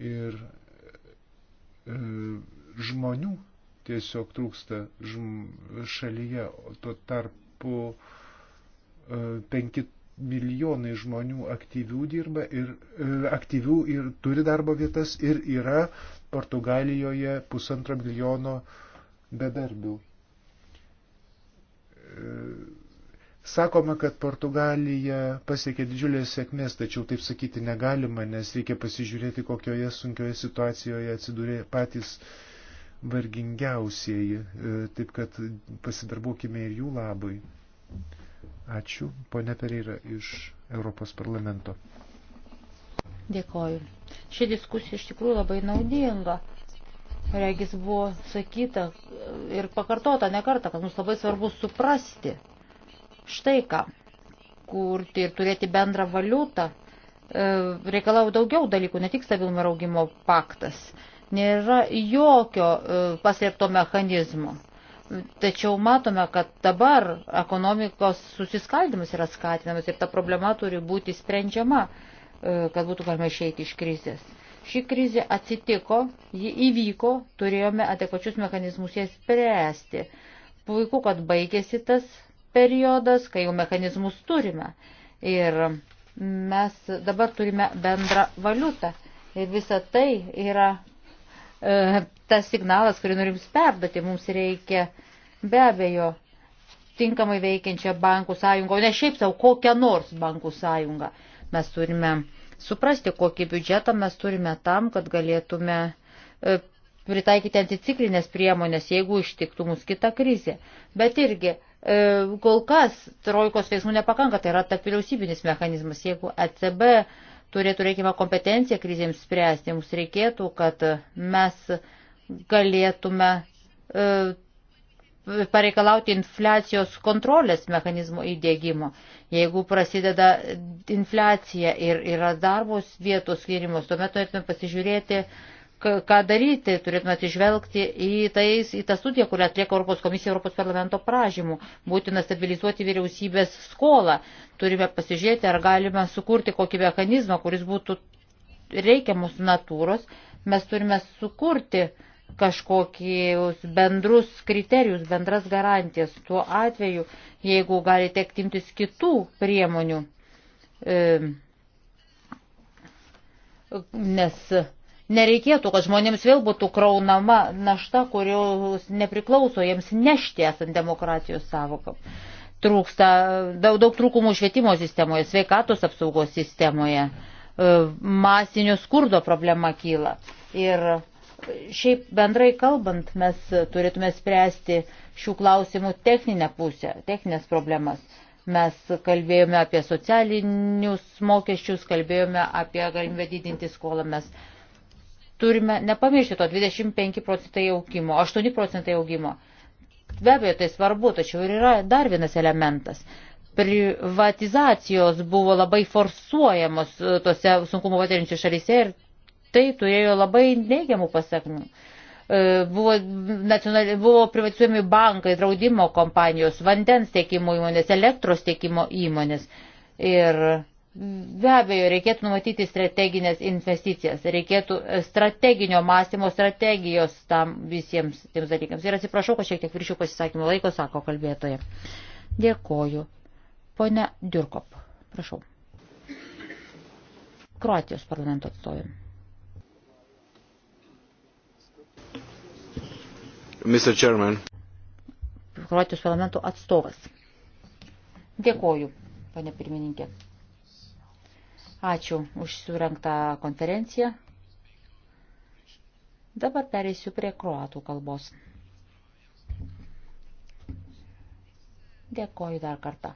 ir e, žmonių tiesiog trūksta šalyje, tuo tarpu 5 e, milijonai žmonių aktyvių dirba ir aktyvių ir turi darbo vietas ir yra Portugalijoje pusantro milijono bedarbių. Sakoma, kad Portugalija pasiekė didžiulės sėkmės, tačiau taip sakyti negalima, nes reikia pasižiūrėti, kokioje sunkioje situacijoje atsidūrė patys vargingiausieji. E, taip kad pasidarbuokime ir jų labui. Ačiū, ponė Pereira iš Europos parlamento. Dėkoju. Ši diskusija iš tikrųjų labai naudinga. Regis buvo sakyta ir pakartota ne kartą, kad mums labai svarbu suprasti štai ką, kurti ir turėti bendrą valiutą e, reikalau daugiau dalykų, ne tik stabilumo ir augimo paktas. Nėra jokio e, paslėpto mechanizmo. Tačiau matome, kad dabar ekonomikos susiskaldimas yra skatinamas ir ta problema turi būti sprendžiama, e, kad būtų galima išeiti iš krizės. Ši krizė atsitiko, ji įvyko, turėjome adekvačius mechanizmus jas spręsti. Puiku, kad baigėsi tas periodas, kai jau mechanizmus turime. Ir mes dabar turime bendrą valiutą. Ir visa tai yra e, tas signalas, kurį norim perduoti. Mums reikia be abejo tinkamai veikiančią bankų sąjungą, o ne šiaip savo kokią nors bankų sąjungą. Mes turime suprasti, kokį biudžetą mes turime tam, kad galėtume e, pritaikyti anticiklinės priemonės, jeigu ištiktų mus kita krizė. Bet irgi E, kol kas trojkos veiksmų nepakanka, tai yra tarp vyriausybinis mechanizmas. Jeigu ECB turėtų reikimą kompetenciją krizėms spręsti, mums reikėtų, kad mes galėtume e, pareikalauti infliacijos kontrolės mechanizmo įdėgymo. Jeigu prasideda infliacija ir yra darbos vietos skirimas, tuomet turėtume pasižiūrėti, uh, ką daryti, turėtume atsižvelgti į, tais, į tą studiją, kurią atlieka Europos komisija Europos parlamento pražymų. Būtina stabilizuoti vyriausybės skolą. Turime pasižiūrėti, ar galime sukurti kokį mechanizmą, kuris būtų reikiamus natūros. Mes turime sukurti kažkokius bendrus kriterijus, bendras garantijas. Tuo atveju, jeigu gali tekti imtis kitų priemonių, e, nes Nereikėtų, kad žmonėms vėl būtų kraunama našta, kurios nepriklauso jiems nešti esant demokratijos savokam. Trūksta daug, daug trūkumų švietimo sistemoje, sveikatos apsaugos sistemoje, e, masinio skurdo problema kyla. Ir šiaip bendrai kalbant, mes turėtume spręsti šių klausimų techninę pusę, techninės problemas. Mes kalbėjome apie socialinius mokesčius, kalbėjome apie galimybę didinti skolą, mes turime nepamiršti to 25 procentai augimo, 8 procentai augimo. Be abejo, tai svarbu, tačiau ir yra dar vienas elementas. Privatizacijos buvo labai forsuojamos e, tose sunkumo patirinčių šalyse ir tai turėjo labai neigiamų pasakmių. E, buvo, nacionali, buvo privatizuojami bankai, draudimo kompanijos, vandens tiekimo įmonės, elektros tiekimo įmonės. Ir Be abejo, reikėtų numatyti strateginės investicijas, reikėtų strateginio mąstymo strategijos tam visiems tiems dalykams. Ir atsiprašau, kad šiek tiek viršių pasisakymų laiko, sako kalbėtoja. Dėkoju. Pone Dirkop, prašau. Kroatijos parlamento atstovim. Mr. Chairman. Kroatijos parlamento atstovas. Dėkoju, pane pirmininkė. Ačiū už surinktą konferenciją. Dabar pereisiu prie kroatų kalbos. Dėkoju dar kartą.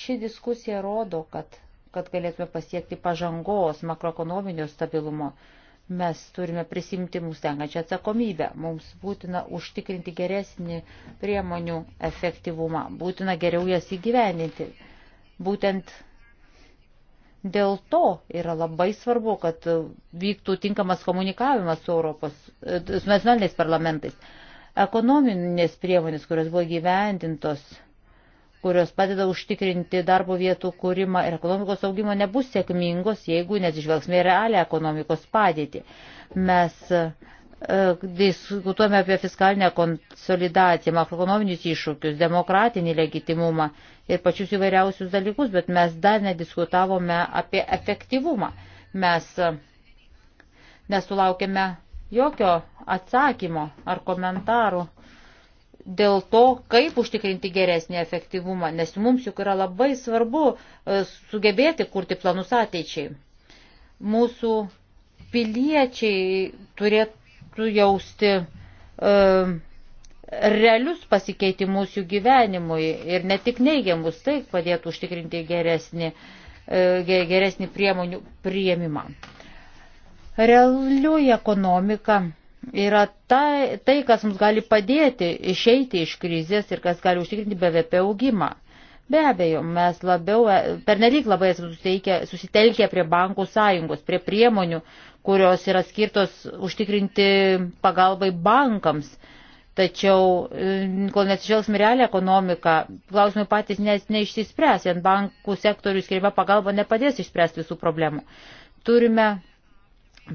Ši diskusija rodo, kad, kad galėtume pasiekti pažangos makroekonominio stabilumo. Mes turime prisimti mūsų tenkančią atsakomybę. Mums būtina užtikrinti geresnį priemonių efektyvumą. Būtina geriau jas įgyveninti. Būtent Dėl to yra labai svarbu, kad vyktų tinkamas komunikavimas su Europos, e, su nacionaliniais parlamentais. Ekonominės priemonės, kurios buvo gyvendintos, kurios padeda užtikrinti darbo vietų kūrimą ir ekonomikos augimą, nebus sėkmingos, jeigu nesižvelgsime realią ekonomikos padėtį. Mes E, diskutuojame apie fiskalinę konsolidaciją, makroekonominius iššūkius, demokratinį legitimumą ir pačius įvairiausius dalykus, bet mes dar nediskutavome apie efektyvumą. Mes e, nesulaukėme jokio atsakymo ar komentarų dėl to, kaip užtikrinti geresnį efektyvumą, nes mums juk yra labai svarbu e, sugebėti kurti planus ateičiai. Mūsų piliečiai turėtų jausti e, realius pasikeitimus jų gyvenimui ir ne tik neigiamus, tai padėtų užtikrinti geresnį, e, geresnį priemonių prieimimą. Realioji ekonomika yra tai, tai, kas mums gali padėti išeiti iš krizės ir kas gali užtikrinti BVP augimą. Be abejo, mes labiau, e, pernelyg labai susiteikę, susitelkę prie bankų sąjungos, prie priemonių, kurios yra skirtos užtikrinti pagalbai bankams. Tačiau, e, kol nesižvelgsime realią ekonomiką, klausimai patys nes, neišsispręs, vien bankų sektorių skiriama pagalba nepadės išspręsti visų problemų. Turime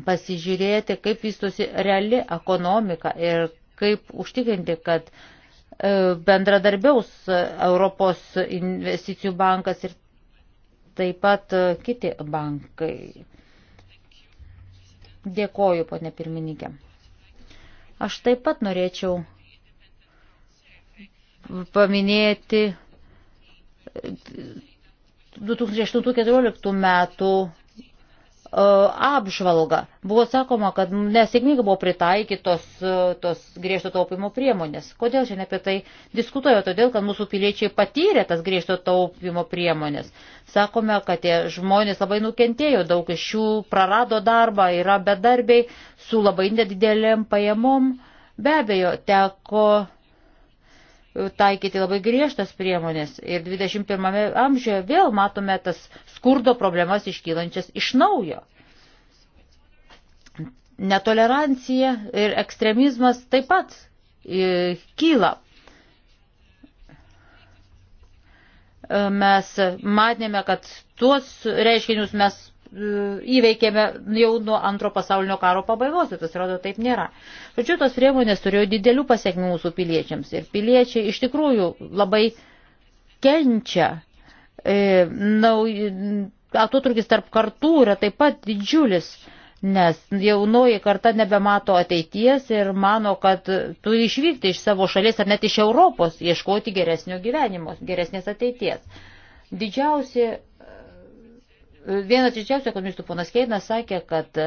pasižiūrėti, kaip vystosi reali ekonomika ir kaip užtikrinti, kad e, bendradarbiaus Europos investicijų bankas ir taip pat e, kiti bankai. Dėkoju, ponė pirmininkė. Aš taip pat norėčiau paminėti 2008-2014 metų E, apžvalgą. Buvo sakoma, kad nesėkmingai buvo pritaikytos e, tos griežto taupimo priemonės. Kodėl šiandien apie tai diskutuoja? Todėl, kad mūsų piliečiai patyrė tas griežto taupimo priemonės. Sakome, kad tie žmonės labai nukentėjo, daug iš jų prarado darbą, yra bedarbiai su labai nedidelėm pajamom. Be abejo, teko taikyti labai griežtas priemonės. Ir 21 amžiuje vėl matome tas skurdo problemas iškylančias iš naujo. Netolerancija ir ekstremizmas taip pat e, kyla. E, mes matėme, kad tuos reiškinius mes įveikėme jau nuo antro pasaulinio karo pabaigos, ir tas rodo taip nėra. Tačiau tos priemonės turėjo didelių pasiekmių mūsų piliečiams ir piliečiai iš tikrųjų labai kenčia. E, nau, atotrukis tarp kartų yra taip pat didžiulis, nes jaunoji karta nebemato ateities ir mano, kad turi išvykti iš savo šalies ar net iš Europos, ieškoti geresnio gyvenimo, geresnės ateities. Didžiausi Vienas iš didžiausių ekonomistų, ponas Keinas, sakė, kad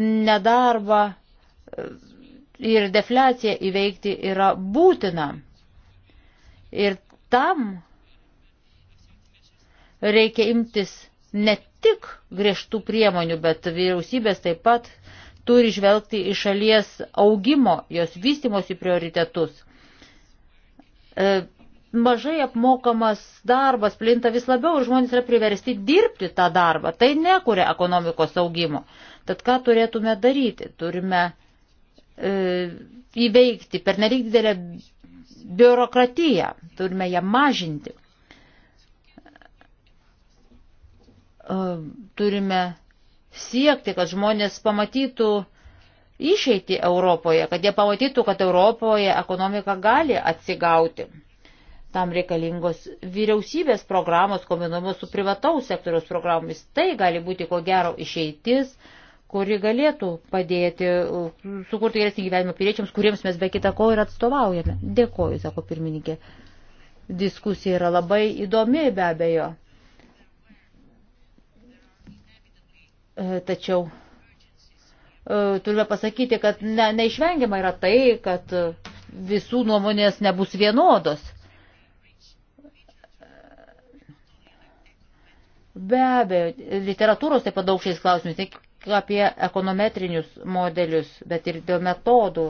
nedarbą e, ir defliaciją įveikti yra būtina. Ir tam reikia imtis ne tik griežtų priemonių, bet vyriausybės taip pat turi žvelgti į šalies augimo, jos vystimosi prioritetus. E, mažai apmokamas darbas plinta vis labiau ir žmonės yra priversti dirbti tą darbą. Tai nekuria ekonomikos augimo. Tad ką turėtume daryti? Turime e, įveikti per nelik didelę biurokratiją, turime ją mažinti. E, turime siekti, kad žmonės pamatytų išeitį Europoje, kad jie pamatytų, kad Europoje ekonomika gali atsigauti. Tam reikalingos vyriausybės programos kombinuojamos su privataus sektoriaus programomis. Tai gali būti ko gero išeitis, kuri galėtų padėti uh, sukurti geresnį gyvenimą piliečiams, kuriems mes be kita ko ir atstovaujame. Dėkoju, sako pirmininkė. Diskusija yra labai įdomi be abejo. E, tačiau e, turime pasakyti, kad ne, neišvengiama yra tai, kad e, visų nuomonės nebus vienodos. Be abejo, literatūros taip pat daug šiais klausimais, ne tik apie ekonometrinius modelius, bet ir dėl metodų,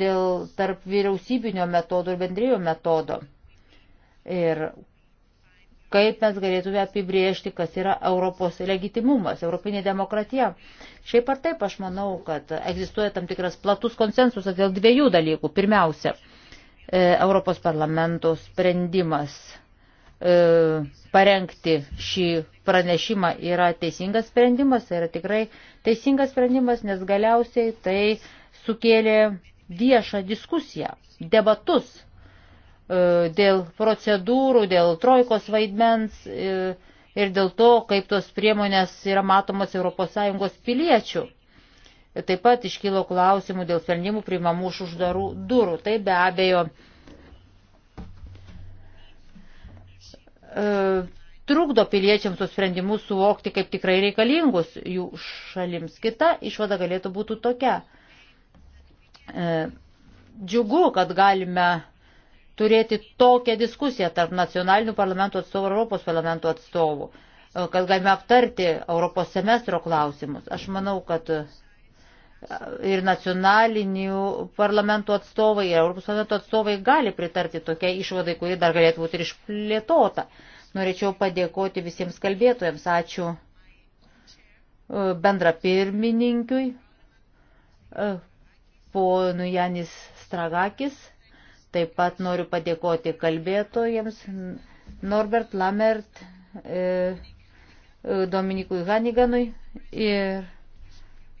dėl tarp vyriausybinio metodo ir bendrijo metodo. Ir kaip mes galėtume apibriežti, kas yra Europos legitimumas, Europinė demokratija. Šiaip ar taip, aš manau, kad egzistuoja tam tikras platus konsensusas dėl dviejų dalykų. Pirmiausia, e, Europos parlamento sprendimas E, parengti šį pranešimą yra teisingas sprendimas, tai yra tikrai teisingas sprendimas, nes galiausiai tai sukėlė viešą diskusiją, debatus e, dėl procedūrų, dėl trojkos vaidmens e, ir dėl to, kaip tos priemonės yra matomos ES piliečių. Taip pat iškilo klausimų dėl sprendimų priimamų už uždarų durų. Tai be abejo E, trukdo piliečiams tos sprendimus suvokti kaip tikrai reikalingus jų šalims. Kita išvada galėtų būti tokia. E, džiugu, kad galime turėti tokią diskusiją tarp nacionalinių parlamento atstovų ir Europos parlamento atstovų, e, kad galime aptarti Europos semestro klausimus. Aš manau, kad ir nacionalinių parlamentų atstovai, ir Europos parlamento atstovai gali pritarti tokiai išvadai, kuri dar galėtų būti ir išplėtota. Norėčiau padėkoti visiems kalbėtojams. Ačiū e, bendra pirmininkiui, e, ponui Janis Stragakis. Taip pat noriu padėkoti kalbėtojams Norbert Lamert, e, Dominikui Haniganui ir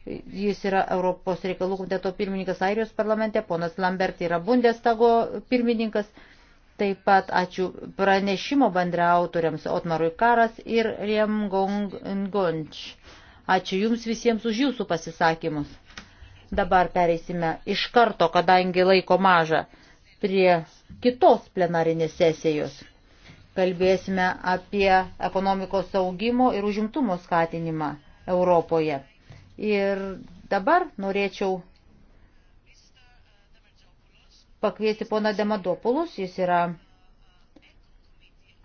Jis yra Europos reikalų komiteto pirmininkas Airijos parlamente, ponas Lambert yra Bundestago pirmininkas. Taip pat ačiū pranešimo bendraautoriams Otmarui Karas ir Riem Gonč. Ačiū Jums visiems už Jūsų pasisakymus. Dabar pereisime iš karto, kadangi laiko maža, prie kitos plenarinės sesijos. Kalbėsime apie ekonomikos saugimo ir užimtumo skatinimą Europoje. Ir dabar norėčiau pakviesti poną Demadopulus, jis yra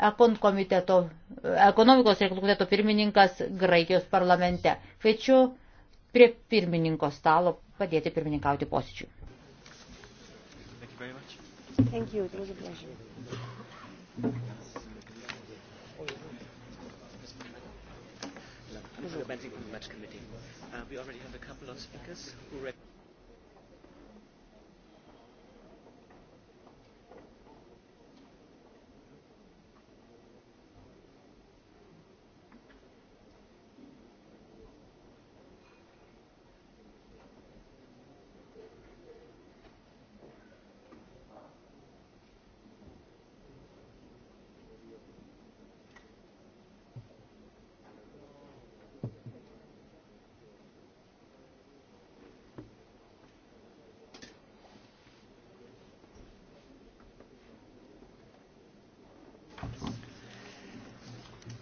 Ekon komiteto, ekonomikos reikalų komiteto pirmininkas Graikijos parlamente. Kviečiu prie pirmininko stalo padėti pirmininkauti posėdžiui. Thank you. It was a pleasure. Thank you. Uh, we already have a couple of speakers who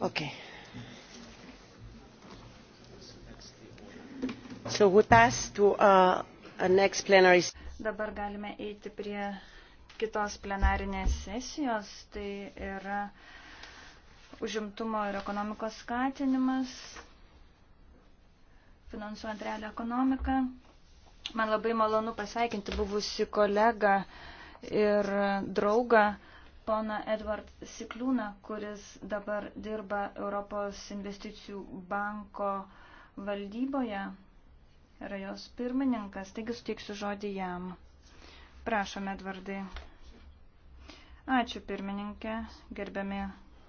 Okay. So we pass to uh, a next plenary. Dabar galime eiti prie kitos plenarinės sesijos, tai yra užimtumo ir ekonomikos skatinimas, finansuojant realią ekonomiką. Man labai malonu pasveikinti buvusi kolegą ir draugą pona Edward Sikliūną, kuris dabar dirba Europos investicijų banko valdyboje, yra jos pirmininkas, taigi suteiksiu žodį jam. Prašom, Edvardai. Ačiū pirmininkė, gerbiami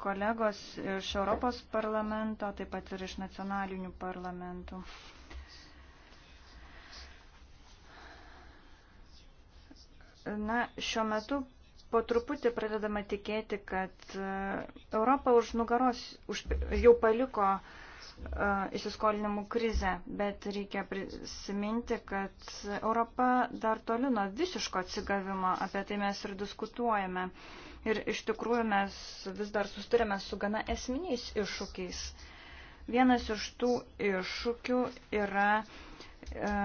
kolegos iš Europos parlamento, taip pat ir iš nacionalinių parlamentų. Na, šiuo metu po truputį pradedama tikėti, kad e, Europa už nugaros už, jau paliko e, įsiskolinimų krizę, bet reikia prisiminti, kad Europa dar toli nuo visiško atsigavimo, apie tai mes ir diskutuojame. Ir iš tikrųjų mes vis dar sustarėme su gana esminiais iššūkiais. Vienas iš tų iššūkių yra e,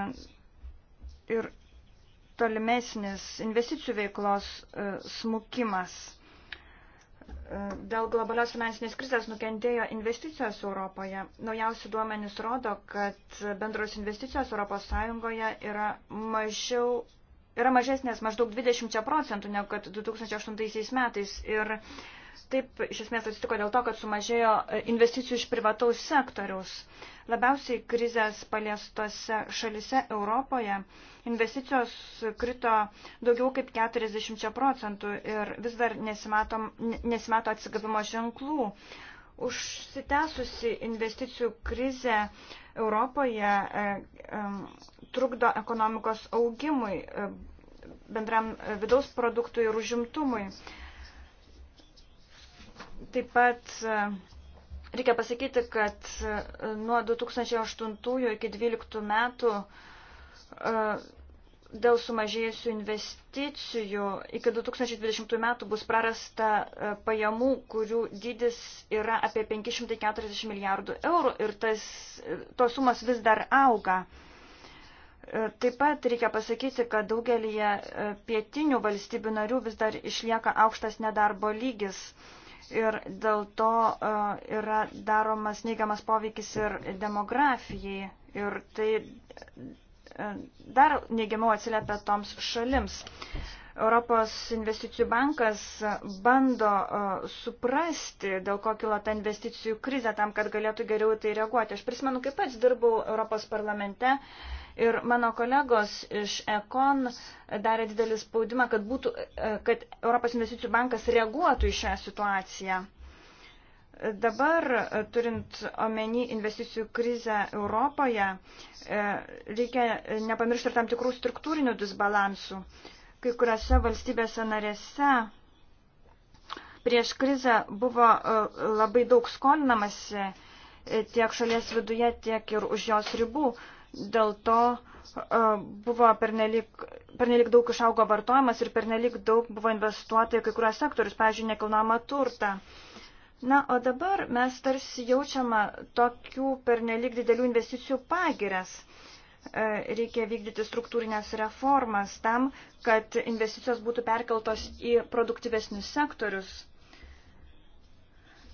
ir tolimesnis investicijų veiklos e, smukimas. E, dėl globalios finansinės krizės nukentėjo investicijos Europoje. Naujausi duomenys rodo, kad bendros investicijos ES yra, mažiau, yra mažesnės maždaug 20 procentų negu kad 2008 metais. Ir Taip iš esmės atsitiko dėl to, kad sumažėjo e, investicijų iš privataus sektoriaus. Labiausiai krizės paliestose šalise Europoje investicijos krito daugiau kaip 40 procentų ir vis dar nesimato atsigavimo ženklų. Užsitęsusi investicijų krizė Europoje e, e, trukdo ekonomikos augimui, e, bendram e, vidaus produktui ir užimtumui. E, Taip pat reikia pasakyti, kad nuo 2008 iki 2012 metų dėl sumažėjusių investicijų iki 2020 metų bus prarasta pajamų, kurių dydis yra apie 540 milijardų eurų ir tas, tos sumas vis dar auga. Taip pat reikia pasakyti, kad daugelį e, pietinių valstybių narių vis dar išlieka aukštas nedarbo lygis ir dėl to e, yra daromas neigiamas poveikis ir demografijai ir tai e, dar neigiamiau atsiliepia toms šalims. Europos investicijų bankas bando e, suprasti, dėl ko kilo ta investicijų krizė, tam, kad galėtų geriau tai reaguoti. Aš prisimenu, kaip pats dirbau Europos parlamente Ir mano kolegos iš Ekon darė didelį spaudimą, kad, būtų, e, kad Europos investicijų bankas reaguotų į šią situaciją. Dabar, e, turint omeny investicijų krizę Europoje, e, reikia nepamiršti ir tam tikrų struktūrinių disbalansų. Kai kuriuose valstybėse narėse prieš krizę buvo labai daug skolinamasi tiek šalies viduje, tiek ir už jos ribų dėl to buvo pernelik, pernelik daug išaugo vartojimas ir pernelik daug buvo investuota į kai kurios sektorius, pavyzdžiui, nekilnojama turtą. Na, o dabar mes tarsi jaučiame tokių pernelik didelių investicijų pagirias. Reikia vykdyti struktūrinės reformas tam, kad investicijos būtų perkeltos į produktyvesnius sektorius.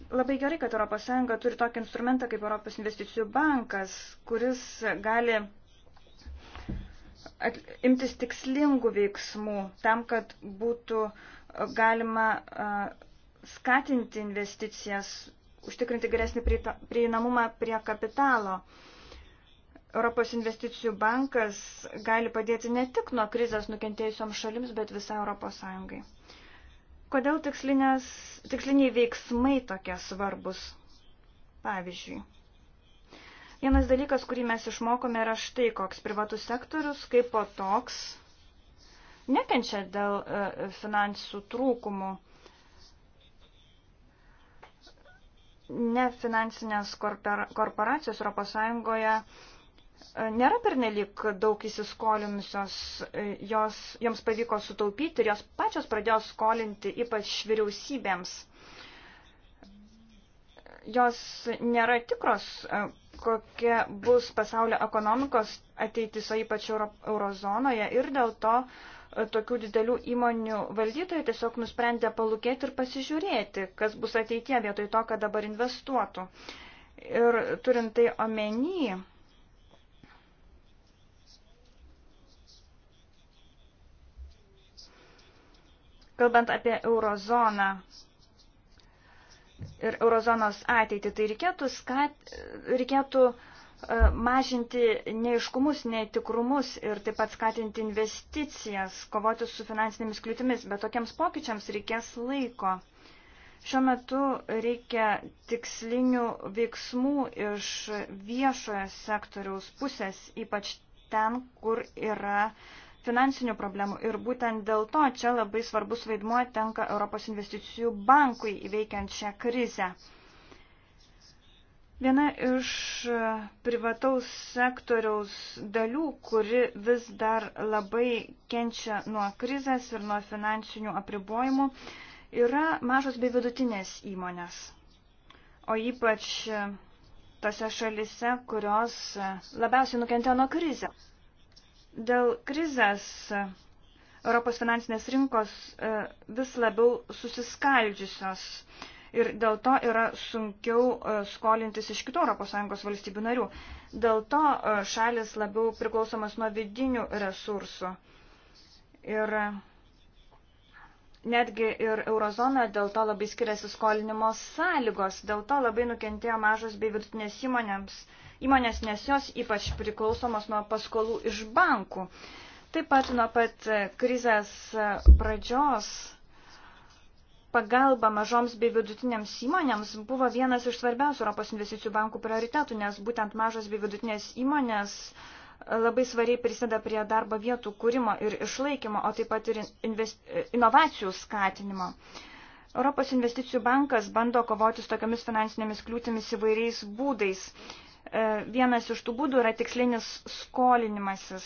Labai gerai, kad ES turi tokį instrumentą kaip Europos investicijų bankas, kuris gali at, imtis tikslingų veiksmų tam, kad būtų uh, galima uh, skatinti investicijas, užtikrinti geresnį prieinamumą prie kapitalo. Europos investicijų bankas gali padėti ne tik nuo krizės nukentėjusioms šalims, bet visai Europos Sąjungai. Kodėl tiksliniai veiksmai tokie svarbus? Pavyzdžiui, vienas dalykas, kurį mes išmokome, yra štai koks privatus sektorius, kaip po toks, nekenčia dėl e, finansų trūkumų. Nefinansinės korporacijos ES nėra pernelik daug įsiskolinusios, e, jos, joms pavyko sutaupyti ir jos pačios pradėjo skolinti ypač vyriausybėms. Jos nėra tikros, e, kokia bus pasaulio ekonomikos ateitis, o ypač eurozonoje ir dėl to e, tokių didelių įmonių valdytojai tiesiog nusprendė palūkėti ir pasižiūrėti, kas bus ateitie vietoj to, kad dabar investuotų. Ir turint tai omenyje, Kalbant apie eurozoną ir eurozonos ateitį, tai reikėtų, skat, reikėtų e, mažinti neiškumus, netikrumus ir taip pat skatinti investicijas, kovoti su finansinėmis kliūtimis, bet tokiems pokyčiams reikės laiko. Šiuo metu reikia tikslinių veiksmų iš viešojo sektoriaus pusės, ypač ten, kur yra uh, finansinių problemų. Ir būtent dėl to čia labai svarbus vaidmuo tenka Europos investicijų bankui įveikiant šią krizę. Viena iš privataus sektoriaus dalių, kuri vis dar labai kenčia nuo krizės ir nuo finansinių apribojimų, yra mažos bei vidutinės įmonės. O ypač tose šalise, kurios labiausiai nukentėjo nuo krizės. Dėl krizės e, Europos finansinės rinkos e, vis labiau susiskaldžiusios ir dėl to yra sunkiau e, skolintis iš kitų ES valstybių narių. Dėl to šalis labiau priklausomas nuo vidinių resursų. Ir netgi ir eurozonoje dėl to labai skiriasi skolinimo sąlygos, dėl to labai nukentėjo mažos bei vidutinės įmonėms įmonės, nes jos ypač priklausomos nuo paskolų iš bankų. Taip pat nuo pat krizės pradžios pagalba mažoms bei vidutinėms įmonėms buvo vienas iš svarbiausių Europos investicijų bankų prioritetų, nes būtent mažos bei vidutinės įmonės labai svariai prisideda prie darbo vietų kūrimo ir išlaikymo, o taip pat ir invest... inovacijų skatinimo. Europos investicijų bankas bando kovoti su tokiamis finansinėmis kliūtimis įvairiais būdais. E, vienas iš tų būdų yra tikslinis skolinimasis,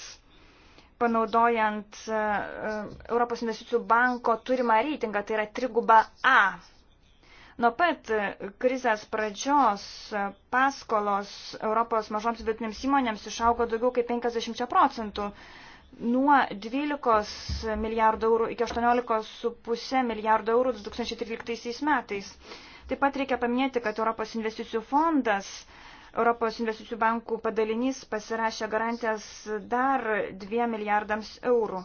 panaudojant e, e, Europos investicijų banko turimą reitingą, tai yra triguba A. Nuo pat krizės pradžios paskolos Europos mažoms vidutinėms įmonėms išaugo daugiau kaip 50 procentų nuo 12 milijardų eurų iki 18,5 milijardų eurų 2013 metais. Taip pat reikia paminėti, kad Europos investicijų fondas Europos investicijų bankų padalinys pasirašė garantijas dar 2 milijardams eurų.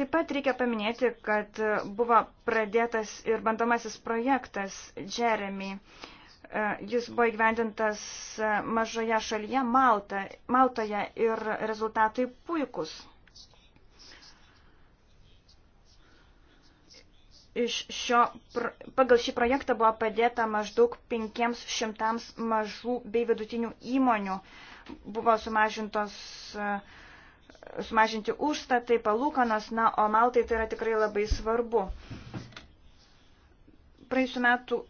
Taip pat reikia paminėti, kad buvo pradėtas ir bandomasis projektas Jeremy. E, jis buvo įgyvendintas e, mažoje šalyje Malta, Maltoje ir rezultatai puikus. iš šio, pagal šį projektą buvo padėta maždaug 500 mažų bei vidutinių įmonių. Buvo sumažintos, e, sumažinti užstatai, palūkanas, na, o Maltai tai yra tikrai labai svarbu. Praėjusiu metu e,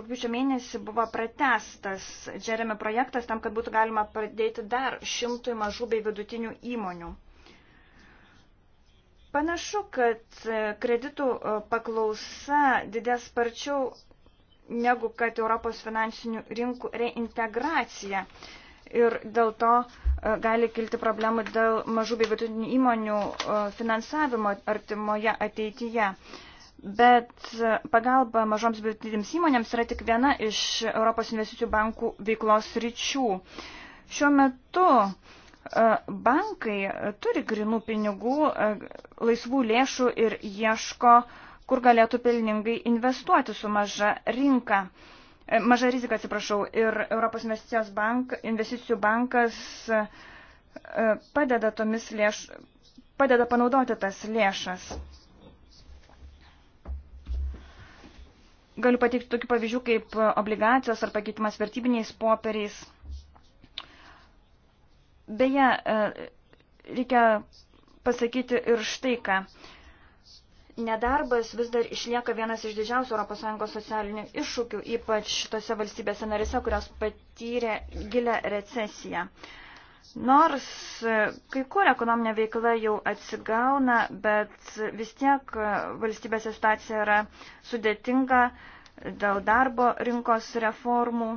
rūpiučio mėnesį buvo pratestas Džeremio projektas tam, kad būtų galima pradėti dar šimtui mažų bei vidutinių įmonių. Panašu, kad e, kreditų e, paklausa didės sparčiau negu kad Europos finansinių rinkų reintegracija. Ir dėl to e, gali kilti problemų dėl mažų bei vidutinių įmonių finansavimo artimoje ateityje. Bet pagalba mažoms bei vidutinėms įmonėms yra tik viena iš Europos investicijų bankų veiklos ryčių. Šiuo metu uh, E, bankai turi grinų pinigų, e, laisvų lėšų ir ieško, kur galėtų pelningai investuoti su maža rinka. E, maža rizika, atsiprašau, ir Europos bank, investicijų bankas padeda, tomis lėš, padeda panaudoti tas lėšas. Galiu pateikti tokių pavyzdžių kaip obligacijos ar pakeitimas vertybiniais popieriais. Beje, e, reikia pasakyti ir štai ką. Nedarbas vis dar išlieka vienas iš didžiausių ES socialinių iššūkių, ypač tose valstybėse narise, kurios patyrė gilę recesiją. Nors e, kai kur ekonominė veikla jau atsigauna, bet vis tiek e, valstybėse situacija yra sudėtinga dėl darbo rinkos reformų.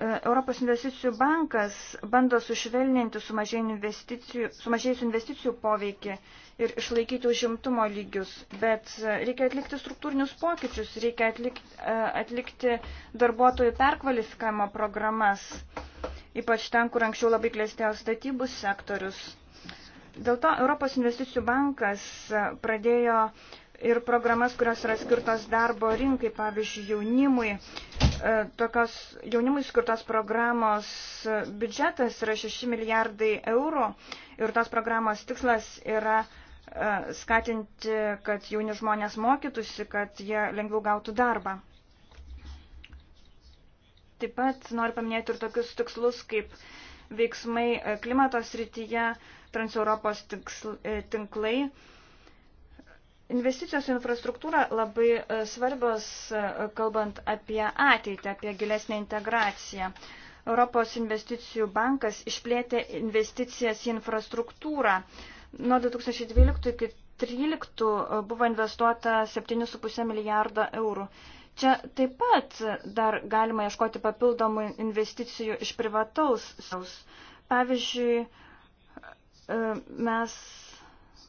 Europos investicijų bankas bando sušvelninti sumažėjusių investicijų, sumažėjus investicijų poveikį ir išlaikyti užimtumo lygius, bet e, reikia atlikti struktūrinius pokyčius, reikia atlikti, e, atlikti darbuotojų perkvalifikavimo programas, ypač ten, kur anksčiau labai klėstėjo statybų sektorius. Dėl to Europos investicijų bankas e, pradėjo ir programas, kurios yra skirtos darbo rinkai, pavyzdžiui, jaunimui E, tokios jaunimui skirtos programos biudžetas yra 6 milijardai eurų ir tos programos tikslas yra e, skatinti, kad jauni žmonės mokytųsi, kad jie lengviau gautų darbą. Taip pat noriu paminėti ir tokius tikslus kaip veiksmai e, klimato srityje, transeuropos tinklai Investicijos infrastruktūra labai e, svarbios, e, kalbant apie ateitį, apie gilesnę integraciją. Europos investicijų bankas išplėtė investicijas į infrastruktūrą. Nuo 2012 iki 2013 e, buvo investuota 7,5 milijardo eurų. Čia taip pat dar galima ieškoti papildomų investicijų iš privataus. Pavyzdžiui, mes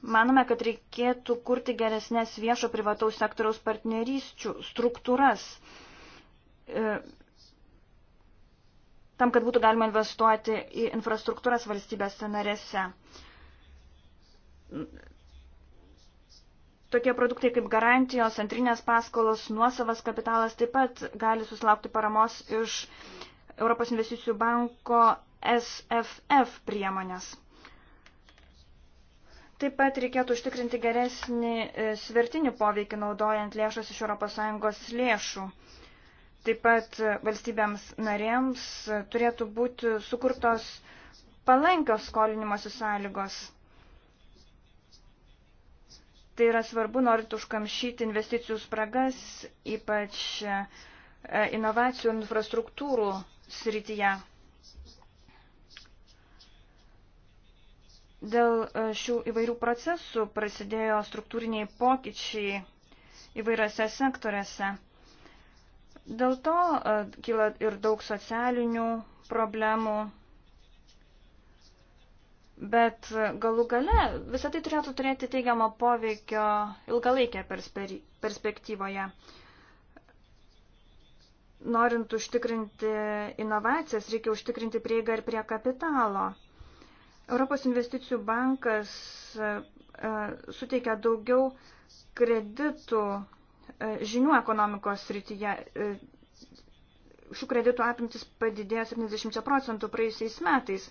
Manome, kad reikėtų kurti geresnės viešo privataus sektoriaus partnerysčių struktūras, e, tam, kad būtų galima investuoti į infrastruktūras valstybės narėse. Tokie produktai kaip garantijos, antrinės paskolos, nuosavas kapitalas taip pat gali susilaukti paramos iš Europos investicijų banko SFF priemonės. Taip pat reikėtų užtikrinti geresnį e, svertinį poveikį naudojant lėšas iš ES lėšų. Taip pat e, valstybėms narėms e, turėtų būti sukurtos palankios skolinimosi sąlygos. Tai yra svarbu, norint užkamšyti investicijų spragas, ypač inovacijų infrastruktūrų srityje. Dėl e, šių įvairių procesų prasidėjo struktūriniai pokyčiai įvairiose sektorėse. Dėl to e, kyla ir daug socialinių problemų, bet e, galų gale visą tai turėtų turėti teigiamą poveikio ilgalaikę perspektyvoje. Norint užtikrinti inovacijas, reikia užtikrinti prieigą ir prie kapitalo. Europos investicijų bankas e, e, suteikia daugiau kreditų e, žinių ekonomikos srityje. Šių kreditų apimtis padidėjo 70 procentų praėjusiais metais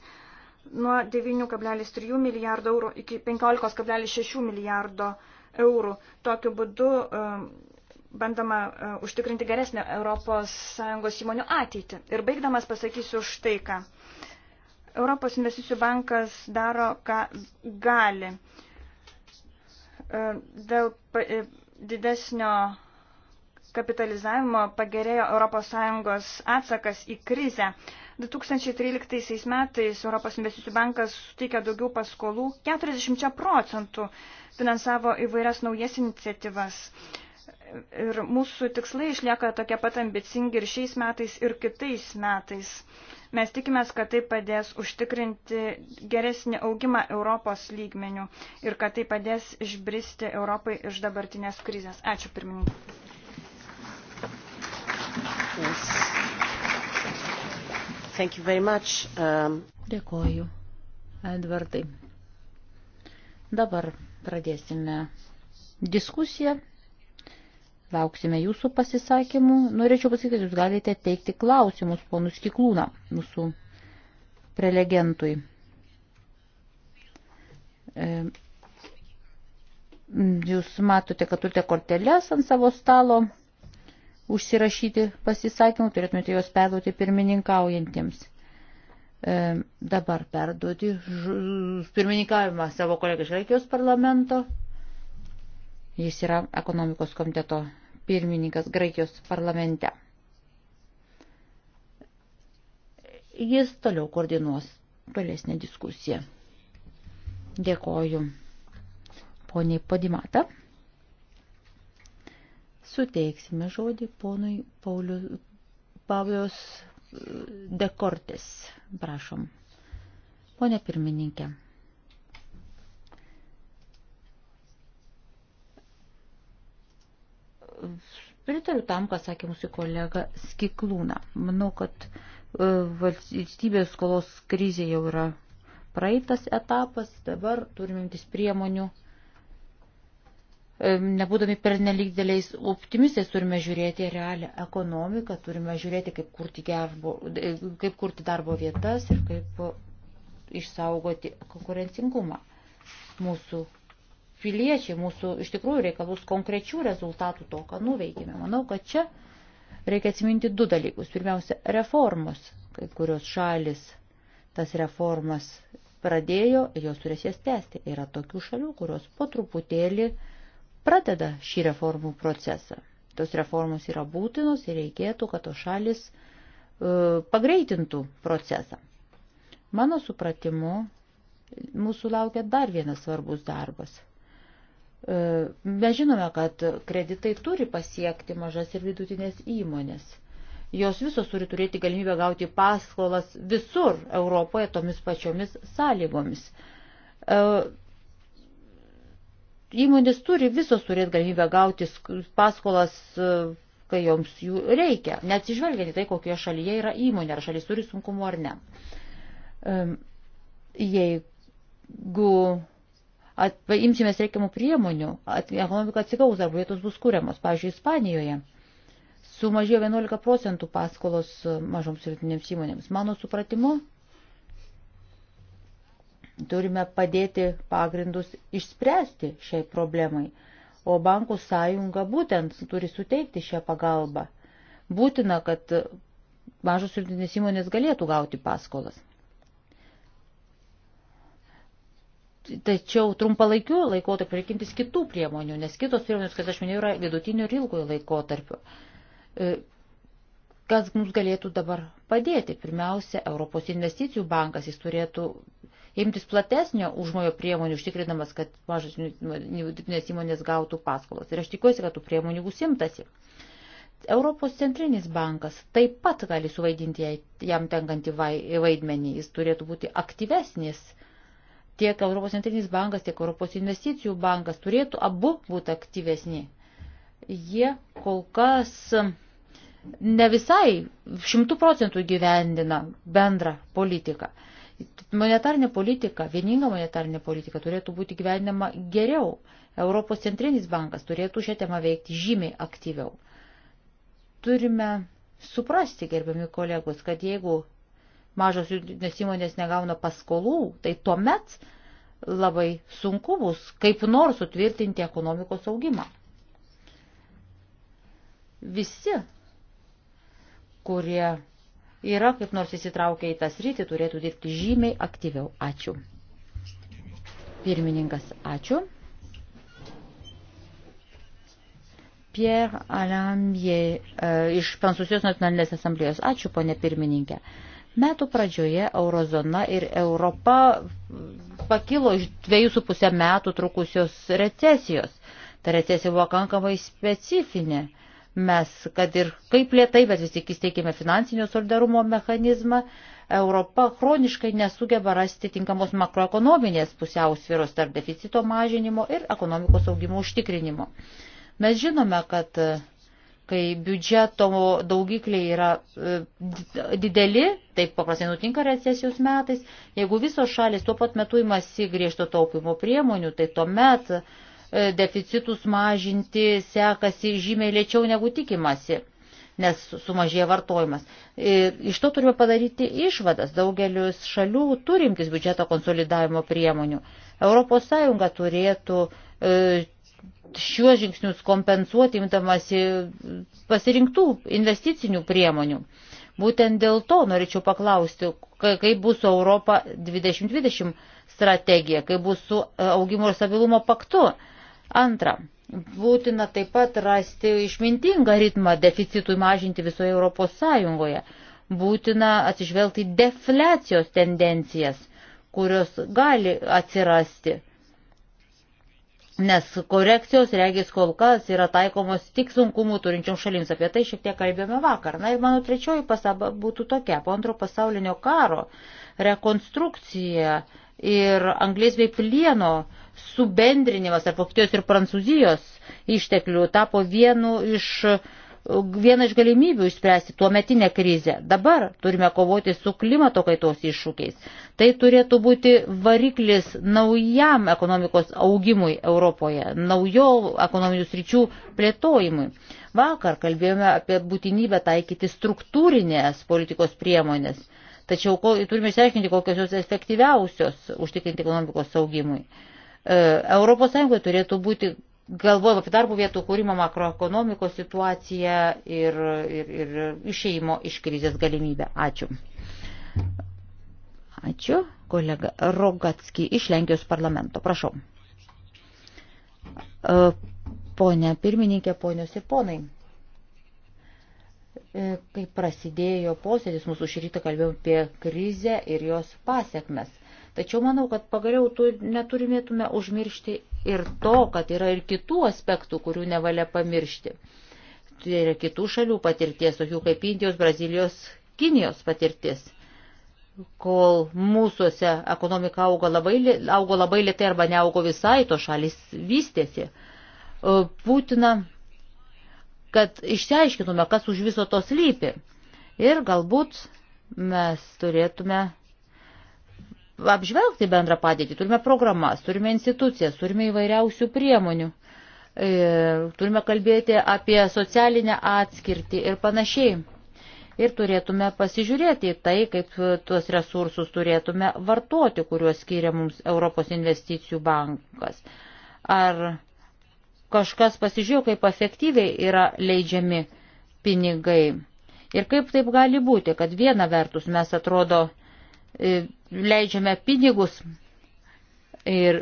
nuo 9,3 milijardo eurų iki 15,6 milijardo eurų. Tokiu būdu bandama užtikrinti geresnę ES įmonių ateitį. Ir baigdamas pasakysiu štai ką. Europos investicijų bankas daro, ką gali. E, dėl e, didesnio kapitalizavimo pagerėjo ES atsakas į krizę. 2013 metais Europos investicijų bankas suteikė daugiau paskolų, 40 procentų finansavo įvairias naujas iniciatyvas ir mūsų tikslai išlieka tokie pat ambicingi ir šiais metais, ir kitais metais. Mes tikimės, kad tai padės užtikrinti geresnį augimą Europos lygmenių ir kad tai padės išbristi Europai iš dabartinės krizės. Ačiū pirmininkai. Yes. Thank you very much. Um... Dėkoju, Edvardai. Dabar pradėsime diskusiją. Lauksime jūsų pasisakymų. Norėčiau pasakyti, kad jūs galite teikti klausimus ponus Kiklūną, mūsų prelegentui. E, jūs matote, kad turite korteles ant savo stalo užsirašyti pasisakymų, turėtumėte juos perduoti pirmininkaujantiems. E, dabar perduoti pirmininkavimą savo kolegai iš Graikijos parlamento Jis yra ekonomikos komiteto pirmininkas Graikijos parlamente. Jis toliau koordinuos tolesnę diskusiją. Dėkoju poniai Padimata. Suteiksime žodį ponui Paulius, Pavlios e, Dekortis. Prašom. Pone pirmininkė. pritariu tam, ką sakė mūsų kolega Skiklūna. Manau, kad e, valstybės skolos krizė jau yra praeitas etapas, dabar turime imtis priemonių. E, nebūdami pernelyg dėliais optimistais turime žiūrėti realią ekonomiką, turime žiūrėti, kaip kurti, gerbo, e, kaip kurti darbo vietas ir kaip išsaugoti konkurencingumą. Mūsų piliečiai mūsų iš tikrųjų reikalus konkrečių rezultatų to, ką nuveikime. Manau, kad čia reikia atsiminti du dalykus. Pirmiausia, reformos, kai kurios šalis tas reformas pradėjo ir jos turės jas tęsti. Yra tokių šalių, kurios po truputėlį pradeda šį reformų procesą. Tos reformos yra būtinos ir reikėtų, kad tos šalis e, pagreitintų procesą. Mano supratimu, mūsų laukia dar vienas svarbus darbas – E, mes žinome, kad kreditai turi pasiekti mažas ir vidutinės įmonės. Jos visos turi turėti galimybę gauti paskolas visur Europoje tomis pačiomis sąlygomis. E, įmonės turi visos turėti galimybę gauti paskolas, e, kai joms jų reikia, neatsižvelgiant į tai, kokioje šalyje yra įmonė, ar šalis turi sunkumų ar ne. Jeigu at, imsimės reikiamų priemonių, at, ekonomika atsigaus, darbo vietos bus kuriamos. Pavyzdžiui, Ispanijoje sumažėjo 11 procentų paskolos e, mažoms ir vidutinėms įmonėms. Mano supratimu, turime padėti pagrindus išspręsti šiai problemai, o bankų sąjunga būtent turi suteikti šią pagalbą. Būtina, kad mažos ir vidutinės įmonės galėtų gauti paskolas. Tačiau trumpalaikiu laikotarpiu reikia imtis kitų priemonių, nes kitos priemonės, kas aš minėjau, yra vidutinio ir ilgojo laikotarpiu. E, kas mums galėtų dabar padėti? Pirmiausia, Europos investicijų bankas jis turėtų imtis platesnio užmojo priemonių, užtikrinamas, kad mažas vidutinės įmonės gautų paskolas. Ir aš tikiuosi, kad tų priemonių bus imtasi. Europos centrinis bankas taip pat gali suvaidinti jam tenkantį vaidmenį. Jis turėtų būti aktyvesnis uh, tiek Europos centrinis bankas, tiek Europos investicijų bankas turėtų abu būti aktyvesni. Jie kol kas ne visai šimtų procentų gyvendina bendrą politiką. Monetarinė politika, vieninga monetarinė politika turėtų būti gyvenama geriau. Europos centrinis bankas turėtų šią temą veikti žymiai aktyviau. Turime suprasti, gerbiami kolegos, kad jeigu mažos judinės įmonės negauna paskolų, tai tuomet labai sunku bus kaip nors sutvirtinti ekonomikos augimą. Visi, kurie yra kaip nors įsitraukę į tas rytį, turėtų dirbti žymiai aktyviau. Ačiū. Pirmininkas, ačiū. Pierre Alambie e, iš Prancūzijos nacionalinės asamblėjos. Ačiū, ponė pirmininkė. E, Metų pradžioje eurozona ir Europa pakilo iš dviejų su pusę metų trukusios recesijos. Ta recesija buvo kankamai specifinė. Mes, kad ir kaip lietai, bet vis tik įsteigėme finansinio solidarumo mechanizmą, Europa chroniškai nesugeba rasti tinkamos makroekonominės pusiausvėros tarp deficito mažinimo ir ekonomikos augimo užtikrinimo. Mes žinome, kad kai biudžeto daugikliai yra e, dideli, taip paprastai nutinka recesijos metais, jeigu visos šalis tuo pat metu imasi griežto taupimo priemonių, tai tuomet e, deficitus mažinti sekasi žymiai lėčiau negu tikimasi, nes sumažėja vartojimas. Ir e, iš to turime padaryti išvadas. Daugelius šalių turimtis biudžeto konsolidavimo priemonių. ES turėtų e, šiuos žingsnius kompensuoti imtamasi pasirinktų investicinių priemonių. Būtent dėl to norėčiau paklausti, kaip bus su Europa 2020 strategija, kaip bus su e, augimo ir stabilumo paktu. Antra, būtina taip pat rasti išmintingą ritmą deficitui mažinti visoje Europos Sąjungoje. Būtina atsižvelgti deflecijos tendencijas, kurios gali atsirasti Nes korekcijos, regis kol kas, yra taikomos tik sunkumų turinčiom šalims. Apie tai šiek tiek kalbėjome vakar. Na ir mano trečioji pasaba būtų tokia. Po antro pasaulinio karo rekonstrukcija ir anglės bei plieno subendrinimas ar Vokietijos ir Prancūzijos išteklių tapo vienu iš viena iš galimybių išspręsti tuo metinę krizę. Dabar turime kovoti su klimato kaitos iššūkiais. Tai turėtų būti variklis naujam ekonomikos augimui Europoje, naujo ekonominių sričių plėtojimui. Vakar kalbėjome apie būtinybę taikyti struktūrinės politikos priemonės. Tačiau ko, turime išsiaiškinti, kokios jos efektyviausios užtikrinti ekonomikos saugimui. ES turėtų būti galvojama apie darbo vietų kūrimą, makroekonomikos situaciją ir, ir, ir išeimo iš krizės galimybę. Ačiū. Ačiū, kolega Rogatski iš Lenkijos parlamento. Prašau. E, Pone pirmininkė, ponios ir ponai. E, Kai prasidėjo posėdis, mūsų šį rytą kalbėjome apie krizę ir jos pasiekmes. Tačiau manau, kad pagaliau tu neturimėtume užmiršti ir to, kad yra ir kitų aspektų, kurių nevalia pamiršti. Tai yra kitų šalių patirties, tokių kaip Indijos, Brazilijos, Kinijos patirtis. Kol mūsųse ekonomika augo labai, augo labai lietai arba neaugo visai, to šalis vystėsi. Būtina, kad išsiaiškinume, kas už viso to slypi. Ir galbūt mes turėtume apžvelgti bendrą padėtį, turime programas, turime institucijas, turime įvairiausių priemonių, e, turime kalbėti apie socialinę atskirtį ir panašiai. Ir turėtume pasižiūrėti į tai, kaip tuos resursus turėtume vartoti, kuriuos skiria mums Europos investicijų bankas. Ar kažkas pasižiūrėjo, kaip efektyviai yra leidžiami pinigai. Ir kaip taip gali būti, kad viena vertus mes atrodo, E, leidžiame pinigus ir,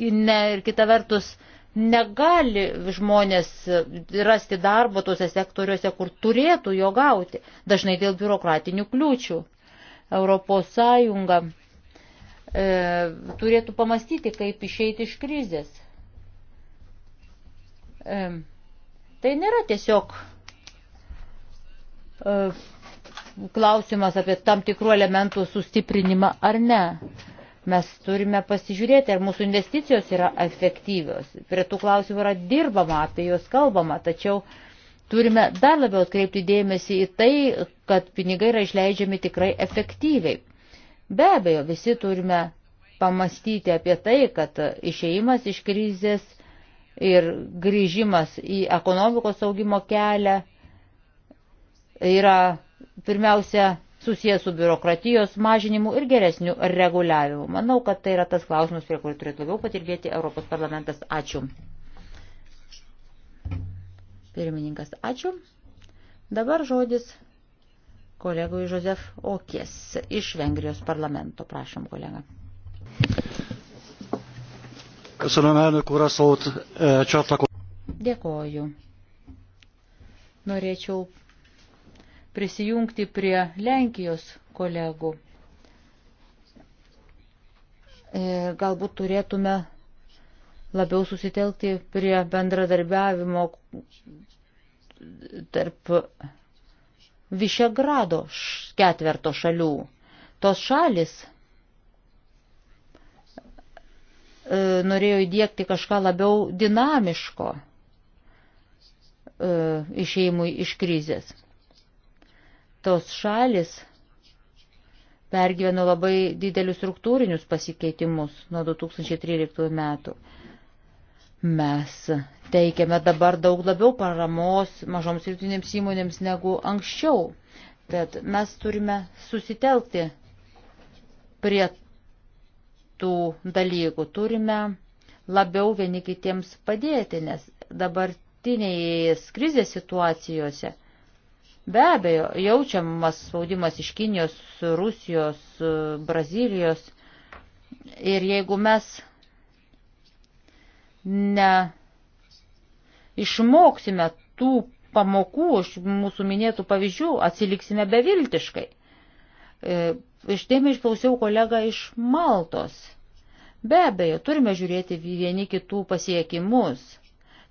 ne, ir kita vertus negali žmonės rasti darbo tuose sektoriuose, kur turėtų jo gauti, dažnai dėl biurokratinių kliūčių. Europos Sąjunga e, turėtų pamastyti, kaip išeiti iš krizės. E, tai nėra tiesiog e, klausimas apie tam tikrų elementų sustiprinimą ar ne. Mes turime pasižiūrėti, ar mūsų investicijos yra efektyvios. Prie tų klausimų yra dirbama, apie juos kalbama, tačiau turime dar labiau atkreipti dėmesį į tai, kad pinigai yra išleidžiami tikrai efektyviai. Be abejo, visi turime pamastyti apie tai, kad išeimas iš krizės ir grįžimas į ekonomikos augimo kelią yra pirmiausia susijęs su biurokratijos mažinimu ir geresniu reguliavimu. Manau, kad tai yra tas klausimas, prie kurį turėtų labiau patirbėti Europos parlamentas. Ačiū. Pirmininkas, ačiū. Dabar žodis kolegui Josef Okės iš Vengrijos parlamento. Prašom, kolega. Dėkoju. Norėčiau prisijungti prie Lenkijos kolegų. E, galbūt turėtume labiau susitelkti prie bendradarbiavimo tarp Višegrado ketverto šalių. Tos šalis e, norėjo įdėkti kažką labiau dinamiško e, išeimui iš krizės tos šalis pergyveno labai didelius struktūrinius pasikeitimus nuo 2013 metų. Mes teikiame dabar daug labiau paramos mažoms rytinėms įmonėms negu anksčiau. Tad mes turime susitelkti prie tų dalykų. Turime labiau vieni kitiems padėti, nes dabartinės krizės situacijose Be abejo, jaučiamas spaudimas iš Kinijos, Rusijos, Brazilijos. Ir jeigu mes ne išmoksime tų pamokų iš mūsų minėtų pavyzdžių, atsiliksime beviltiškai. E, Ištėmė išklausiau kolegą iš Maltos. Be abejo, turime žiūrėti vieni kitų pasiekimus,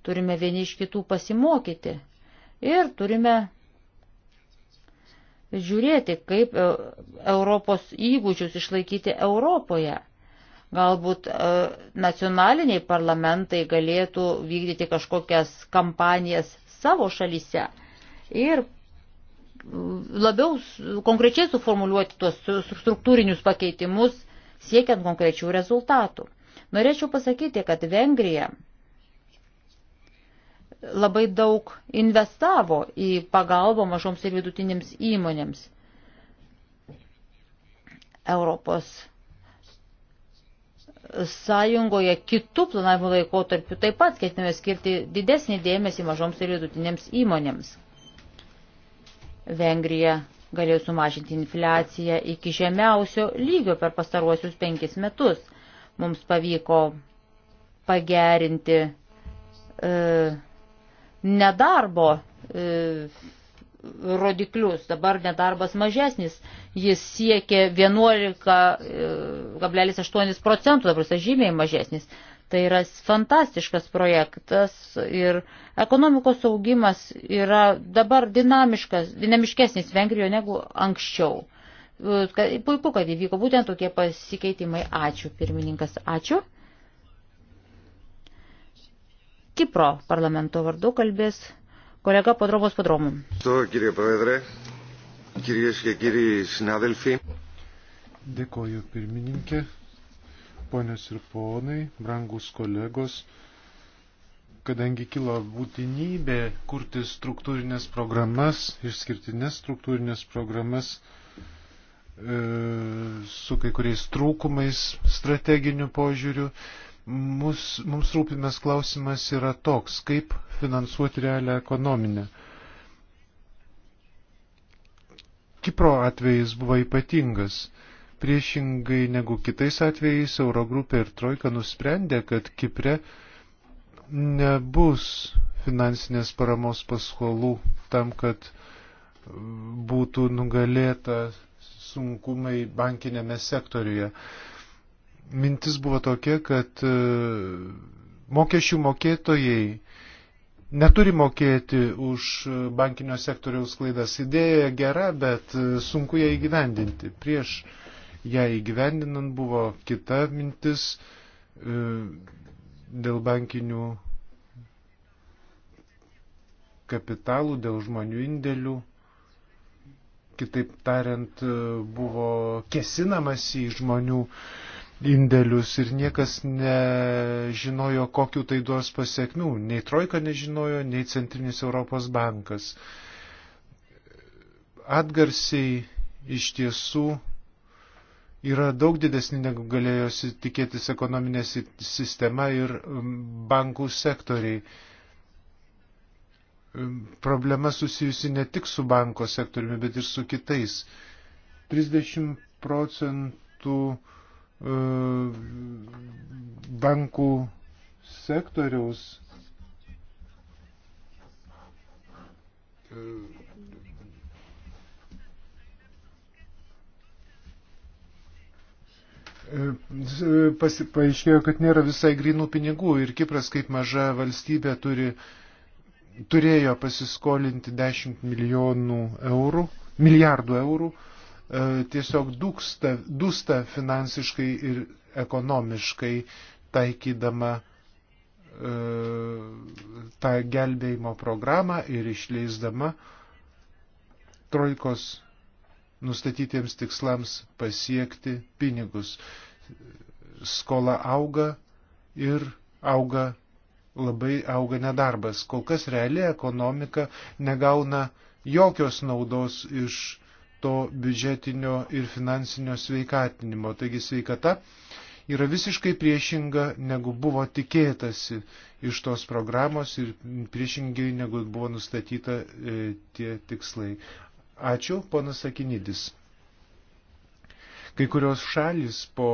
turime vieni iš kitų pasimokyti ir turime žiūrėti, kaip e, Europos įgūdžius išlaikyti Europoje. Galbūt e, nacionaliniai parlamentai galėtų vykdyti kažkokias kampanijas savo šalyse ir labiau konkrečiai suformuluoti tuos struktūrinius pakeitimus siekiant konkrečių rezultatų. Norėčiau pasakyti, kad Vengrija labai daug investavo į pagalbą mažoms ir vidutinėms įmonėms. Europos sąjungoje kitų planavimo laikotarpių taip pat ketiname skirti didesnį dėmesį mažoms ir vidutinėms įmonėms. Vengrija galėjo sumažinti infliaciją iki žemiausio lygio per pastaruosius penkis metus. Mums pavyko pagerinti e, nedarbo e, rodiklius. Dabar nedarbas mažesnis, jis siekia 11,8 e, procentų, dabar jis žymiai mažesnis. Tai yra fantastiškas projektas ir ekonomikos augimas yra dabar dinamiškas, dinamiškesnis Vengrijoje negu anksčiau. E, puiku, kad įvyko būtent tokie pasikeitimai. Ačiū, pirmininkas. Ačiū. Κύπρο Παρλαμέντο Βαρδού καλπές κολέγα Ποδρόμος Ποδρόμου. Το κύριε Πρόεδρε, κυρίες και κύριοι συνάδελφοι. Dėkoju pirmininkė, ponios ir ponai, brangus kolegos, kadangi kilo būtinybė kurti struktūrinės programas, išskirtinės struktūrinės programas, e, su kai kuriais trūkumais strateginiu požiūriu. Mus, mums rūpimės klausimas yra toks, kaip finansuoti realią ekonominę. Kipro atvejis buvo ypatingas. Priešingai negu kitais atvejais, Eurogrupė ir Trojka nusprendė, kad Kipre nebus finansinės paramos paskolų tam, kad būtų nugalėta sunkumai bankinėme sektoriuje mintis buvo tokia, kad e, mokesčių mokėtojai neturi mokėti už e, bankinio sektoriaus klaidas. Idėja gera, bet e, sunku ją įgyvendinti. Prieš ją įgyvendinant buvo kita mintis dėl bankinių kapitalų, dėl žmonių indėlių kitaip tariant, buvo kesinamas į žmonių indėlius ir niekas nežinojo, kokiu tai duos pasiekmių. Nei Trojka nežinojo, nei Centrinis Europos bankas. Atgarsiai iš tiesų yra daug didesni negu galėjo tikėtis ekonominė sistema ir bankų sektoriai. Problema susijusi ne tik su banko sektoriumi, bet ir su kitais. 30 procentų E, bankų sektoriaus e, e, paaiškėjo, kad nėra visai grinų pinigų ir Kipras kaip maža valstybė turi, turėjo pasiskolinti 10 milijonų eurų, milijardų eurų. E, tiesiog dūksta, dūsta finansiškai ir ekonomiškai taikydama e, tą gelbėjimo programą ir išleisdama trojkos nustatytiems tikslams pasiekti pinigus. Skola auga ir auga labai auga nedarbas. Kol kas reali ekonomika negauna jokios naudos iš to biudžetinio ir finansinio sveikatinimo. Taigi sveikata yra visiškai priešinga, negu buvo tikėtasi iš tos programos ir priešingai, negu buvo nustatyta e, tie tikslai. Ačiū, ponas Akinidis. Kai kurios šalis po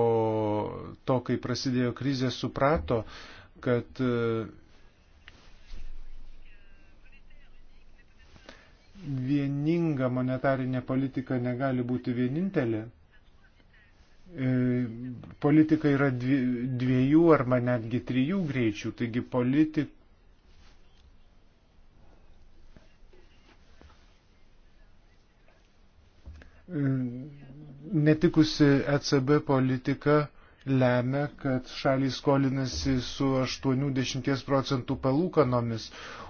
to, kai prasidėjo krizė, suprato, kad e, veiksminga monetarinė politika negali būti vienintelė. E, politika yra dviejų arba netgi trijų greičių, taigi e, e politika netikusi ECB politika lemia, kad šalys skolinasi su 80 procentų palūkanomis,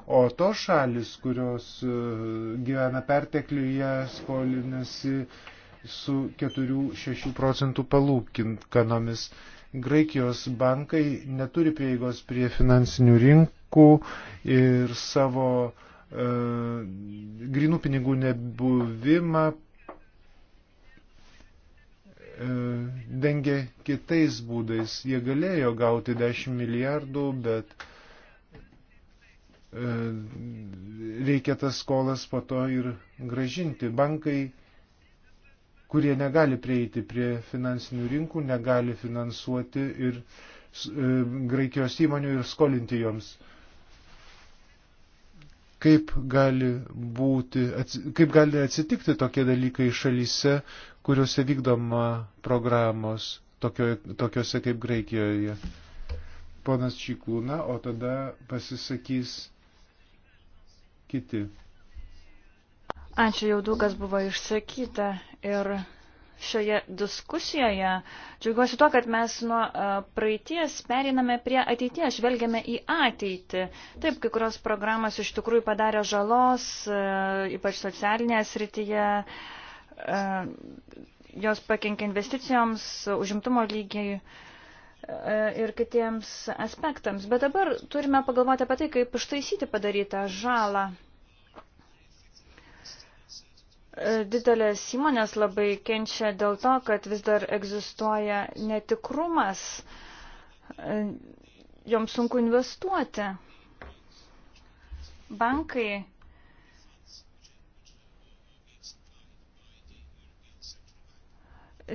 o to šalis, kurios e, gyvena pertekliuje, skolinasi su 4-6 procentų palūkanomis. Graikijos bankai neturi prieigos prie finansinių rinkų ir savo e, grinų pinigų nebuvimą E, dengė kitais būdais. Jie galėjo gauti 10 milijardų, bet e, reikia tas skolas po to ir gražinti. Bankai, kurie negali prieiti prie finansinių rinkų, negali finansuoti ir e, Graikijos įmonių ir skolinti joms kaip gali, būti, kaip gali atsitikti tokie dalykai šalyse, kuriuose vykdoma programos, tokio, tokiuose kaip Graikijoje. Ponas Čikūna, o tada pasisakys kiti. Ačiū jau daug, kas buvo išsakyta ir šioje diskusijoje. Džiaugiuosi tuo, kad mes nuo praeities periname prie ateities, žvelgiame į ateitį. Taip, kai kurios programos iš tikrųjų padarė žalos, ypač socialinėje srityje E, jos pakenkia investicijoms, užimtumo lygiai e, ir kitiems aspektams. Bet dabar turime pagalvoti apie tai, kaip ištaisyti padarytą žalą. E, didelės įmonės labai kenčia dėl to, kad vis dar egzistuoja netikrumas, joms sunku investuoti. Bankai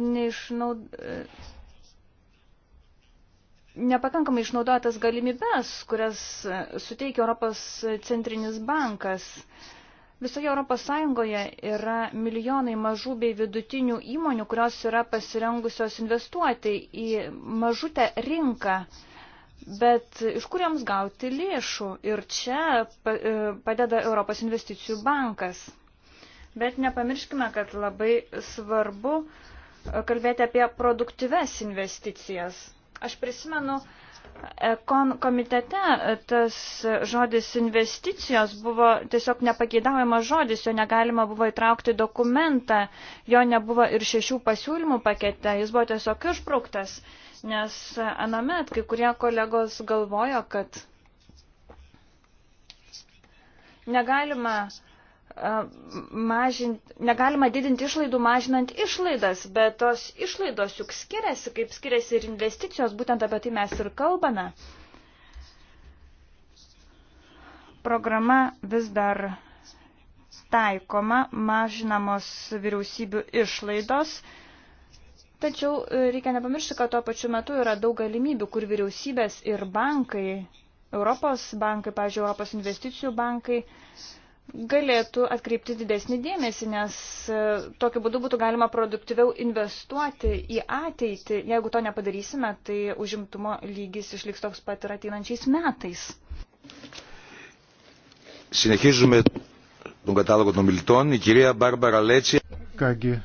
neišnaud... nepakankamai išnaudotas galimybės, kurias e, suteikia Europos centrinis bankas. Visoje Europos Sąjungoje yra milijonai mažų bei vidutinių įmonių, kurios yra pasirengusios investuoti į mažutę rinką. Bet iš kur joms gauti lėšų? Ir čia e, padeda Europos investicijų bankas. Bet nepamirškime, kad labai svarbu uh, kalbėti apie produktyves investicijas. Aš prisimenu, kon komitete tas žodis investicijos buvo tiesiog nepageidaujamas žodis, jo negalima buvo įtraukti dokumentą, jo nebuvo ir šešių pasiūlymų pakete, jis buvo tiesiog išbrauktas, nes anamet kai kurie kolegos galvojo, kad negalima uh, mažint, negalima didinti išlaidų mažinant išlaidas, bet tos išlaidos juk skiriasi, kaip skiriasi ir investicijos, būtent apie tai mes ir kalbame. Programa vis dar taikoma, mažinamos vyriausybių išlaidos, tačiau reikia nepamiršti, kad tuo pačiu metu yra daug galimybių, kur vyriausybės ir bankai, Europos bankai, pavyzdžiui, Europos investicijų bankai, uh, galėtų atkreipti didesnį dėmesį, nes e, tokiu būdu būtų galima produktyviau investuoti į ateitį. Jeigu to nepadarysime, tai užimtumo lygis išliks toks pat ir ateinančiais metais. Συνεχίζουμε τον κατάλογο των μιλητών. Η κυρία Μπάρμπαρα Λέτσι. Κάγι,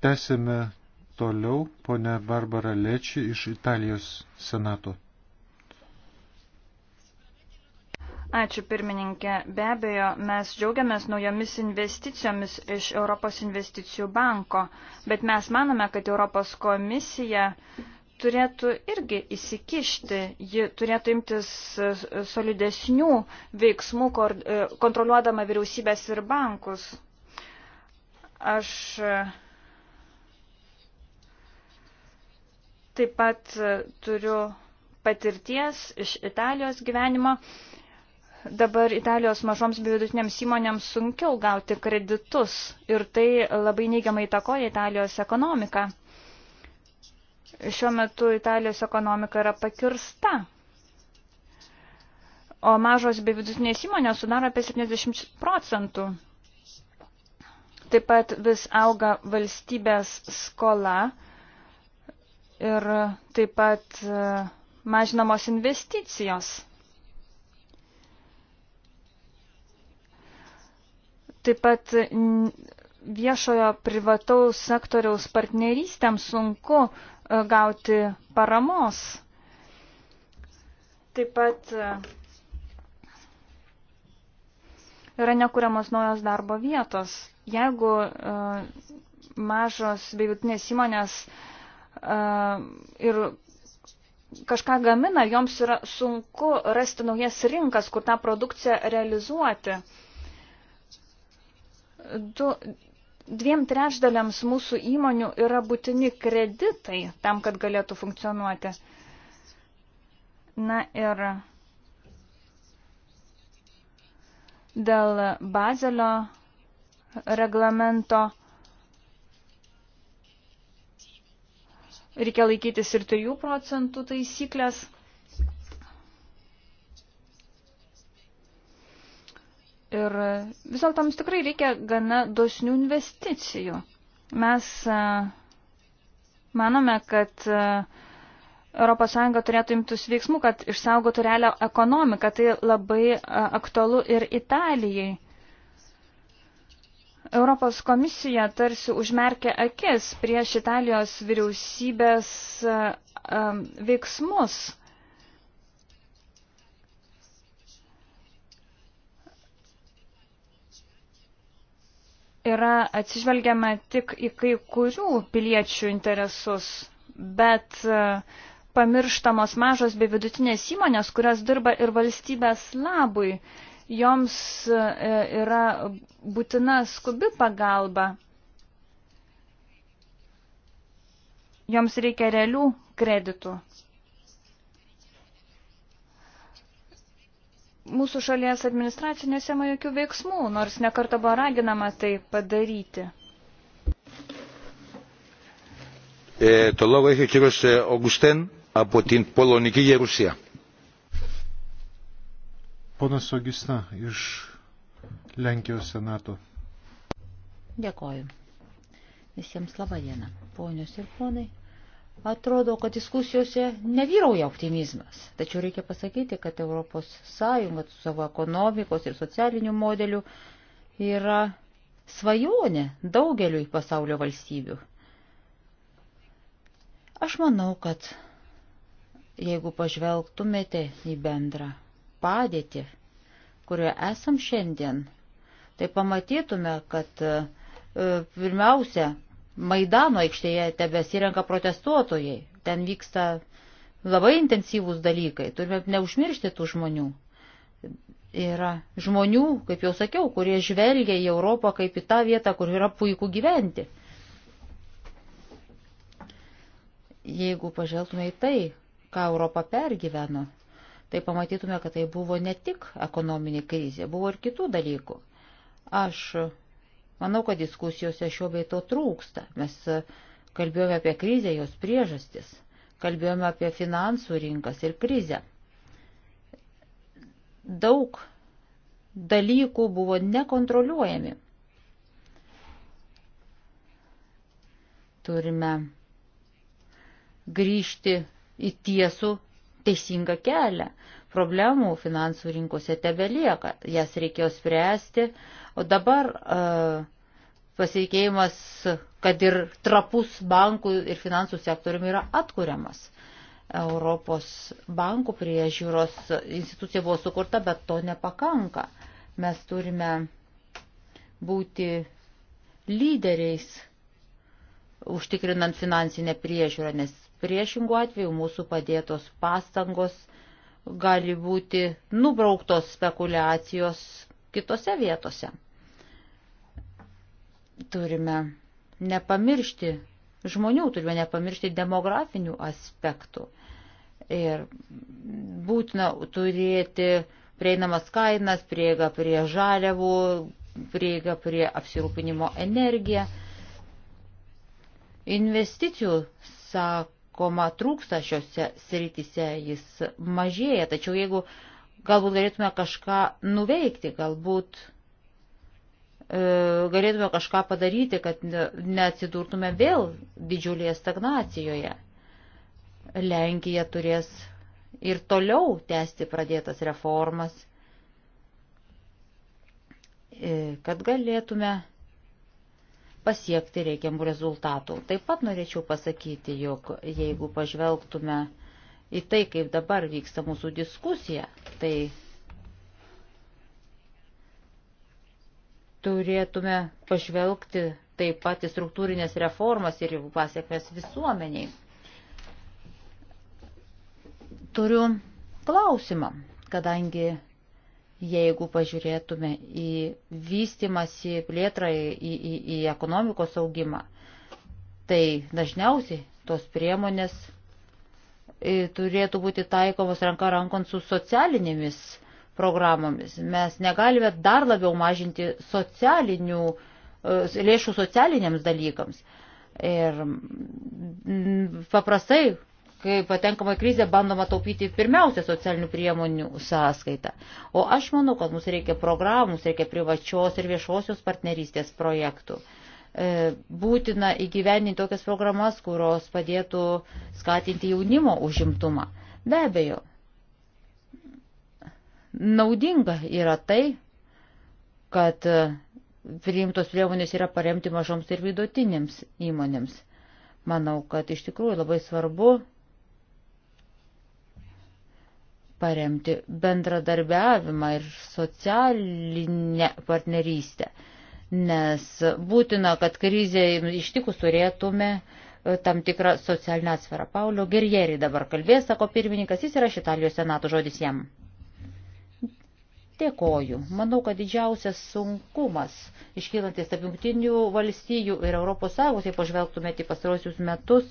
τέσσεμε toliau, ponia Barbara Leči iš Italijos senato. Ačiū pirmininkė. Be abejo, mes džiaugiamės naujomis investicijomis iš Europos investicijų banko, bet mes manome, kad Europos komisija turėtų irgi įsikišti, ji turėtų imtis solidesnių veiksmų, kontroliuodama vyriausybės ir bankus. Aš taip pat turiu patirties iš Italijos gyvenimo dabar Italijos mažoms bei vidutinėms įmonėms sunkiau gauti kreditus ir tai labai neigiamai įtakoja Italijos ekonomiką. Šiuo metu Italijos ekonomika yra pakirsta, o mažos bei vidutinės įmonės sudaro apie 70 procentų. Taip pat vis auga valstybės skola ir taip pat e, mažinamos investicijos. Taip pat viešojo privataus sektoriaus partnerystėms sunku e, gauti paramos. Taip pat e, yra nekuriamos naujos darbo vietos. Jeigu e, mažos bei vidutinės įmonės ir kažką gamina, joms yra sunku rasti naujas rinkas, kur tą produkciją realizuoti du, dviem trečdaliams mūsų įmonių yra būtini kreditai tam, kad galėtų funkcionuoti. Na ir dėl Bazelio reglamento reikia laikytis ir 3 procentų taisyklės. Ir vis dėlto mums tikrai reikia gana dosnių investicijų. Mes e, manome, kad ES turėtų imtis veiksmų, kad išsaugotų realią ekonomiką. Tai labai e, aktualu ir Italijai. Europos komisija tarsi užmerkė akis prieš Italijos vyriausybės e, veiksmus yra atsižvelgiama tik į kai kurių piliečių interesus, bet e, pamirštamos mažos bei vidutinės įmonės, kurios dirba ir valstybės labui. Joms e, yra būtina skubi pagalba. Joms reikia realių kreditų. mūsų šalies administracija nesėma jokių veiksmų, nors nekarta buvo raginama tai padaryti. E, to logo έχει ο κύριος Ογκουστέν από την Πολωνική Γερουσία. Ponas Ogista iš Lenkijos senato. Dėkoju. Visiems laba diena. Ponios ir ponai. Atrodo, kad diskusijose nevyrauja optimizmas. Tačiau reikia pasakyti, kad ES su savo ekonomikos ir socialiniu modeliu yra svajonė daugeliui pasaulio valstybių. Aš manau, kad jeigu pažvelgtumėte į bendrą padėtį, kurioje esam šiandien, tai pamatytume, kad e, pirmiausia, Maidano aikštėje tebesirenka protestuotojai. Ten vyksta labai intensyvūs dalykai. Turime neužmiršti tų žmonių. Yra žmonių, kaip jau sakiau, kurie žvelgia į Europą kaip į tą vietą, kur yra puiku gyventi. Jeigu pažvelgtume į tai, ką Europa pergyveno, tai pamatytume, kad tai buvo ne tik ekonominė krizė, buvo ir kitų dalykų. Aš Manau, kad diskusijose šio bei to trūksta. Mes e, kalbėjome apie krizę, jos priežastis, kalbėjome apie finansų rinkas ir krizę. Daug dalykų buvo nekontroliuojami. Turime grįžti į tiesų teisingą kelią. Problemų finansų rinkose tebelieka, jas reikėjo spręsti, o dabar uh, pasitikėjimas, kad ir trapus bankų ir finansų sektoriumi yra atkuriamas. Europos bankų priežiūros institucija buvo sukurta, bet to nepakanka. Mes turime būti lyderiais, užtikrinant finansinę priežiūrą, nes priešingų atveju mūsų padėtos pastangos gali būti nubrauktos spekulacijos kitose vietose. Turime nepamiršti žmonių, turime nepamiršti demografinių aspektų. Ir būtina turėti prieinamas kainas, prieiga prie žaliavų, prieiga prie apsirūpinimo energiją. Investicijų, sakoma, trūksta šiuose sritise, jis mažėja, tačiau jeigu galbūt galėtume kažką nuveikti, galbūt E, galėtume kažką padaryti, kad neatsidurtume vėl didžiulėje stagnacijoje. Lenkija turės ir toliau tęsti pradėtas reformas, e, kad galėtume pasiekti reikiamų rezultatų. Taip pat norėčiau pasakyti, jog jeigu pažvelgtume į tai, kaip dabar vyksta mūsų diskusija, tai turėtume pažvelgti taip pat į struktūrinės reformas ir jų pasiekmes visuomeniai. Turiu klausimą, kadangi jeigu pažiūrėtume į vystimąsi plėtrą, į, į, į ekonomikos augimą, tai dažniausiai tos priemonės e, turėtų būti taikomos ranka rankon su socialinėmis programomis. Mes negalime dar labiau mažinti socialinių, e, lėšų socialiniams dalykams. Ir mm, paprastai, kai patenkama krizė, bandoma taupyti pirmiausia socialinių priemonių sąskaitą. O aš manau, kad mums reikia programų, mums reikia privačios ir viešosios partnerystės projektų. E, būtina įgyveninti tokias programas, kurios padėtų skatinti jaunimo užimtumą. Be abejo, Naudinga yra tai, kad priimtos priemonės yra paremti mažoms ir vidutinėms įmonėms. Manau, kad iš tikrųjų labai svarbu paremti bendradarbiavimą ir socialinę partnerystę, nes būtina, kad krizė ištikus turėtume e, tam tikrą socialinę atsverą. Paulio Gerjeri dabar kalbės, sako pirmininkas, jis yra iš Italijos senato žodis jam. Dėkoju. Manau, kad didžiausias sunkumas iškylantis tarp jungtinių valstybių ir ES, jei pažvelgtumėte į pastarosius metus,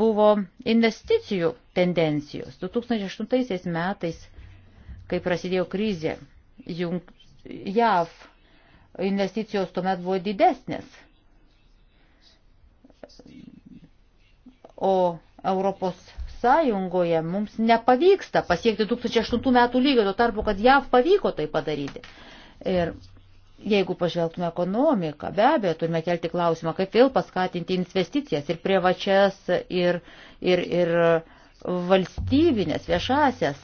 buvo investicijų tendencijos. 2008 metais, kai prasidėjo krizė, jung, JAV investicijos tuomet buvo didesnės. O Europos Sąjungoje mums nepavyksta pasiekti 2008 metų lygio, tuo tarpu, kad JAV pavyko tai padaryti. Ir jeigu pažvelgtume ekonomiką, be abejo, turime kelti klausimą, kaip vėl paskatinti investicijas ir prievačias, ir, ir, ir valstybinės, viešasias.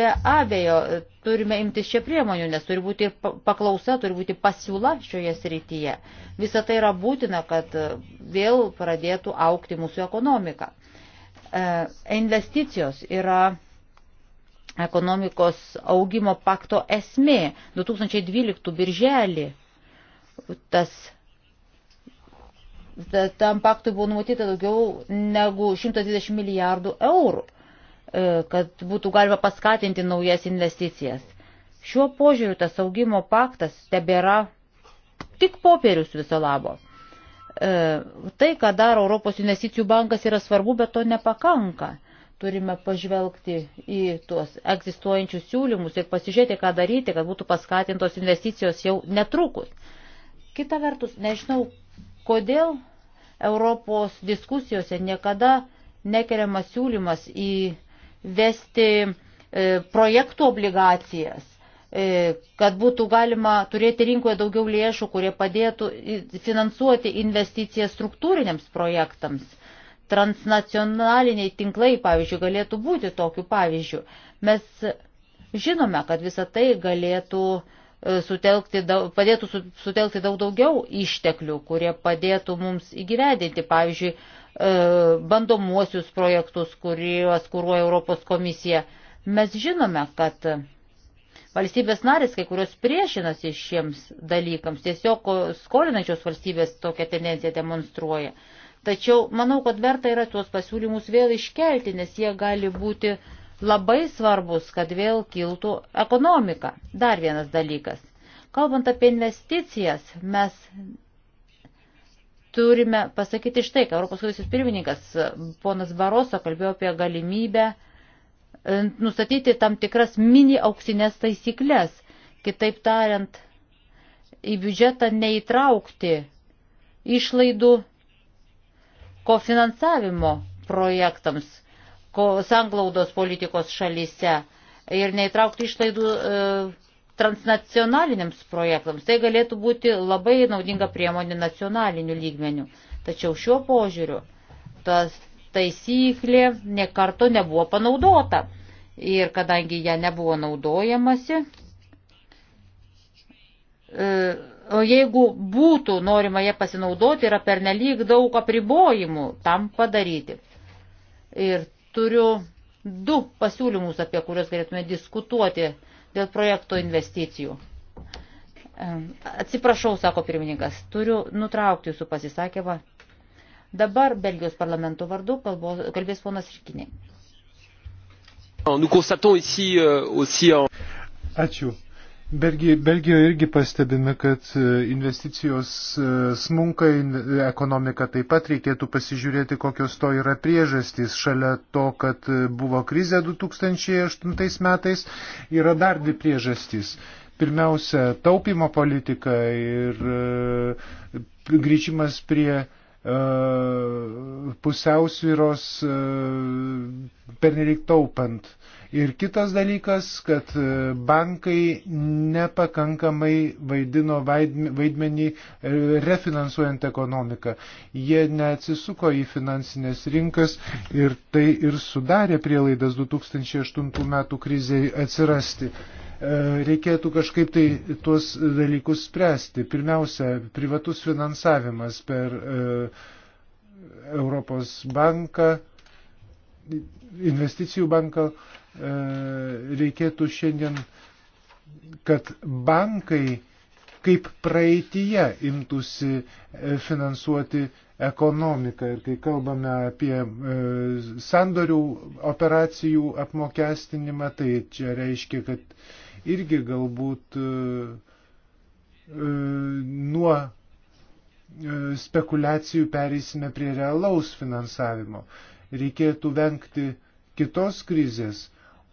Be abejo, turime imtis čia priemonių, nes turi būti paklausa, turi būti pasiūla šioje srityje. Visa tai yra būtina, kad vėl pradėtų aukti mūsų ekonomika. E, investicijos yra ekonomikos augimo pakto esmė. 2012 birželį tas, tam paktui buvo numatyta daugiau negu 120 milijardų eurų, e, kad būtų galima paskatinti naujas investicijas. Šiuo požiūriu tas augimo paktas tebėra tik popierius viso labo. E, tai, ką daro Europos investicijų bankas, yra svarbu, bet to nepakanka. Turime pažvelgti į tuos egzistuojančius siūlymus ir pasižiūrėti, ką daryti, kad būtų paskatintos investicijos jau netrukus. Kita vertus, nežinau, kodėl Europos diskusijose niekada nekeliamas siūlymas įvesti e, projektų obligacijas E, kad būtų galima turėti rinkoje daugiau lėšų, kurie padėtų finansuoti investicijas struktūriniams projektams. Transnacionaliniai tinklai, pavyzdžiui, galėtų būti tokiu pavyzdžiu. Mes žinome, kad visa tai galėtų e, sutelkti, padėtų sutelkti daug daugiau išteklių, kurie padėtų mums įgyvendinti, pavyzdžiui, e, bandomuosius projektus, kuriuos kūruoja Europos komisija. Mes žinome, kad Valstybės narės, kai kurios priešinasi šiems dalykams, tiesiog skolinančios valstybės tokią tendenciją demonstruoja. Tačiau manau, kad verta yra tuos pasiūlymus vėl iškelti, nes jie gali būti labai svarbus, kad vėl kiltų ekonomika. Dar vienas dalykas. Kalbant apie investicijas, mes turime pasakyti štai, kad Europos komisijos pirmininkas ponas Baroso kalbėjo apie galimybę uh, E, nustatyti tam tikras mini auksinės taisyklės. Kitaip tariant, į biudžetą neįtraukti išlaidų kofinansavimo projektams ko, sanglaudos politikos šalyse ir neįtraukti išlaidų e, transnacionaliniams projektams. Tai galėtų būti labai naudinga priemonė nacionaliniu lygmeniu. Tačiau šiuo požiūriu tas taisyklė nekarto nebuvo panaudota. Ir kadangi ją nebuvo naudojamasi, e, o jeigu būtų norima ją pasinaudoti, yra pernelyg daug apribojimų tam padaryti. Ir turiu du pasiūlymus, apie kuriuos galėtume diskutuoti dėl projekto investicijų. E, atsiprašau, sako pirmininkas, turiu nutraukti jūsų pasisakymą. Dabar Belgijos parlamento vardu kalbės ponas Rikinė. Euh, Ačiū. Belgijoje irgi pastebime, kad e, investicijos e, smunka, ekonomika taip pat reikėtų pasižiūrėti, kokios to yra priežastys. Šalia to, kad e, buvo krizė 2008 metais, yra dar dvi priežastys. Pirmiausia, taupimo politika ir grįžimas prie E, pusiausvyros e, pernelyg taupant. Ir kitas dalykas, kad e, bankai nepakankamai vaidino vaidmenį e, refinansuojant ekonomiką. Jie neatsisuko į finansinės rinkas ir tai ir sudarė prielaidas 2008 metų kriziai atsirasti e, reikėtų kažkaip tai tuos dalykus spręsti. Pirmiausia, privatus finansavimas per Europos banką, investicijų banką, E, reikėtų šiandien, kad bankai kaip praeitie imtųsi e, finansuoti ekonomiką. Ir kai kalbame apie e, sandorių operacijų apmokestinimą, tai čia reiškia, kad irgi galbūt nuo spekulacijų pereisime prie realaus finansavimo. Reikėtų vengti kitos krizės,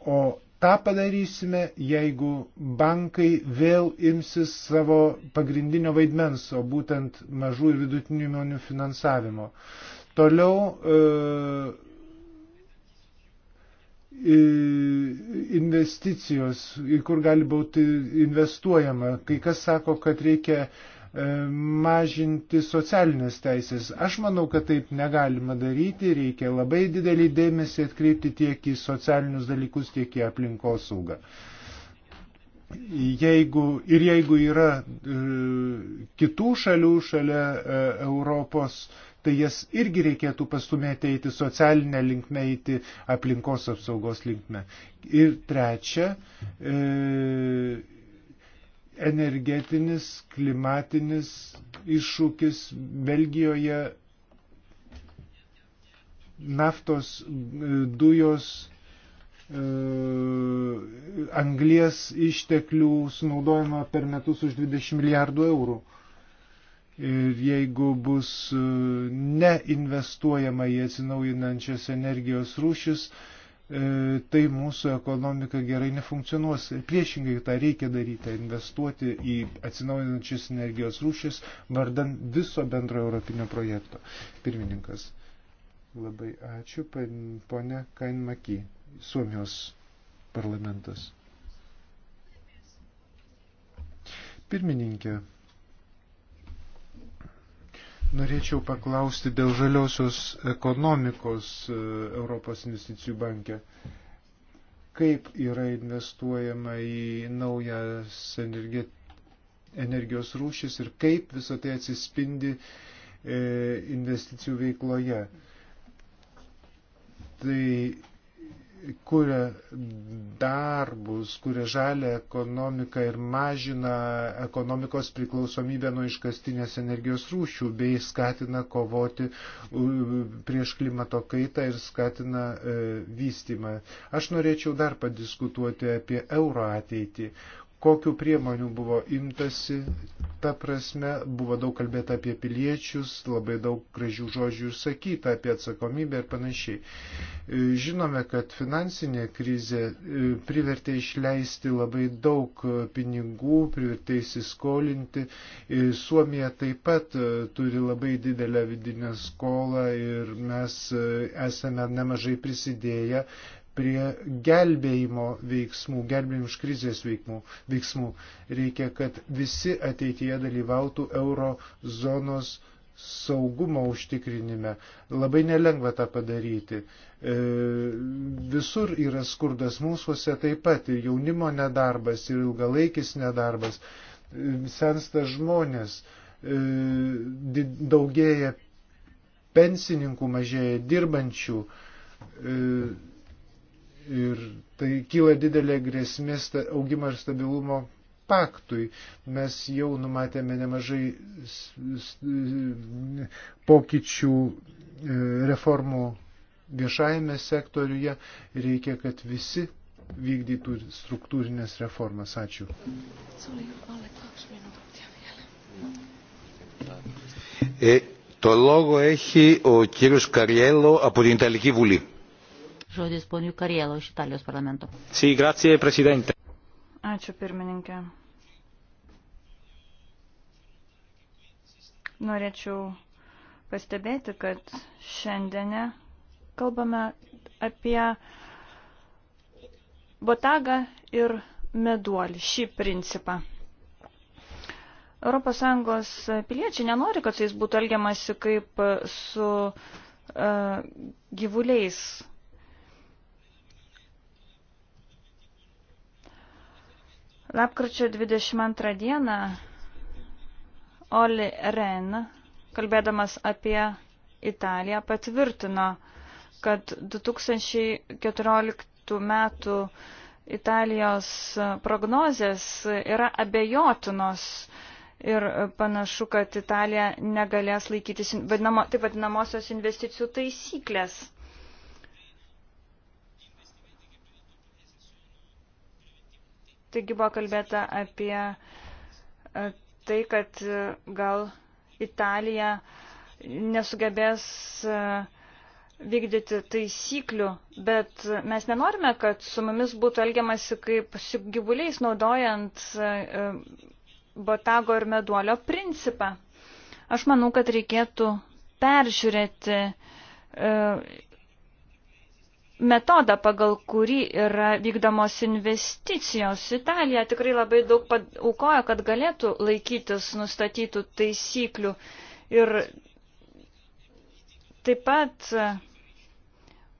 O tą padarysime, jeigu bankai vėl imsis savo pagrindinio vaidmens, o būtent mažų ir vidutinių įmonių finansavimo. Toliau e, investicijos, į kur gali būti investuojama. Kai kas sako, kad reikia E, mažinti socialinės teisės. Aš manau, kad taip negalima daryti, reikia labai didelį dėmesį atkreipti tiek į socialinius dalykus, tiek į aplinkos saugą. Jeigu, ir jeigu yra e, kitų šalių šalia e, Europos, tai jas irgi reikėtų pastumėti eiti socialinę linkmę, eiti aplinkos apsaugos linkmę. Ir trečia, e, energetinis, klimatinis iššūkis Belgijoje naftos, e, dujos, e, anglies išteklių sunaudojama per metus už 20 milijardų eurų. Ir jeigu bus e, neinvestuojama į atsinaujinančias energijos rūšis, E, tai mūsų ekonomika gerai nefunkcionuos. Ir priešingai tą reikia daryti, investuoti į atsinaujinančias energijos rūšis vardan viso bendro europinio projekto. Pirmininkas. Labai ačiū, ponė Kainmaki, Suomijos parlamentas. Pirmininkė. Norėčiau paklausti dėl žaliosios ekonomikos e, Europos investicijų banke. Kaip yra investuojama į naujas energijos rūšis ir kaip visą tai atsispindi e, investicijų veikloje. Tai kuria darbus, kuria žalę ekonomiką ir mažina ekonomikos priklausomybę nuo iškastinės energijos rūšių, bei skatina kovoti prieš klimato kaitą ir skatina e, vystimą. Aš norėčiau dar padiskutuoti apie euro ateitį kokiu priemoniu buvo imtasi, ta prasme, buvo daug kalbėta apie piliečius, labai daug gražių žodžių išsakyta apie atsakomybę ir panašiai. E, žinome, kad finansinė krizė e, privertė išleisti labai daug e, pinigų, privertė įsiskolinti. Suomija taip pat turi labai didelę vidinę skolą ir mes esame nemažai prisidėję prie gelbėjimo veiksmų, gelbėjimo iš krizės veikmų, veiksmų. Reikia, kad visi ateityje dalyvautų euro zonos saugumo užtikrinime. Labai nelengva tą padaryti. E, visur yra skurdas mūsųse taip pat ir jaunimo nedarbas, ir ilgalaikis nedarbas, e, sensta žmonės, e, daugėja pensininkų, mažėja dirbančių. Ir tai kyla didelė grėsmė augimo ir stabilumo paktui. Mes jau numatėme nemažai pokyčių e, reformų viešajame sektoriuje. Reikia, kad visi vykdytų struktūrinės reformas. Ačiū. Ε, το λόγο έχει ο κύριος Καριέλο από την Ιταλική Βουλή. Žodis ponių Karielo iš Italijos parlamento. Sì, si, grazie, prezidente. Ačiū, pirmininkė. Norėčiau pastebėti, kad šiandienę kalbame apie botagą ir meduolį, šį principą. ES piliečiai nenori, kad su jais būtų elgiamasi kaip su uh, gyvuliais, Lapkričio 22 dieną Oli Ren, kalbėdamas apie Italiją, patvirtino, kad 2014 metų Italijos prognozės yra abejotinos ir panašu, kad Italija negalės laikytis vadinamo, taip vadinamosios investicijų taisyklės. Taigi buvo kalbėta apie e, tai, kad e, gal Italija nesugebės e, vykdyti taisyklių, bet mes nenorime, kad su mumis būtų elgiamasi kaip su gyvuliais naudojant botago ir meduolio principą. Aš manau, kad reikėtų peržiūrėti metodą, pagal kurį yra vykdomos investicijos. Italija tikrai labai daug aukojo, kad galėtų laikytis nustatytų taisyklių. Ir taip pat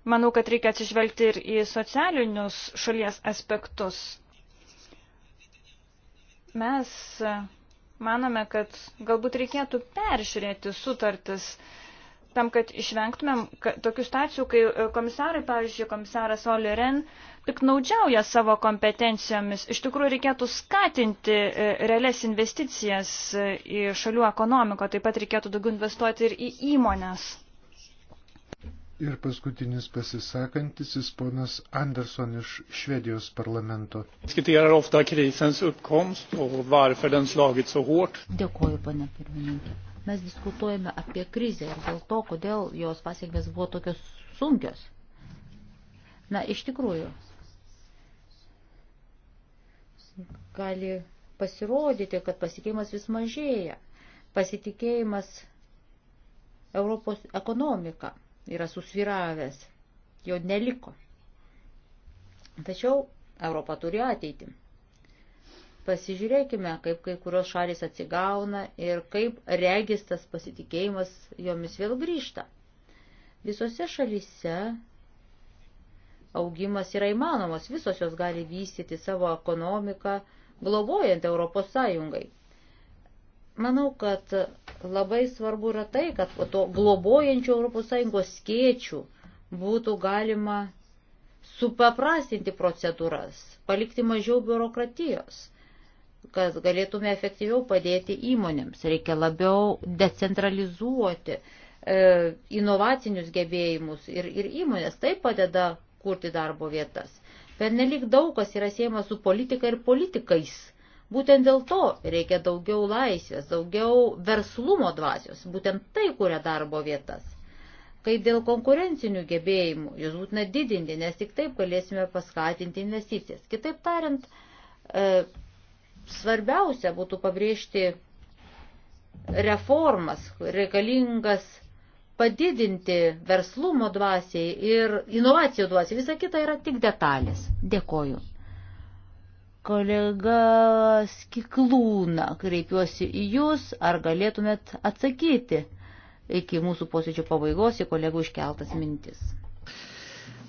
manau, kad reikia atsižvelgti ir į socialinius šalies aspektus. Mes manome, kad galbūt reikėtų peržiūrėti sutartis tam, kad išvengtumėm tokių stacijų, kai e, komisarai, pavyzdžiui, komisaras Oli Ren, piknaudžiauja savo kompetencijomis. Iš tikrųjų, reikėtų skatinti e, realias investicijas e, į šalių ekonomiko, taip pat reikėtų daugiau investuoti ir į įmonės. Ir paskutinis pasisakantis jis ponas Anderson iš Švedijos parlamento. Dėkuoju, pana pirmininkė. Mes diskutuojame apie krizę ir dėl to, kodėl jos pasiekmes buvo tokios sunkios. Na, iš tikrųjų, gali pasirodyti, kad pasitikėjimas vis mažėja. Pasitikėjimas Europos ekonomika yra susviravęs, jo neliko. Tačiau Europa turi ateitį. Pasižiūrėkime, kaip kai kurios šalis atsigauna ir kaip registas pasitikėjimas jomis vėl grįžta. Visose šalise augimas yra įmanomas, visos jos gali vystyti savo ekonomiką, globojant Europos Sąjungai. Manau, kad labai svarbu yra tai, kad po to globojančių Europos Sąjungos skėčių būtų galima supaprastinti procedūras, palikti mažiau biurokratijos kad galėtume efektyviau padėti įmonėms. Reikia labiau decentralizuoti e, inovacinius gebėjimus ir, ir įmonės. Tai padeda kurti darbo vietas. Per nelik daug kas yra siejama su politika ir politikais. Būtent dėl to reikia daugiau laisvės, daugiau verslumo dvasios. Būtent tai kuria darbo vietas. Kai dėl konkurencinių gebėjimų, jūs būtina didinti, nes tik taip galėsime paskatinti investicijas. Kitaip tariant, e, svarbiausia būtų pabrėžti reformas, reikalingas padidinti verslumo dvasiai ir inovacijų dvasiai. Visa kita yra tik detalės. Dėkoju. Kolega Skiklūna, kreipiuosi į Jūs, ar galėtumėt atsakyti iki mūsų posėdžio pabaigos į kolegų iškeltas mintis.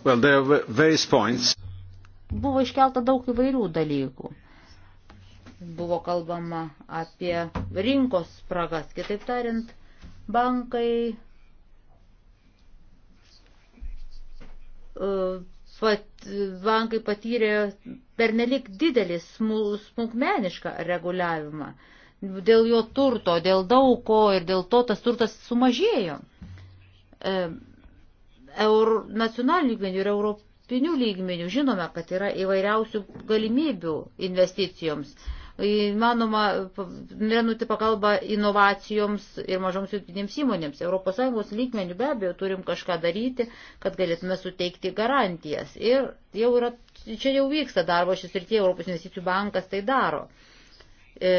Well, Buvo iškelta daug įvairių dalykų buvo kalbama apie rinkos spragas. Kitaip tariant, bankai e, pat, bankai patyrė pernelik didelį smulkmenišką reguliavimą. Dėl jo turto, dėl daug ko ir dėl to tas turtas sumažėjo. E, Eur, nacionalinių lygmenių ir europinių lygmenių žinome, kad yra įvairiausių galimybių investicijoms įmanoma renuti pagalbą inovacijoms ir mažoms jungtinėms įmonėms. ES lygmenių be abejo turim kažką daryti, kad galėtume suteikti garantijas. Ir jau yra, čia jau vyksta darbo šis ir tie Europos investicijų bankas tai daro. E,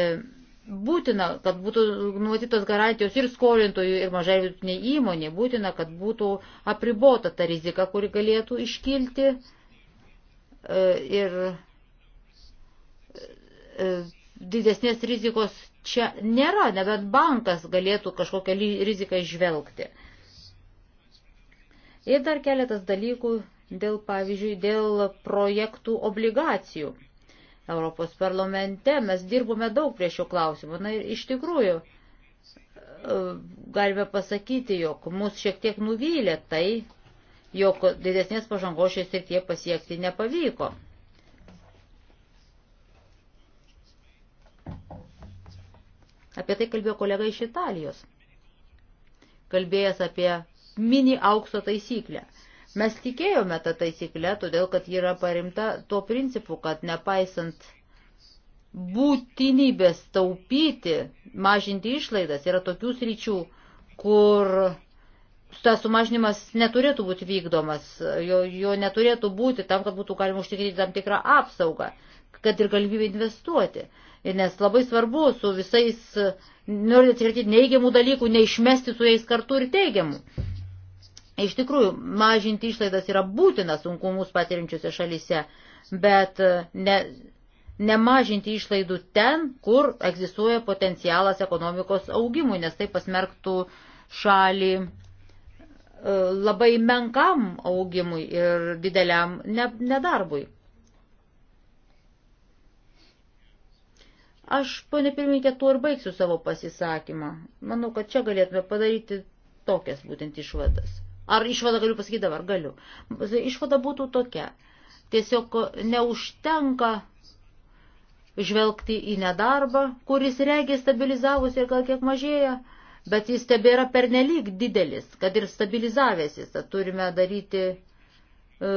būtina, kad būtų numatytos garantijos ir skolintojų, ir mažai vidutinė įmonė, būtina, kad būtų apribota ta rizika, kuri galėtų iškilti. E, ir E, didesnės rizikos čia nėra, nebent bankas galėtų kažkokią riziką išvelgti. Ir dar keletas dalykų dėl, pavyzdžiui, dėl projektų obligacijų. Europos parlamente mes dirbome daug prie šio klausimo. Na ir iš tikrųjų, e, galime pasakyti, jog mus šiek tiek nuvylė tai, jog didesnės pažangos šiais ir tie pasiekti nepavyko. Apie tai kalbėjo kolega iš Italijos. Kalbėjęs apie mini aukso taisyklę. Mes tikėjome tą taisyklę, todėl kad ji yra parimta tuo principu, kad nepaisant būtinybės taupyti, mažinti išlaidas, yra tokių sričių, kur tas sumažinimas neturėtų būti vykdomas, jo, jo neturėtų būti tam, kad būtų galima užtikrinti tam tikrą apsaugą, kad ir galimybę investuoti nes labai svarbu su visais, norint atsikartyti neigiamų dalykų, neišmesti su jais kartu ir teigiamų. Iš tikrųjų, mažinti išlaidas yra būtina sunkumus patirinčiuose šalyse, bet e, ne, nemažinti išlaidų ten, kur egzistuoja potencialas ekonomikos augimui, nes tai pasmerktų šalį e, labai menkam augimui ir dideliam nedarbui. Aš, ponė pirmininkė, tuo ir baigsiu savo pasisakymą. Manau, kad čia galėtume padaryti tokias būtent išvadas. Ar išvada galiu pasakyti dabar? Galiu. Išvada būtų tokia. Tiesiog neužtenka žvelgti į nedarbą, kuris regiai stabilizavosi ir gal kiek mažėja, bet jis tebėra pernelyg didelis, kad ir stabilizavęsis. Tad turime daryti e,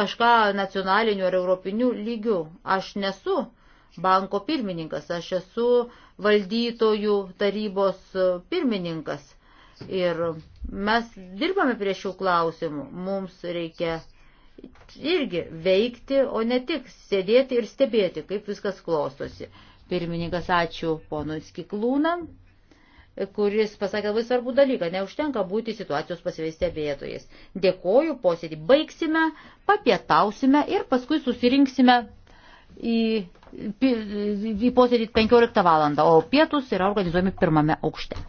kažką nacionaliniu ar europiniu lygiu. Aš nesu banko pirmininkas, aš esu valdytojų tarybos pirmininkas ir mes dirbame prie šių klausimų, mums reikia irgi veikti, o ne tik sėdėti ir stebėti, kaip viskas klostosi. Pirmininkas, ačiū ponui Skiklūnam kuris pasakė labai svarbų dalyką, neužtenka būti situacijos pasiveistebėtojais. Dėkoju, posėdį baigsime, papietausime ir paskui susirinksime į, į posėdį 15 val. o pietus yra organizuojami pirmame aukšte.